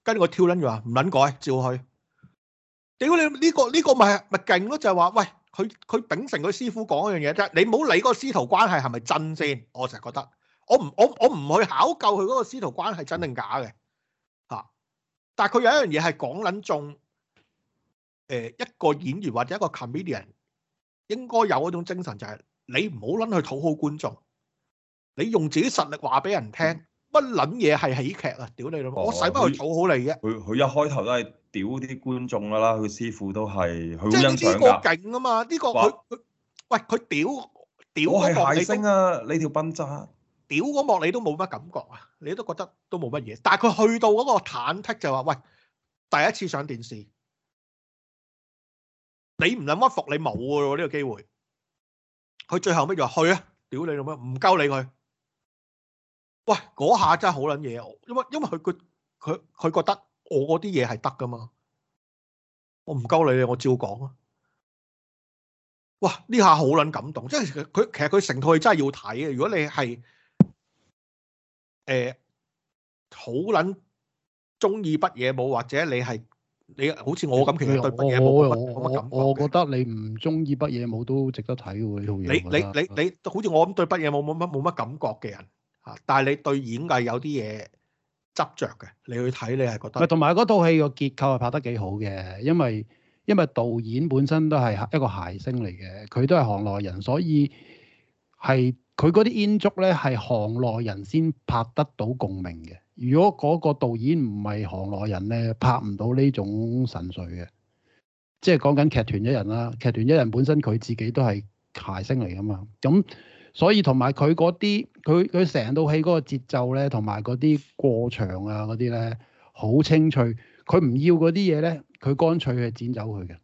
跟住我跳捻住話唔捻改照去。屌你呢、這個呢、這個咪咪勁咯，就係、是、話喂。佢佢秉承佢師傅講一樣嘢啫，你唔好理嗰個師徒關係係咪真先，我成日覺得，我唔我我唔去考究佢嗰個師徒關係真定假嘅，嚇、啊。但係佢有一樣嘢係講捻中誒一個演員或者一個 comedian 應該有嗰種精神，就係，就係你唔好撚去討好觀眾，你用自己實力話俾人聽。嗯乜撚嘢係喜劇啊！屌你老母，我使乜去討好你嘅？佢佢一開頭都係屌啲觀眾噶啦，佢師傅都係，佢好欣賞㗎。即係呢啲過勁啊嘛！呢個佢佢喂佢屌屌嗰幕你，我係蟹星啊！你條笨渣屌嗰幕你都冇乜感覺啊！你都覺得都冇乜嘢，但係佢去到嗰個忐忑就話：喂，第一次上電視，你唔諗屈服，你冇嘅喎呢個機會。佢最後乜又去啊？屌你老母，唔鳩你佢。喂，嗰下真係好捻嘢，因為因為佢佢佢佢覺得我嗰啲嘢係得噶嘛，我唔溝你，我照講啊！哇，呢下好捻感動，即係佢其實佢成套戲真係要睇嘅。如果你係誒、呃、好捻中意筆嘢舞，或者你係你好似我咁，其實、哎、對筆嘢冇乜感覺，我，我，我覺得你唔中意筆嘢舞都值得睇呢套嘢。你你你你，你嗯、好似我咁對筆嘢舞冇乜冇乜感覺嘅人。但係你對演藝有啲嘢執着嘅，你去睇你係覺得，同埋嗰套戲個結構係拍得幾好嘅，因為因為導演本身都係一個諧星嚟嘅，佢都係行內人，所以係佢嗰啲煙燭咧係行內人先拍得到共鳴嘅。如果嗰個導演唔係行內人咧，拍唔到呢種神髓嘅，即係講緊劇團一人啦，劇團一人本身佢自己都係諧星嚟㗎嘛，咁。所以同埋佢嗰啲，佢佢成套戲嗰個節奏咧，同埋嗰啲過場啊嗰啲咧，好清脆。佢唔要嗰啲嘢咧，佢乾脆係剪走佢嘅。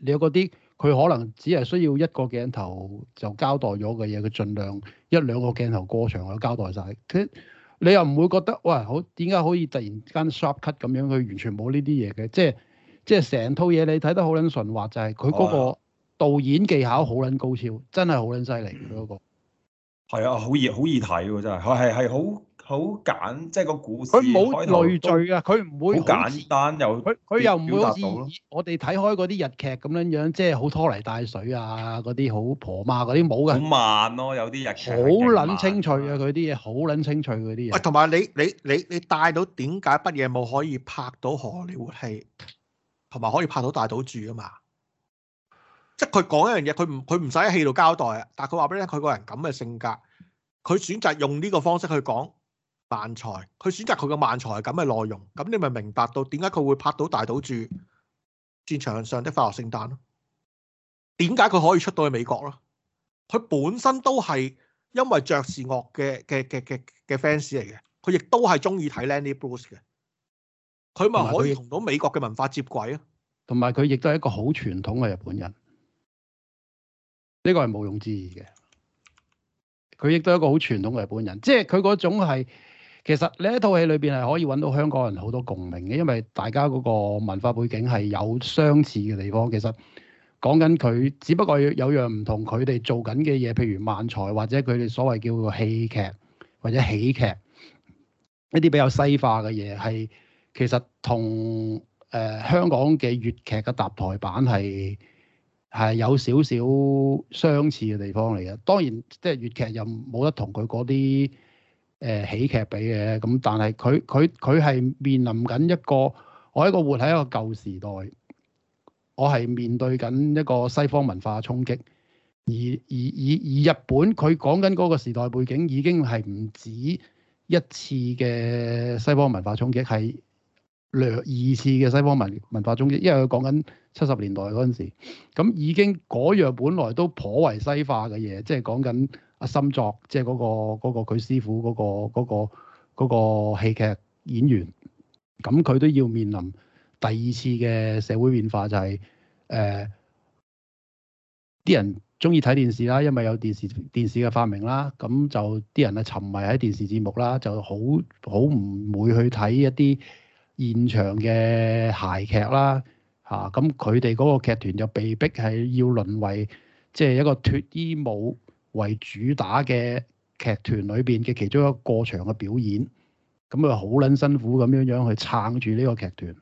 你有嗰啲，佢可能只係需要一個鏡頭就交代咗嘅嘢，佢盡量一兩個鏡頭過場就交代晒。其，你又唔會覺得，哇！好點解可以突然之間 short cut 咁樣？佢完全冇呢啲嘢嘅，即係即係成套嘢你睇得好撚順滑，就係佢嗰個。哎導演技巧好撚高超，真係好撚犀利。佢嗰個係啊，好易好易睇喎，真係佢係係好好簡，即係個故事。佢冇累贅啊，佢唔會好簡單又佢佢又唔會好似我哋睇開嗰啲日劇咁樣樣，樣即係好拖泥帶水啊，嗰啲好婆媽嗰啲冇嘅。好慢咯，啊，有啲日劇。好撚清脆啊！佢啲嘢好撚清脆。嗰啲嘢。喂，同埋你你你你大島點解畢業冇可以拍到荷里活戲，同埋可以拍到大島住啊嘛？即係佢講一樣嘢，佢唔佢唔使喺戲度交代啊！但係佢話俾你聽，佢個人咁嘅性格，佢選擇用呢個方式去講漫才，佢選擇佢嘅漫才係咁嘅內容。咁你咪明白到點解佢會拍到《大島渚戰場上的快樂聖誕》咯？點解佢可以出到去美國咯？佢本身都係因為爵士樂嘅嘅嘅嘅嘅 fans 嚟嘅，佢亦都係鍾意睇 Lenny Bruce 嘅，佢咪可以同到美國嘅文化接軌啊？同埋佢亦都係一個好傳統嘅日本人。呢個係毋庸置疑嘅，佢亦都係一個好傳統嘅日本人，即係佢嗰種係其實呢一套戲裏邊係可以揾到香港人好多共鳴嘅，因為大家嗰個文化背景係有相似嘅地方。其實講緊佢，只不過有樣唔同，佢哋做緊嘅嘢，譬如漫才或者佢哋所謂叫做戲劇或者喜劇一啲比較西化嘅嘢，係其實同誒、呃、香港嘅粵劇嘅搭台版係。係有少少相似嘅地方嚟嘅，當然即係粵劇又冇得同佢嗰啲誒喜劇比嘅，咁但係佢佢佢係面臨緊一個我一個活喺一個舊時代，我係面對緊一個西方文化衝擊，而而而而日本佢講緊嗰個時代背景已經係唔止一次嘅西方文化衝擊，係兩二次嘅西方文文化衝擊，因為佢講緊。七十年代嗰陣時，咁已經嗰樣本來都頗為西化嘅嘢，即係講緊阿森作，即係嗰個佢、嗰個、師傅嗰、嗰個嗰、嗰個嗰、嗰個、戲劇演員，咁佢都要面臨第二次嘅社會變化，就係，就係誒啲人中意睇電視啦，因為有電視電視嘅發明啦，咁就啲人啊沉迷喺電視節目啦，就好好唔會去睇一啲現場嘅鞋劇啦。嚇！咁佢哋嗰個劇團就被逼係要淪為即係、就是、一個脫衣舞為主打嘅劇團裏邊嘅其中一個過場嘅表演，咁佢好撚辛苦咁樣樣去撐住呢個劇團，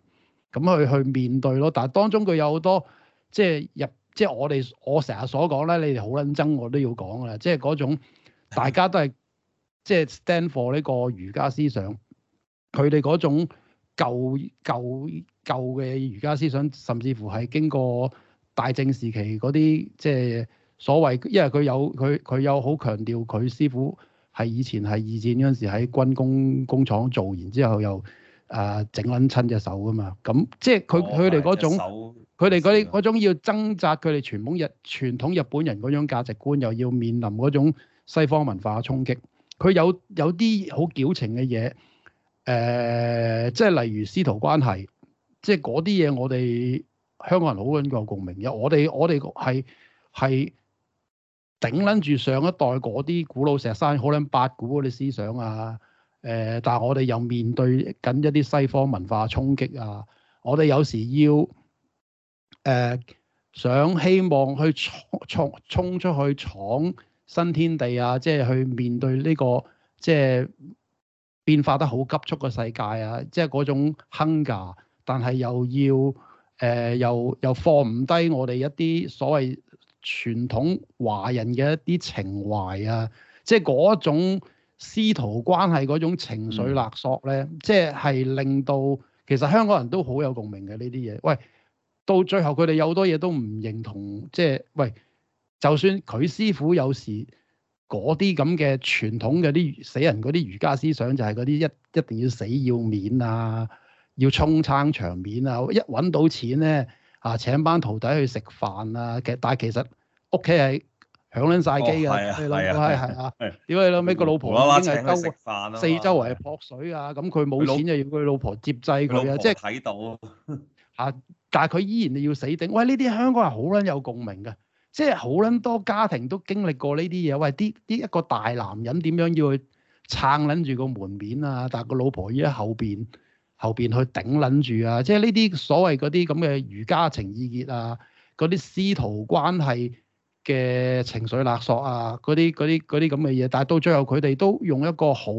咁、嗯、去去面對咯。但係當中佢有好多即係入即係我哋我成日所講咧，你哋好撚憎我都要講噶啦，即係嗰種大家都係即係 stand for 呢個儒家思想，佢哋嗰種。舊舊舊嘅儒家思想，甚至乎係經過大正時期嗰啲，即係所謂，因為佢有佢佢有好強調，佢師傅係以前係二戰嗰陣時喺軍工工廠做，然之後又誒整撚親隻手㗎嘛。咁即係佢佢哋嗰種，佢哋嗰啲嗰種要掙扎，佢哋傳統日傳統日本人嗰種價值觀，又要面臨嗰種西方文化嘅衝擊，佢有有啲好矯情嘅嘢。誒、呃，即係例如師徒關係，即係嗰啲嘢，我哋香港人好撚夠共鳴。又我哋我哋係係頂撚住上一代嗰啲古老石山，好撚八股嗰啲思想啊！誒、呃，但係我哋又面對緊一啲西方文化衝擊啊！我哋有時要誒、呃、想希望去衝衝衝出去闖新天地啊！即係去面對呢、這個即係。變化得好急速嘅世界啊，即係嗰種 hunger，但係又要誒、呃、又又放唔低我哋一啲所謂傳統華人嘅一啲情懷啊，即係嗰種師徒關係嗰種情緒勒索咧，嗯、即係係令到其實香港人都好有共鳴嘅呢啲嘢。喂，到最後佢哋有好多嘢都唔認同，即係喂，就算佢師傅有事。嗰啲咁嘅傳統嘅啲死人嗰啲儒家思想就係嗰啲一一定要死要面啊，要衝撐場面啊，一揾到錢咧嚇、啊、請班徒弟去食飯啊，其實但係其實屋企係響撚晒機㗎，係咯係啊，屌你老味！因為個老婆已經係啊。四周圍撲水啊，咁佢冇錢就要佢老婆接濟佢啊，即係睇到嚇，呵呵但係佢依然要死頂。喂，呢啲香港人好撚有共鳴嘅。即係好撚多家庭都經歷過呢啲嘢，喂，啲啲一個大男人點樣要去撐撚住個門面啊？但係個老婆依家喺後邊，後邊去頂撚住啊！即係呢啲所謂嗰啲咁嘅儒家情意結啊，嗰啲師徒關係嘅情緒勒索啊，嗰啲嗰啲啲咁嘅嘢，但係到最後佢哋都用一個好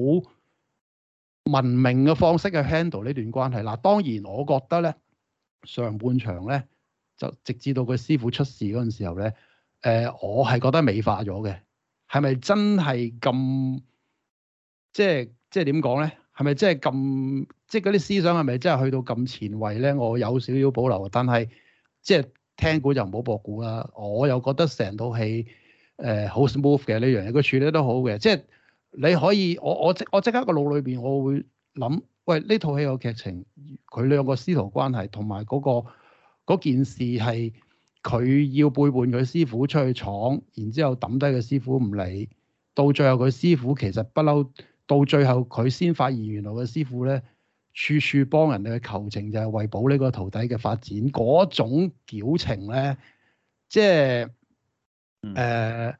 文明嘅方式去 handle 呢段關係。嗱，當然我覺得咧，上半場咧就直至到佢師傅出事嗰陣時候咧。誒、呃，我係覺得美化咗嘅，係咪真係咁？即係即係點講咧？係咪真係咁？即係嗰啲思想係咪真係去到咁前衞咧？我有少少保留，但係即係聽古就唔好駁古啦。我又覺得成套戲誒好 smooth 嘅呢樣嘢，佢、呃、處理都好嘅。即係你可以，我我即我即刻個腦裏邊，裏面我會諗，喂呢套戲個劇情，佢兩個師徒關係同埋嗰個嗰件事係。佢要背叛佢師傅出去闖，然之後抌低佢師傅唔理，到最後佢師傅其實不嬲，到最後佢先發現原來個師傅咧，處處幫人哋嘅求情，就係為保呢個徒弟嘅發展。嗰種矯情咧，即係誒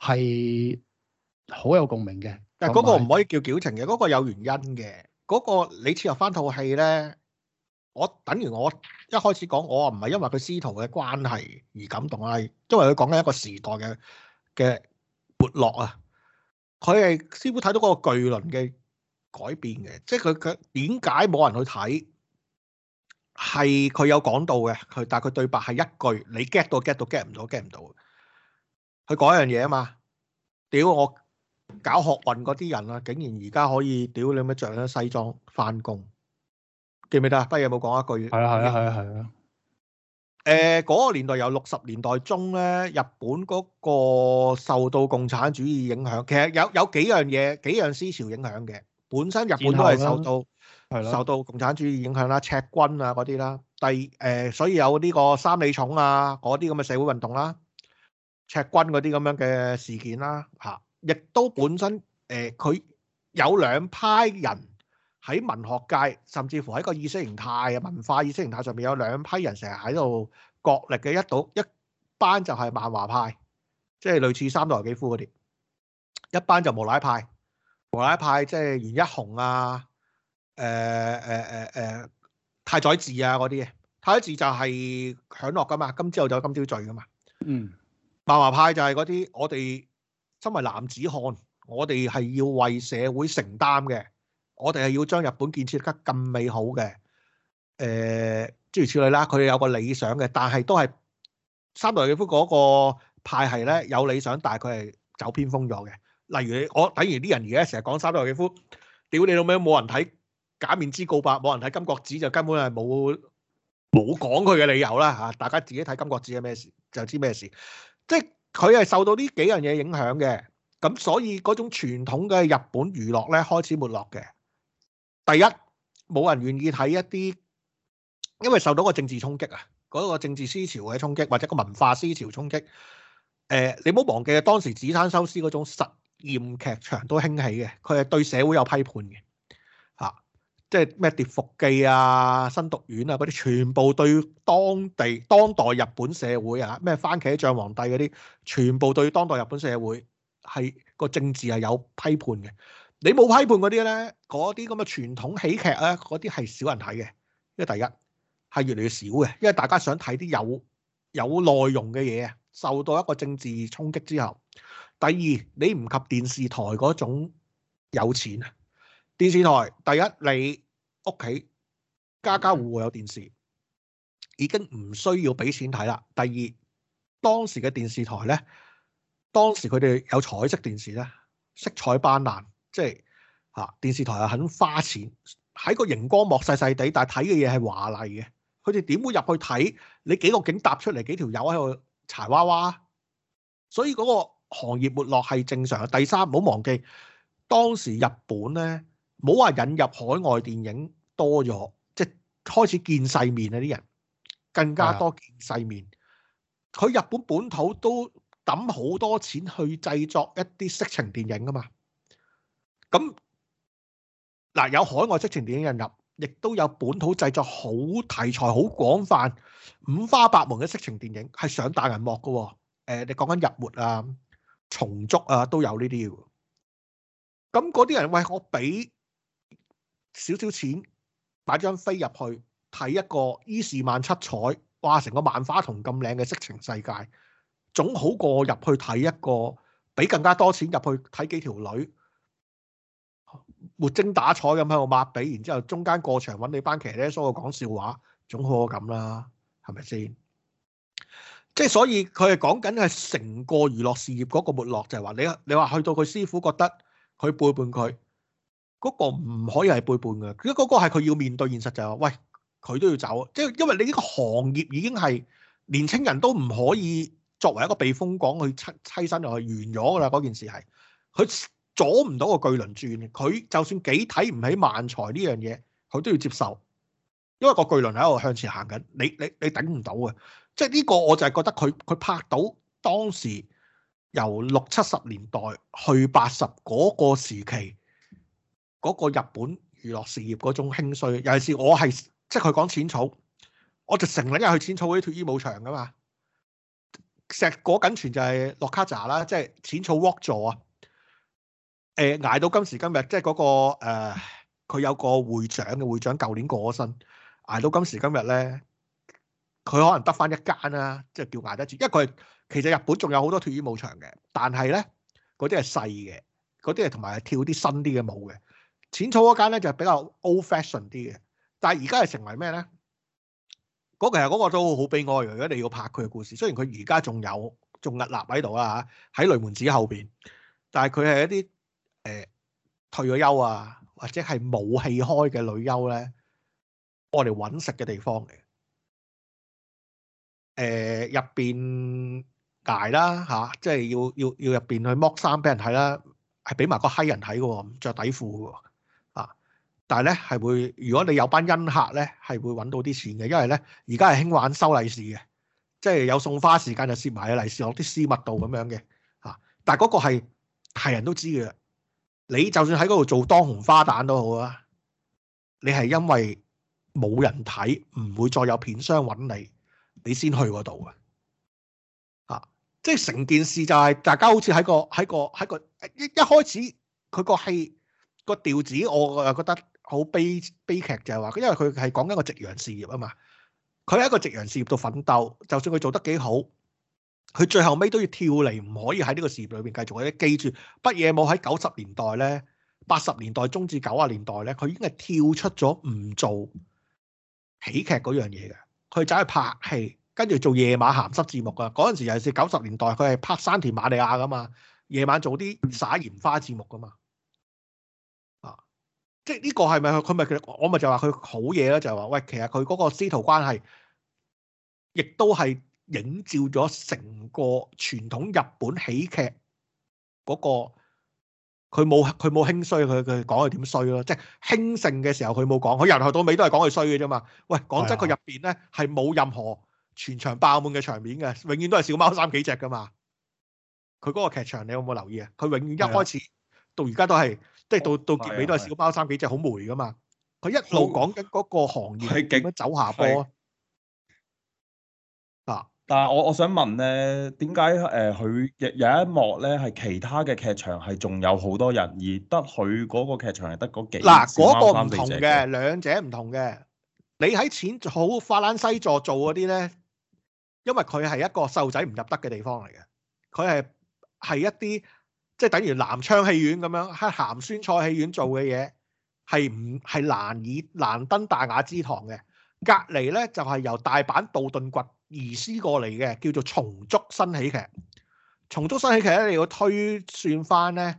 係好有共鳴嘅。但係嗰個唔可以叫矯情嘅，嗰個有原因嘅。嗰個你切又翻套戲咧。我等於我一開始講，我唔係因為佢師徒嘅關係而感動啊，係因為佢講緊一個時代嘅嘅沒落啊。佢係師傅睇到嗰個巨輪嘅改變嘅，即係佢佢點解冇人去睇？係佢有講到嘅，佢但係佢對白係一句，你 get 到 get 到 get 唔到 get 唔到。佢講一樣嘢啊嘛，屌我搞學運嗰啲人啊，竟然而家可以屌你乜著咗西裝翻工。記唔記得啊？不如有冇講一句？係啊係啊係啊係啊！誒嗰個年代有六十年代中咧，日本嗰個受到共產主義影響，其實有有幾樣嘢幾樣思潮影響嘅。本身日本都係受到受到共產主義影響啦，赤軍啊嗰啲啦。第誒所以有呢個三里塚啊嗰啲咁嘅社會運動啦，赤軍嗰啲咁樣嘅事件啦嚇，亦都本身誒佢有兩派人。喺文學界，甚至乎喺個意識形態啊、文化意識形態上面，有兩批人成日喺度角力嘅，一到一班就係漫畫派，即係類似三代幾夫嗰啲；一班就無賴派，無賴派即係袁一雄啊、誒誒誒誒太宰治啊嗰啲嘅。太宰治就係享樂㗎嘛，今朝有酒今朝醉㗎嘛。嗯，漫畫派就係嗰啲我哋身為男子漢，我哋係要為社會承擔嘅。我哋係要將日本建設得咁美好嘅，誒諸如此類啦。佢有個理想嘅，但係都係三島由紀夫嗰個派系咧有理想，但係佢係走偏鋒咗嘅。例如我等於啲人而家成日講三島由紀夫，屌你老味，冇人睇《假面之告白》，冇人睇《金閣寺》，就根本係冇冇講佢嘅理由啦嚇。大家自己睇《金閣寺》係咩事，就知咩事。即係佢係受到呢幾樣嘢影響嘅，咁所以嗰種傳統嘅日本娛樂咧開始沒落嘅。第一，冇人願意睇一啲，因為受到個政治衝擊啊，嗰個政治思潮嘅衝擊，或者個文化思潮衝擊。誒、呃，你唔好忘記啊，當時寺山修司嗰種實驗劇場都興起嘅，佢係對社會有批判嘅，嚇，即係咩《蝶伏記》啊，啊《身毒丸》啊，嗰啲全部對當地當代日本社會啊，咩番茄醬皇帝嗰啲，全部對當代日本社會係個政治係有批判嘅。你冇批判嗰啲呢？嗰啲咁嘅傳統喜劇呢，嗰啲係少人睇嘅，因為第一係越嚟越少嘅，因為大家想睇啲有有內容嘅嘢，受到一個政治衝擊之後，第二你唔及電視台嗰種有錢啊。電視台第一，你屋企家家戶戶有電視，已經唔需要俾錢睇啦。第二，當時嘅電視台呢，當時佢哋有彩色電視咧，色彩斑斕。即係嚇，電視台又很花錢，喺個熒光幕細細哋，但係睇嘅嘢係華麗嘅。佢哋點會入去睇？你幾個景搭出嚟，幾條友喺度柴娃娃。所以嗰個行業沒落係正常嘅。第三，唔好忘記，當時日本呢，冇話引入海外電影多咗，即係開始見世面啊啲人，更加多見世面。佢是的 日本本土都抌好多錢去製作一啲色情電影㗎嘛。咁嗱，有海外色情電影人入，亦都有本土製作好題材、好廣泛、五花八門嘅色情電影係上大銀幕嘅喎。哦呃，你講緊日活啊、重足啊，都有呢啲嘅。咁嗰啲人，喂，我俾少少錢擺張飛入去睇一個伊士曼七彩，哇，成個萬花筒咁靚嘅色情世界，總好過入去睇一個俾更加多錢入去睇幾條女。沒精打采咁喺度抹鼻，然之後中間過場揾你班騎呢蘇講笑話，總好過咁啦，係咪先？即係所以佢係講緊係成個娛樂事業嗰個沒落，就係話你你話去到佢師傅覺得佢背叛佢嗰個唔可以係背叛嘅，因為嗰個係佢要面對現實就係話，喂，佢都要走，即係因為你呢個行業已經係年輕人都唔可以作為一個避風港去棲棲身落去，完咗㗎啦，嗰件事係佢。阻唔到個巨輪轉，佢就算幾睇唔起漫才呢樣嘢，佢都要接受，因為個巨輪喺度向前行緊，你你你頂唔到嘅。即係呢個，我就係覺得佢佢拍到當時由六七十年代去八十嗰個時期，嗰個日本娛樂事業嗰種興衰。尤其是我係即係佢講淺草，我就成日因為去淺草嗰啲脫衣舞場噶嘛，石果緊全就係落卡扎啦，即係淺草 walk 座啊。誒捱、呃、到今時今日，即係嗰、那個佢、呃、有個會長嘅會長，舊年過咗身，捱到今時今日咧，佢可能得翻一間啦、啊，即係叫捱得住，因為佢其實日本仲有好多脫衣舞場嘅，但係咧嗰啲係細嘅，嗰啲係同埋跳啲新啲嘅舞嘅，淺草嗰間咧就是、比較 old fashion 啲嘅，但係而家係成為咩咧？嗰其實嗰個都好悲哀，如果你要拍佢嘅故事，雖然佢而家仲有仲屹立喺度啦嚇，喺、啊、雷門子後邊，但係佢係一啲。誒、呃，退咗休啊，或者係冇戲開嘅女優咧，我嚟揾食嘅地方嚟。誒、呃，入邊挨啦吓、啊，即係要要要入邊去剝衫俾人睇啦，係俾埋個閪人睇嘅、哦，着底褲嘅、哦。啊，但係咧係會，如果你有班恩客咧，係會揾到啲錢嘅，因為咧而家係興玩收利是嘅，即係有送花時間就攝埋嘅利是落啲私密度咁樣嘅。啊，但係嗰個係係人都知嘅。你就算喺嗰度做當紅花旦都好啊。你係因為冇人睇，唔會再有片商揾你，你先去嗰度啊？即係成件事就係、是、大家好似喺個喺個喺個一一開始佢、那個戲個調子，我覺得好悲悲劇就係、是、話，因為佢係講緊個夕陽事業啊嘛，佢喺個夕陽事業度奮鬥，就算佢做得幾好。佢最後尾都要跳離，唔可以喺呢個事業裏邊繼續嘅。記住，北野武喺九十年代咧、八十年代中至九啊年代咧，佢已經係跳出咗唔做喜劇嗰樣嘢嘅。佢走去拍戲，跟住做夜晚鹹濕字幕噶。嗰陣時尤其是九十年代，佢係拍山田瑪利亞噶嘛，夜晚做啲灑鹽花字幕噶嘛。啊，即係呢個係咪佢？咪，佢我咪就話佢好嘢啦，就係、是、話喂，其實佢嗰個師徒關係亦都係。映照咗成個傳統日本喜劇嗰個，佢冇佢冇興衰，佢佢講佢點衰咯，即係興盛嘅時候佢冇講，佢由頭到尾都係講佢衰嘅啫嘛。喂，講真，佢入邊咧係冇任何全場爆滿嘅場面嘅，永遠都係小貓三幾隻噶嘛。佢嗰個劇場你有冇留意啊？佢永遠一開始到而家都係，即係到到結尾都係小貓三幾隻好黴噶嘛。佢一路講緊嗰個行業點樣走下坡。但係我我想問咧，點解誒佢有有一幕咧係其他嘅劇場係仲有好多人，而得佢嗰個劇場係得嗰幾嗱，嗰個唔同嘅，兩者唔同嘅。你喺淺草法蘭西座做嗰啲咧，因為佢係一個瘦仔唔入得嘅地方嚟嘅。佢係係一啲即係等於南昌戲院咁樣喺鹹酸菜戲院做嘅嘢係唔係難以難登大雅之堂嘅。隔離咧就係、是、由大阪道頓骨，移師過嚟嘅叫做松竹新喜劇。松竹新喜劇咧，你要推算翻咧，誒、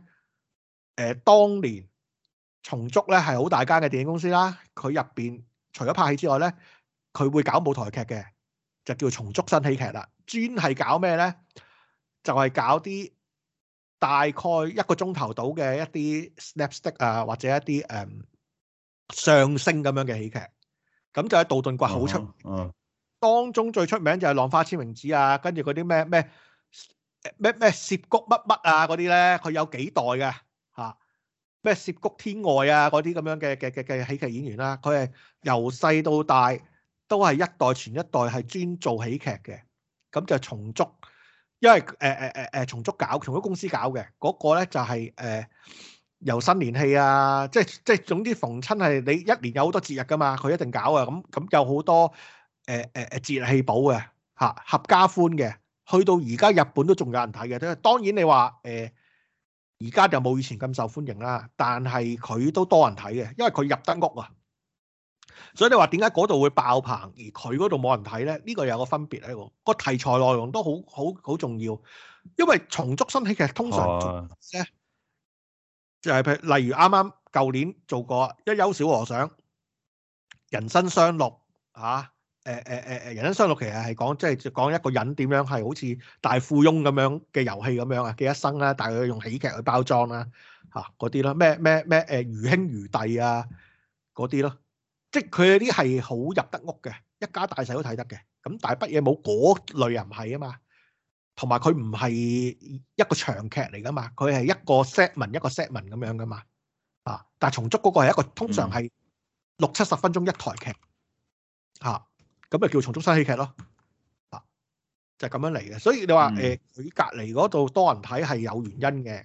呃，當年松竹咧係好大間嘅電影公司啦。佢入邊除咗拍戲之外咧，佢會搞舞台劇嘅，就叫松竹新喜劇啦。專係搞咩咧？就係、是、搞啲大概一個鐘頭到嘅一啲 snapstick 啊、呃，或者一啲誒相聲咁樣嘅喜劇。咁就喺道頓堀好出。啊啊當中最出名就係浪花千明子啊，跟住嗰啲咩咩咩咩涉谷乜乜啊嗰啲咧，佢有幾代嘅嚇，咩涉谷天外啊嗰啲咁樣嘅嘅嘅嘅喜劇演員啦，佢係由細到大都係一代傳一代，係專做喜劇嘅。咁就松竹，因為誒誒誒誒松竹搞，松竹公司搞嘅嗰個咧就係誒由新年戲啊，即係即係總之逢親係你一年有好多節日噶嘛，佢一定搞啊，咁咁有好多。誒誒誒，節氣寶嘅嚇，合家歡嘅，去到而家日本都仲有人睇嘅。當然你話，誒而家就冇以前咁受歡迎啦，但係佢都多人睇嘅，因為佢入得屋啊。所以你話點解嗰度會爆棚，而佢嗰度冇人睇咧？呢、呢個有個分別喺度。個題材內容都好好好重要。因為松竹新喜劇通常咧，就係譬例如啱啱舊年做過《一休小和尚》，《人生雙鹿》嚇、啊。誒誒誒誒！人生雙錄其實係講，即係講一個人點樣係好似大富翁咁樣嘅遊戲咁樣啊嘅一生啦，但係佢用喜劇去包裝啦，嚇嗰啲啦咩咩咩誒如兄如弟啊嗰啲咯，即係佢嗰啲係好入得屋嘅，一家大細都睇得嘅。咁但係不嘢冇嗰類人唔係啊嘛，同埋佢唔係一個長劇嚟噶嘛，佢係一個 segment 一個 segment 咁樣噶嘛，啊！但係重足嗰個係一個通常係六七十分鐘一台劇嚇。咁咪叫松竹新喜劇咯，啊，就咁、是、樣嚟嘅。所以你話誒，佢、嗯呃、隔離嗰度多人睇係有原因嘅，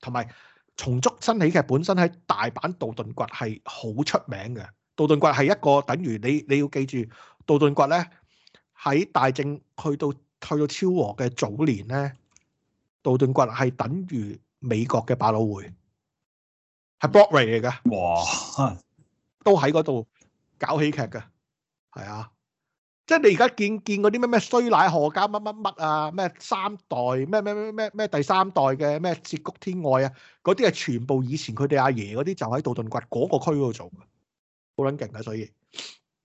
同埋松竹新喜劇本身喺大阪道頓堀係好出名嘅。道頓堀係一個等於你你要記住，道頓堀咧喺大正去到去到昭和嘅早年咧，道頓堀係等於美國嘅百老匯，係 Broadway 嚟嘅。哇！都喺嗰度搞喜劇嘅，係啊～即係你而家見見嗰啲咩咩衰奶何家乜乜乜啊，咩三代咩咩咩咩咩第三代嘅咩絕谷天外啊，嗰啲係全部以前佢哋阿爺嗰啲就喺道頓堀嗰個區嗰度做嘅。好撚勁啊！所以，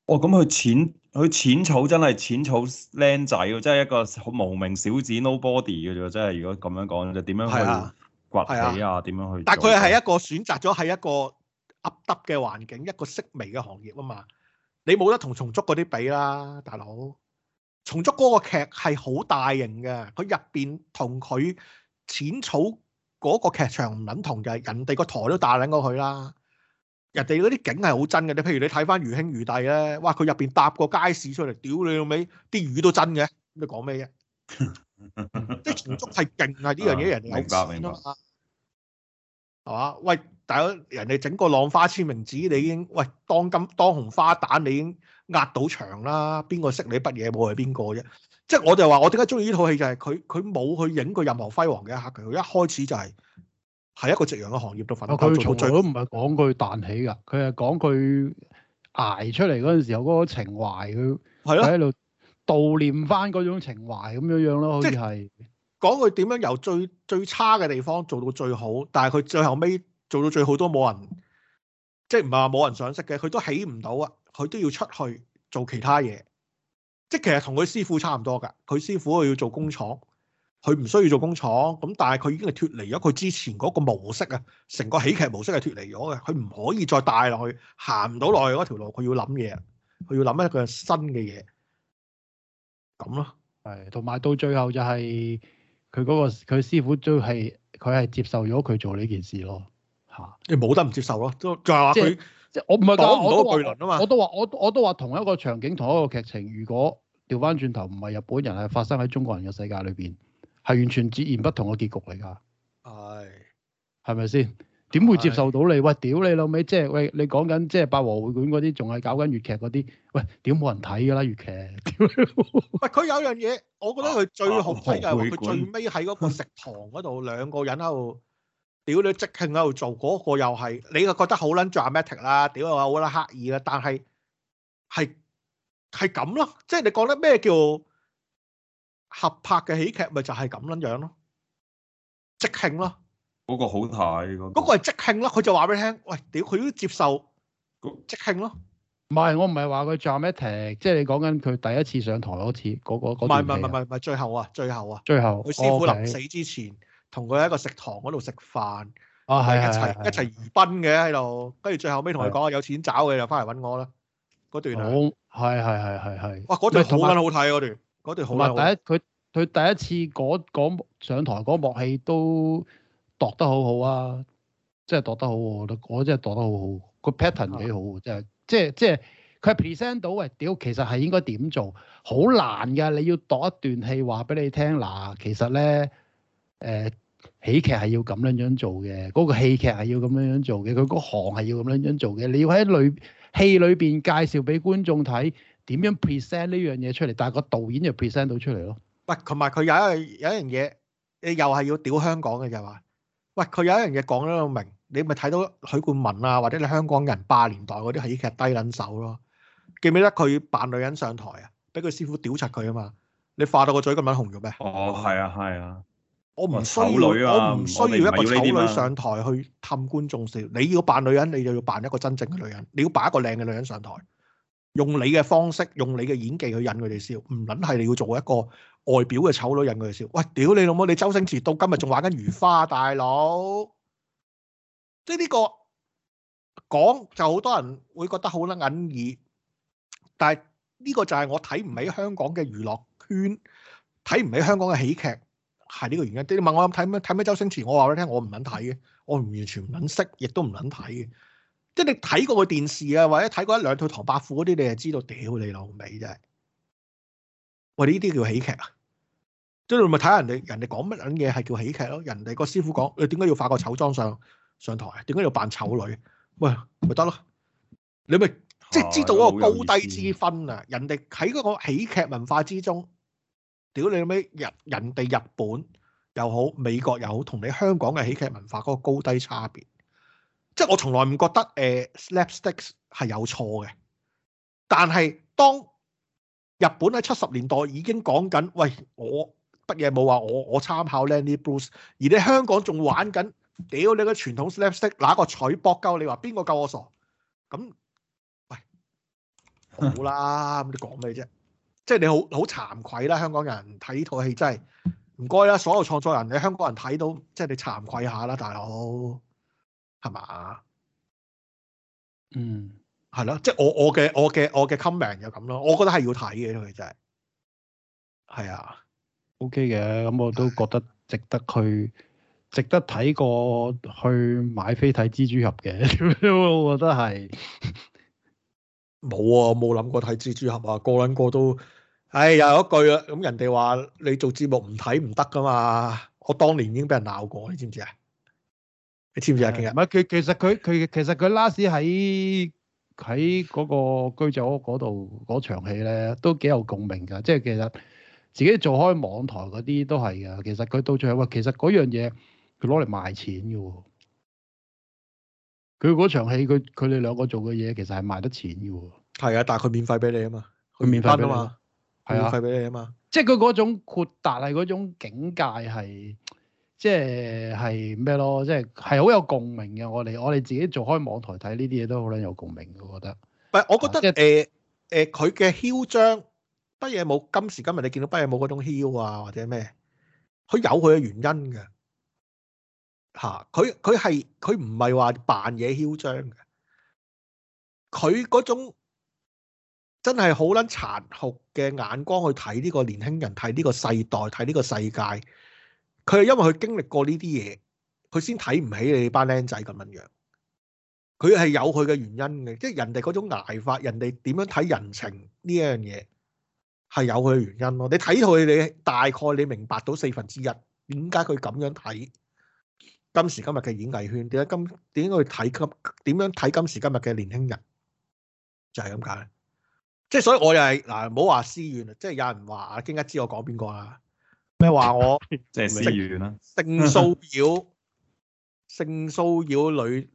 哦咁佢淺佢淺草真係淺草僆仔喎，即係一個好無名小子 no body 嘅啫，真係如果咁樣講就點樣去崛起啊？點樣去？啊、但係佢係一個選擇咗係一個凹凸嘅環境，一個息微嘅行業啊嘛。你冇得同松竹嗰啲比啦，大佬。松竹嗰個劇係好大型嘅，佢入邊同佢淺草嗰個劇場唔捻同嘅，人哋個台都大過佢啦。人哋嗰啲景係好真嘅，你譬如你睇翻《如兄如弟》咧，哇，佢入邊搭個街市出嚟，屌你老味，啲魚都真嘅。你講咩啫？即係 (laughs) 松竹係勁啊！呢樣嘢人哋有錢啊嘛，係嘛？喂！但係人哋整個浪花簽名紙，你已經喂，當今當紅花旦，你已經壓到場啦。邊個識你乜嘢？冇係邊個啫？即係我就話我點解中意呢套戲，就係佢佢冇去影過任何輝煌嘅一刻。佢一開始就係、是、係一個夕陽嘅行業度奮鬥做到最好。好，唔係講佢彈起噶，佢係講佢捱出嚟嗰陣時候嗰個情懷。佢係咯喺度悼念翻嗰種情懷咁樣樣咯，好似係講佢點樣由最最差嘅地方做到最好。但係佢最後尾。做到最好都冇人，即係唔係話冇人賞識嘅，佢都起唔到啊！佢都要出去做其他嘢，即係其實同佢師傅差唔多噶。佢師傅佢要做工廠，佢唔需要做工廠咁，但係佢已經係脱離咗佢之前嗰個模式啊，成個喜劇模式係脱離咗嘅。佢唔可以再帶落去，行唔到落去嗰條路，佢要諗嘢，佢要諗一個新嘅嘢咁咯。係同埋到最後就係佢嗰個佢師傅都係佢係接受咗佢做呢件事咯。你冇得唔接受咯？都就係話，即即我唔係講唔到巨輪啊嘛！我都話，我我都話，同一個場景，同一個劇情，如果調翻轉頭，唔係日本人係發生喺中國人嘅世界裏邊，係完全截然不同嘅結局嚟㗎。係係咪先？點會接受到你？喂，屌你老味，即喂，你講緊即八和會館嗰啲，仲係搞緊粵劇嗰啲？喂，屌冇人睇㗎啦！粵劇屌！喂，佢、啊、 (laughs) 有樣嘢，我覺得佢最好睇嘅係佢最尾喺嗰個食堂嗰度，兩個人喺度。屌你即興喺度做嗰個又係，你又覺得好撚 dramatic 啦，屌又好撚刻意啦，但係係係咁咯，即係你講咧咩叫合拍嘅喜劇，咪就係咁撚樣咯，即興咯。嗰個好睇嗰個，嗰個即興咯，佢就話俾你聽，喂，屌佢都接受，即興咯。唔係我唔係話佢 dramatic，即係你講緊佢第一次上台嗰次嗰個嗰。唔係唔係唔係唔係最後啊，最後啊，最後佢師傅臨死之前。同佢喺個食堂嗰度食飯，啊係一齊一齊馳奔嘅喺度，跟住最後尾同佢講啊，有錢找嘅就翻嚟揾我啦。嗰段好係係係係係。哇！嗰段好好睇嗰段，嗰段好。唔係第一佢佢第一次嗰上台嗰幕戲都度得好好啊，真係度、啊、度得好，我覺得我真係度得好好。個 pattern 幾好喎，真係即係即係佢係 present 到喂屌，其實係應該點做？好難㗎，你要度一段戲話俾你聽嗱，其實咧誒。喜劇係要咁樣樣做嘅，嗰個戲劇係要咁樣樣做嘅，佢嗰行係要咁樣樣做嘅。你要喺裏戲裏邊介紹俾觀眾睇點樣 present 呢樣嘢出嚟，但係個導演就 present 到出嚟咯。喂，同埋佢有一有一樣嘢，你又係要屌香港嘅就話，喂，佢有一樣嘢講得咁明，你咪睇到許冠文啊，或者你香港人八十年代嗰啲喜劇低撚手咯。記唔記得佢扮女人上台啊？俾個師傅屌柒佢啊嘛！你化到個嘴咁樣紅咗咩？哦，係啊，係啊。我唔需要，我唔需要一個醜女上台去氹觀眾笑。你要扮女人，你就要扮一個真正嘅女人。你要扮一個靚嘅女人上台，用你嘅方式，用你嘅演技去引佢哋笑。唔捻係你要做一個外表嘅醜女引佢哋笑。喂，屌你老母！你周星馳到今日仲玩緊如花大佬，即係呢個講就好多人會覺得好得銀耳。但係呢個就係我睇唔起香港嘅娛樂圈，睇唔起香港嘅喜劇。係呢個原因。你問我睇咩睇咩？周星馳，我話畀你聽，我唔撚睇嘅，我唔完全唔撚識，亦都唔撚睇嘅。即係你睇過個電視啊，或者睇過一兩套《唐伯虎》嗰啲，你就知道，屌你老味。真、哎、係。喂，呢啲叫喜劇啊？即你咪睇下人哋人哋講乜撚嘢係叫喜劇咯、啊？人哋個師傅講你點解要化個醜妝上上台？點解要扮醜女？喂、哎，咪得咯？你咪即係知道嗰個高低之分啊！人哋喺嗰個喜劇文化之中。屌你咁閪人，人哋日本又好，美國又好，同你香港嘅喜劇文化嗰個高低差別，即係我從來唔覺得誒、呃、slapsticks 係有錯嘅，但係當日本喺七十年代已經講緊，喂，我乜嘢冇話我我，我參考 Lenny Bruce，而你香港仲玩緊，屌你個傳統 slapstick，拿個彩博鳩，你話邊個夠我傻？咁，喂，好啦，咁你講咩啫？即係你好好慚愧啦，香港人睇呢套戲真係唔該啦，所有創作人，你香港人睇到即係你慚愧下啦，大佬係嘛？嗯，係咯，即係我我嘅我嘅我嘅 comment 就咁咯。我覺得係要睇嘅咯，真係。係啊，OK 嘅，咁、嗯、我都覺得值得去， (laughs) 值得睇過去買飛睇蜘蛛俠嘅， (laughs) 我覺得係冇 (laughs) 啊，冇諗過睇蜘蛛俠啊，個撚個都。哎呀，又一句啊！咁人哋話你做節目唔睇唔得噶嘛？我當年已經俾人鬧過，你知唔知啊？你知唔知啊？今日唔係佢其實佢佢其實佢 last 喺喺嗰個居酒屋嗰度嗰場戲咧，都幾有共鳴噶。即係其實自己做開網台嗰啲都係噶。其實佢到最後，喂，其實嗰樣嘢佢攞嚟賣錢噶喎。佢嗰場戲，佢佢哋兩個做嘅嘢，其實係賣得錢噶喎。係啊，但係佢免費俾你啊嘛，佢免費啊嘛。係啊，俾你啊嘛，即係佢嗰種豁達，係嗰種境界，係即係係咩咯？即係係好有共鳴嘅。我哋我哋自己做開網台睇呢啲嘢，都好有共鳴。我覺得，唔我覺得誒誒，佢嘅囂張，北野武今時今日你見到北野武嗰種囂啊，或者咩？佢有佢嘅原因嘅，吓、啊，佢佢係佢唔係話扮嘢囂張嘅，佢嗰種。真係好撚殘酷嘅眼光去睇呢個年輕人，睇呢個世代，睇呢個世界。佢係因為佢經歷過呢啲嘢，佢先睇唔起你班僆仔咁樣樣。佢係有佢嘅原因嘅，即係人哋嗰種捱法，人哋點樣睇人情呢一樣嘢，係有佢嘅原因咯。你睇佢，你大概你明白到四分之一點解佢咁樣睇今時今日嘅演藝圈，點解今點去睇今點樣睇今時今日嘅年輕人，就係咁解。即係所以我，我又係嗱，唔好話私怨啊！即係有人話 (laughs) 啊，點解知我講邊個啦？咩話我即係私怨啦？性騷擾，性騷擾女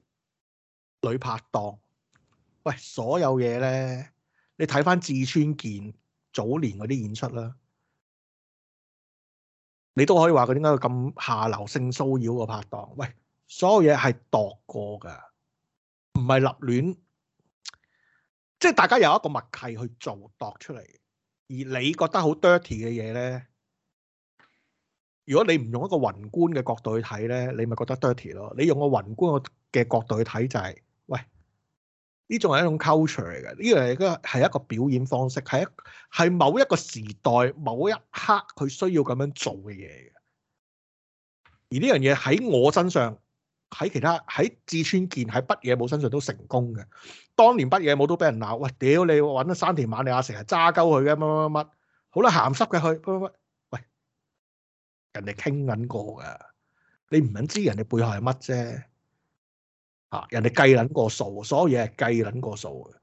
女拍檔。喂，所有嘢咧，你睇翻志村健早年嗰啲演出啦，你都可以話佢點解咁下流？性騷擾個拍檔。喂，所有嘢係度過噶，唔係立亂。即係大家有一個默契去做度出嚟，而你覺得好 dirty 嘅嘢呢？如果你唔用一個宏觀嘅角度去睇呢，你咪覺得 dirty 咯。你用個宏觀嘅角度去睇就係、是，喂，呢種係一種 culture 嚟嘅，呢樣嘢係一個表演方式，係係某一個時代某一刻佢需要咁樣做嘅嘢嘅。而呢樣嘢喺我身上。喺其他喺志村健喺北野武身上都成功嘅，當年北野武都俾人鬧，喂，屌你搵咗山田萬利亞成日揸鳩佢嘅乜乜乜乜，好啦鹹濕嘅佢乜乜乜，喂，人哋傾緊過嘅，你唔撚知人哋背後係乜啫？嚇，人哋計撚過數，所有嘢係計撚過數嘅，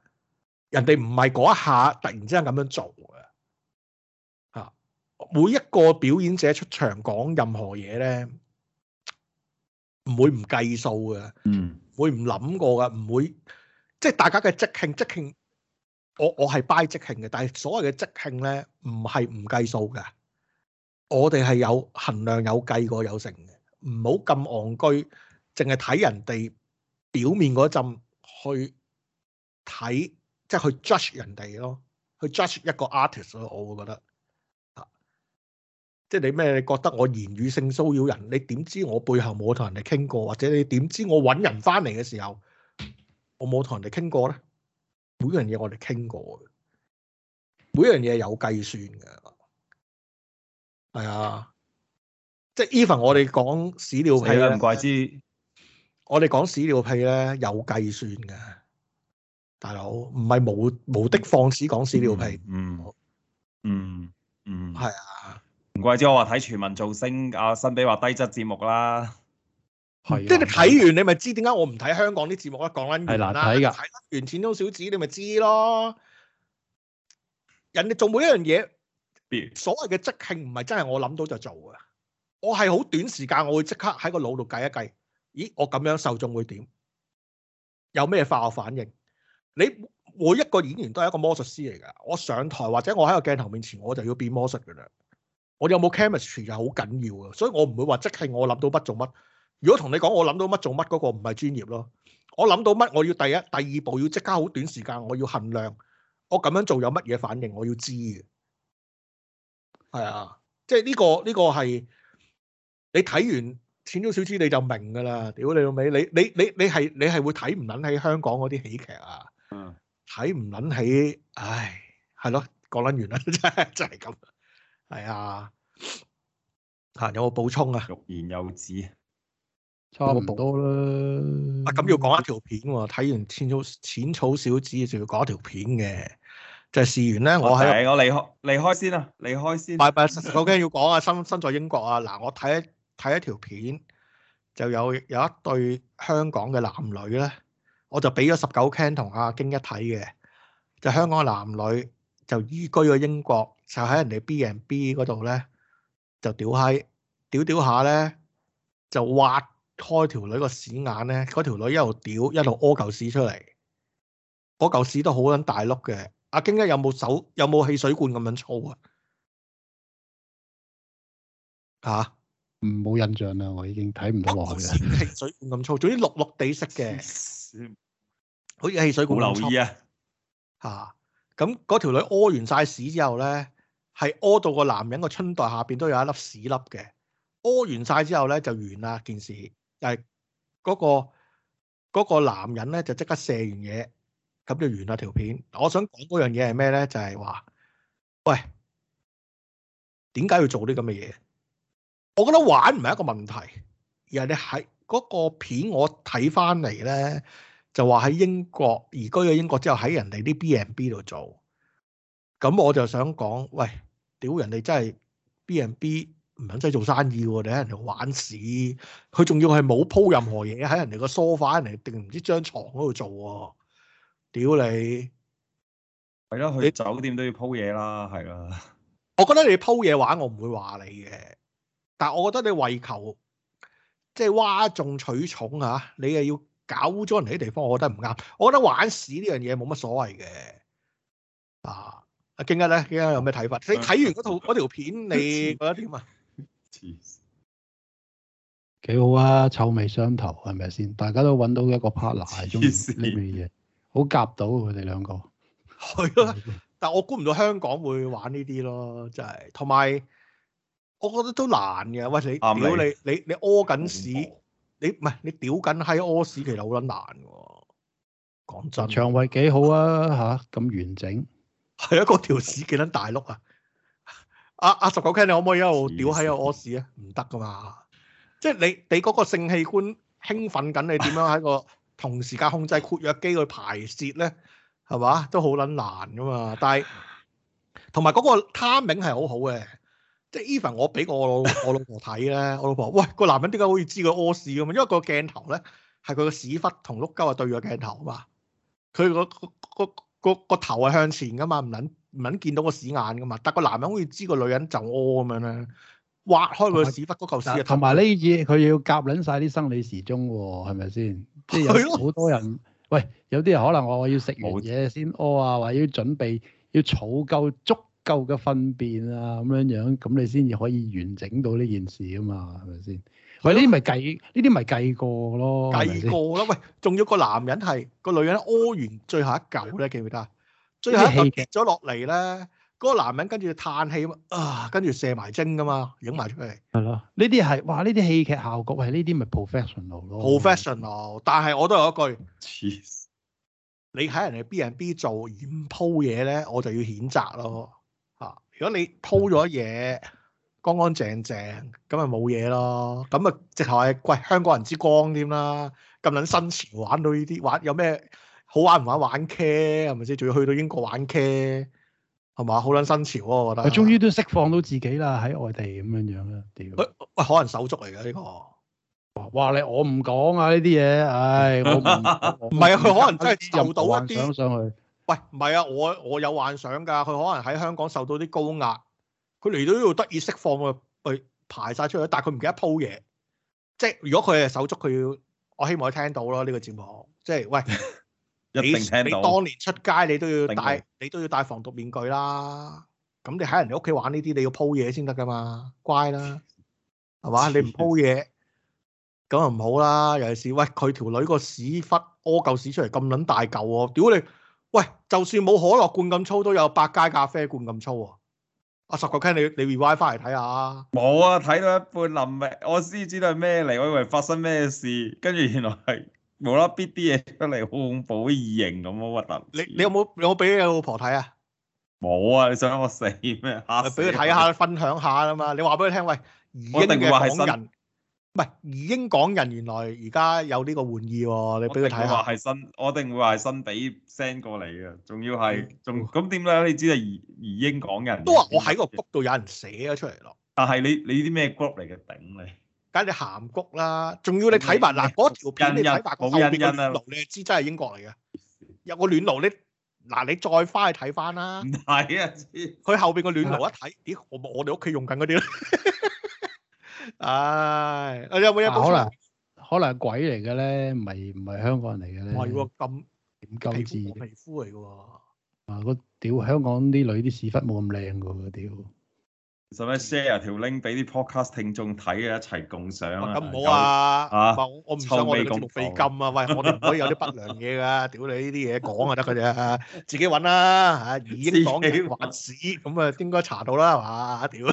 人哋唔係嗰一下突然之間咁樣做嘅，嚇，每一個表演者出場講任何嘢咧。唔會唔計數嘅，嗯，會唔諗過噶，唔會即係大家嘅即興，即興，我我係 buy 即興嘅，但係所謂嘅即興呢，唔係唔計數嘅，我哋係有衡量、有計過、有成嘅，唔好咁戇居，淨係睇人哋表面嗰陣去睇，即係去 judge 人哋咯，去 judge 一個 artist 咯，我會覺得。即係你咩？你覺得我言語性騷擾人？你點知我背後冇同人哋傾過？或者你點知我搵人翻嚟嘅時候，我冇同人哋傾過咧？每樣嘢我哋傾過嘅，每樣嘢有計算嘅，係啊。即係 even 我哋講屎尿屁，係啦，唔怪之。我哋講屎尿屁咧有計算嘅，大佬唔係無無的放屎講屎尿屁，嗯。嗯嗯嗯，係、嗯、啊。唔怪之，我話睇全民造星，阿、啊、幸比話低質節目啦。係、啊，即係你睇完，你咪知點解我唔睇香港啲節目咧？講緊係難睇㗎，睇、啊、完淺草小子，你咪知咯。人哋做每一樣嘢，如所謂嘅即興唔係真係我諗到就做嘅。我係好短時間，我會即刻喺個腦度計一計。咦，我咁樣受眾會點？有咩化學反應？你每一個演員都係一個魔術師嚟噶。我上台或者我喺個鏡頭面前，我就要變魔術噶啦。我有冇 chemistry 就好緊要啊，所以我唔會話即係我諗到乜做乜。如果同你講我諗到乜做乜嗰個唔係專業咯。我諗到乜，我要第一、第二步要即刻好短時間，我要衡量我咁樣做有乜嘢反應，我要知嘅。係啊，即係呢個呢個係你睇完淺草小子你就明㗎啦。屌你老味，你你你你係你係會睇唔撚起香港嗰啲喜劇啊？睇唔撚起？唉，係咯、啊，講撚完啦，真係真係咁。係啊，吓，有冇補充啊？欲言又止，差唔多啦，嗯。啊，咁要講一條片喎。啊，睇完淺草淺草小子就要講一條片嘅，就事完咧，我係我離開離開先啦，啊，離開先。唔係唔係十九 K 要講啊，身身在英國啊，嗱，我睇睇一條片，就有有一對香港嘅男女咧，我就俾咗十九 Ken 同阿京一睇嘅，就香港嘅男女。就移居咗英國，就喺人哋 B and B 嗰度咧，就屌閪，屌屌下咧，就挖開條女個屎眼咧，嗰條女一路屌一路屙嚿屎出嚟，嗰嚿屎都好撚大碌嘅。阿京一有冇手有冇汽水罐咁樣粗啊？吓？唔冇印象啦，我已經睇唔到落去啦。 (laughs) (laughs) 陸陸汽水罐咁粗，總之綠綠地色嘅，好似汽水罐。冇留意啊！吓？咁嗰條女屙完晒屎之後呢，係屙到個男人個春袋下邊都有一粒屎粒嘅。屙完晒之後呢，就完啦件事，但係嗰個男人呢，就即刻射完嘢，咁就完啦條片。我想講嗰樣嘢係咩呢？就係話，喂，點解要做啲咁嘅嘢？我覺得玩唔係一個問題，而係你喺嗰個片我睇翻嚟呢。就話喺英國移居咗英國之後喺人哋啲 B and B 度做，咁我就想講，喂，屌人哋真係 B and B 唔肯使做生意喎，你喺人度玩屎，佢仲要係冇鋪任何嘢喺人哋個梳化，人哋定唔知張床嗰度做喎、啊，屌你，係啦，去酒店都要鋪嘢啦，係啦，我覺得你鋪嘢玩，我唔會話你嘅，但係我覺得你為求即係嘩眾取寵嚇、啊，你又要。搞污咗人哋啲地方，我覺得唔啱。我覺得玩屎呢樣嘢冇乜所謂嘅。啊，阿京一咧，京一有咩睇法？你睇完嗰套嗰條片，你覺得點啊？幾好啊！臭味相投係咪先？大家都揾到一個 partner 係鍾意，呢味嘢好夾到佢哋兩個。係啊， (laughs) 但我估唔到香港會玩呢啲咯，真係。同埋我覺得都難嘅。喂，你屌對你你你屙緊屎！恐怖 你唔係你屌緊喺屙屎，其實好撚難喎。講真，腸胃幾好啊嚇？咁、啊、完整係 (laughs) 一個條屎幾撚大碌啊？阿、啊、阿、啊、十九 Ken 你可唔可以一路屌喺個屙屎啊？唔得噶嘛！即係你你嗰個性器官興奮緊，你點樣喺個同時間控制括約肌去排泄咧？係嘛， (laughs) 都好撚難噶嘛。但係同埋嗰個 timing 係好好嘅。即係 even 我俾我老我老婆睇咧，我老婆，我老婆喂、個男人點解好似知佢屙屎咁啊？因為個鏡頭咧係佢個屎忽同碌鳩啊對個鏡頭啊嘛，佢個個個個頭係向前噶嘛，唔撚唔撚見到個屎眼噶嘛，但個男人好似知個女人就屙咁樣咧，挖開佢個屎忽嗰嚿屎。同埋呢啲嘢佢要夾撚晒啲生理時鐘喎，係咪先？即係好多人， (laughs) 喂有啲人可能我要食完嘢先屙啊，或者要準備要儲夠足。夠嘅分辨啊，咁樣樣，咁你先至可以完整到呢件事啊嘛，係咪先？喂，呢啲咪計，呢啲咪計過咯，計過啦。喂，仲要個男人係個女人屙完最後一嚿咧，記唔記得啊？最後一嚿跌咗落嚟咧，嗰個男人跟住嘆氣啊，跟住射埋精噶嘛，影埋出嚟。係咯，呢啲係，哇！呢啲戲劇效果係呢啲咪 professional 咯。Professional，但係我都有一句，你喺人哋 B and B 做而唔鋪嘢咧，我就要譴責咯。如果你鋪咗嘢乾乾淨淨，咁咪冇嘢咯。咁咪直頭係喂，香港人之光添啦。咁撚新潮，玩到呢啲玩，有咩好玩唔玩玩 K 係咪先？仲要去到英國玩 K 係嘛？好撚新潮啊！我覺得。終於都釋放到自己啦，喺外地咁樣樣啦。屌，喂，可能手足嚟嘅呢個。話你我唔講啊呢啲嘢，唉，我唔唔係啊，佢、哎、 (laughs) 可能真係受到一啲想上去。喂，唔係啊，我我有幻想㗎，佢可能喺香港受到啲高壓，佢嚟到呢度得以釋放啊，去排曬出去，但係佢唔記得鋪嘢。即係如果佢係手足，佢要我希望佢聽到咯呢個節目。即係喂，你你當年出街你都要戴，你都要戴防毒面具啦。咁你喺人哋屋企玩呢啲，你要鋪嘢先得㗎嘛，乖啦，係嘛？你唔鋪嘢，咁啊唔好啦。尤其是喂佢條女個屎忽屙嚿屎出嚟咁撚大嚿喎，屌你！喂，就算冇可樂罐咁粗，都有百佳咖啡罐咁粗啊！阿、啊、十個 can，你你 r e a 嚟睇下。冇啊，睇、啊、到一半臨尾，我先知道係咩嚟，我以為發生咩事，跟住原來係冇啦啦，啲嘢出嚟，好恐怖，異形咁，好核突。你有有你有冇有冇俾你老婆睇啊？冇啊，你想我死咩？吓！俾佢睇下，分享下啊嘛。你話俾佢聽，喂，一定要話係新人。唔係移英港人，原來而家有呢個玩意喎，你俾佢睇下。我話係新，我一定會話係新，俾 send 過嚟嘅，仲要係仲咁點解？你知係移移英港人。都話我喺個 group 度有人寫咗出嚟咯。但係你你啲咩 group 嚟嘅，頂你？梗係鹹 group 啦，仲要你睇埋嗱嗰條片，你睇埋後面個暖爐，你知真係英國嚟嘅。有個暖爐，你嗱你再翻去睇翻啦。唔係啊，佢後邊個暖爐一睇，咦？我我哋屋企用緊嗰啲咧。唉、哎，有冇一、啊、可能可能鬼嚟嘅咧，唔係唔係香港人嚟嘅咧。唔係喎，咁點鳩知皮膚嚟嘅喎。啊，我屌香港啲女啲屎忽冇咁靚嘅喎屌！使唔使 share 條 link 俾啲 podcast 聽眾睇嘅，一齊共享咁唔好啊！我唔想我哋咁錄金啊！喂，我哋唔可以有啲不良嘢㗎、啊！屌 (laughs) 你呢啲嘢講啊得嘅啫，自己揾啦嚇。已經講人話屎，咁啊，應該查到啦嘛屌，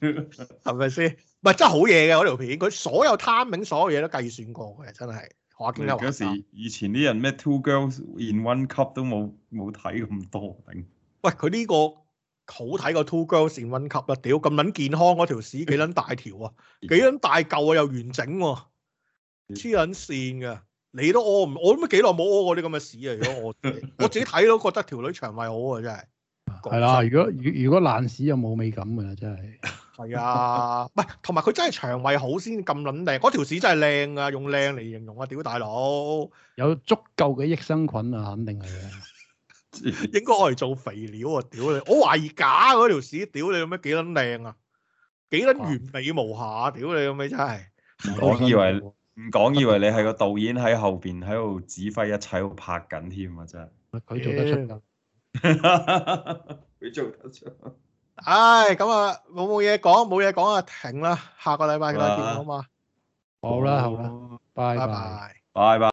係咪先？啊 (laughs) (laughs) (laughs) (laughs) 唔真係好嘢嘅嗰條片，佢所有 timing 所有嘢都計算過嘅，真係我見得。嗰時以前啲人咩 Two Girls in One Cup 都冇冇睇咁多頂。喂，佢呢、呢個好睇過 Two Girls in One Cup 啊！屌咁撚健康，嗰條屎幾撚大條啊？ (laughs) 幾撚大嚿啊？又完整喎、啊，黐撚線㗎！你都屙，唔我都幾耐冇屙過嗰啲咁嘅屎嚟咗我， (laughs) 我自己睇都覺得條女腸胃好啊！真係。係啦，如果如如果爛屎又冇美感㗎啦，真係。真 (laughs) (laughs) 係啊，唔同埋佢真係腸胃好先咁撚靚，嗰條屎真係靚啊！用靚嚟形容啊，屌大佬！有足夠嘅益生菌啊，肯定係啊！ (laughs) 應該攞嚟做肥料啊！屌你，我懷疑假嗰條屎，屌你有咩幾撚靚啊？幾撚完美無瑕？屌你咁咩真係？我 (laughs) 以為唔講以為你係個導演喺後邊喺度指揮一切喺度拍緊添啊！真係佢 (laughs) 做得出㗎，佢 (laughs) 做得出。唉，咁啊，冇冇嘢講，冇嘢講啊，停啦，下個禮拜再見好嗎？好啦，好啦，拜拜，拜拜。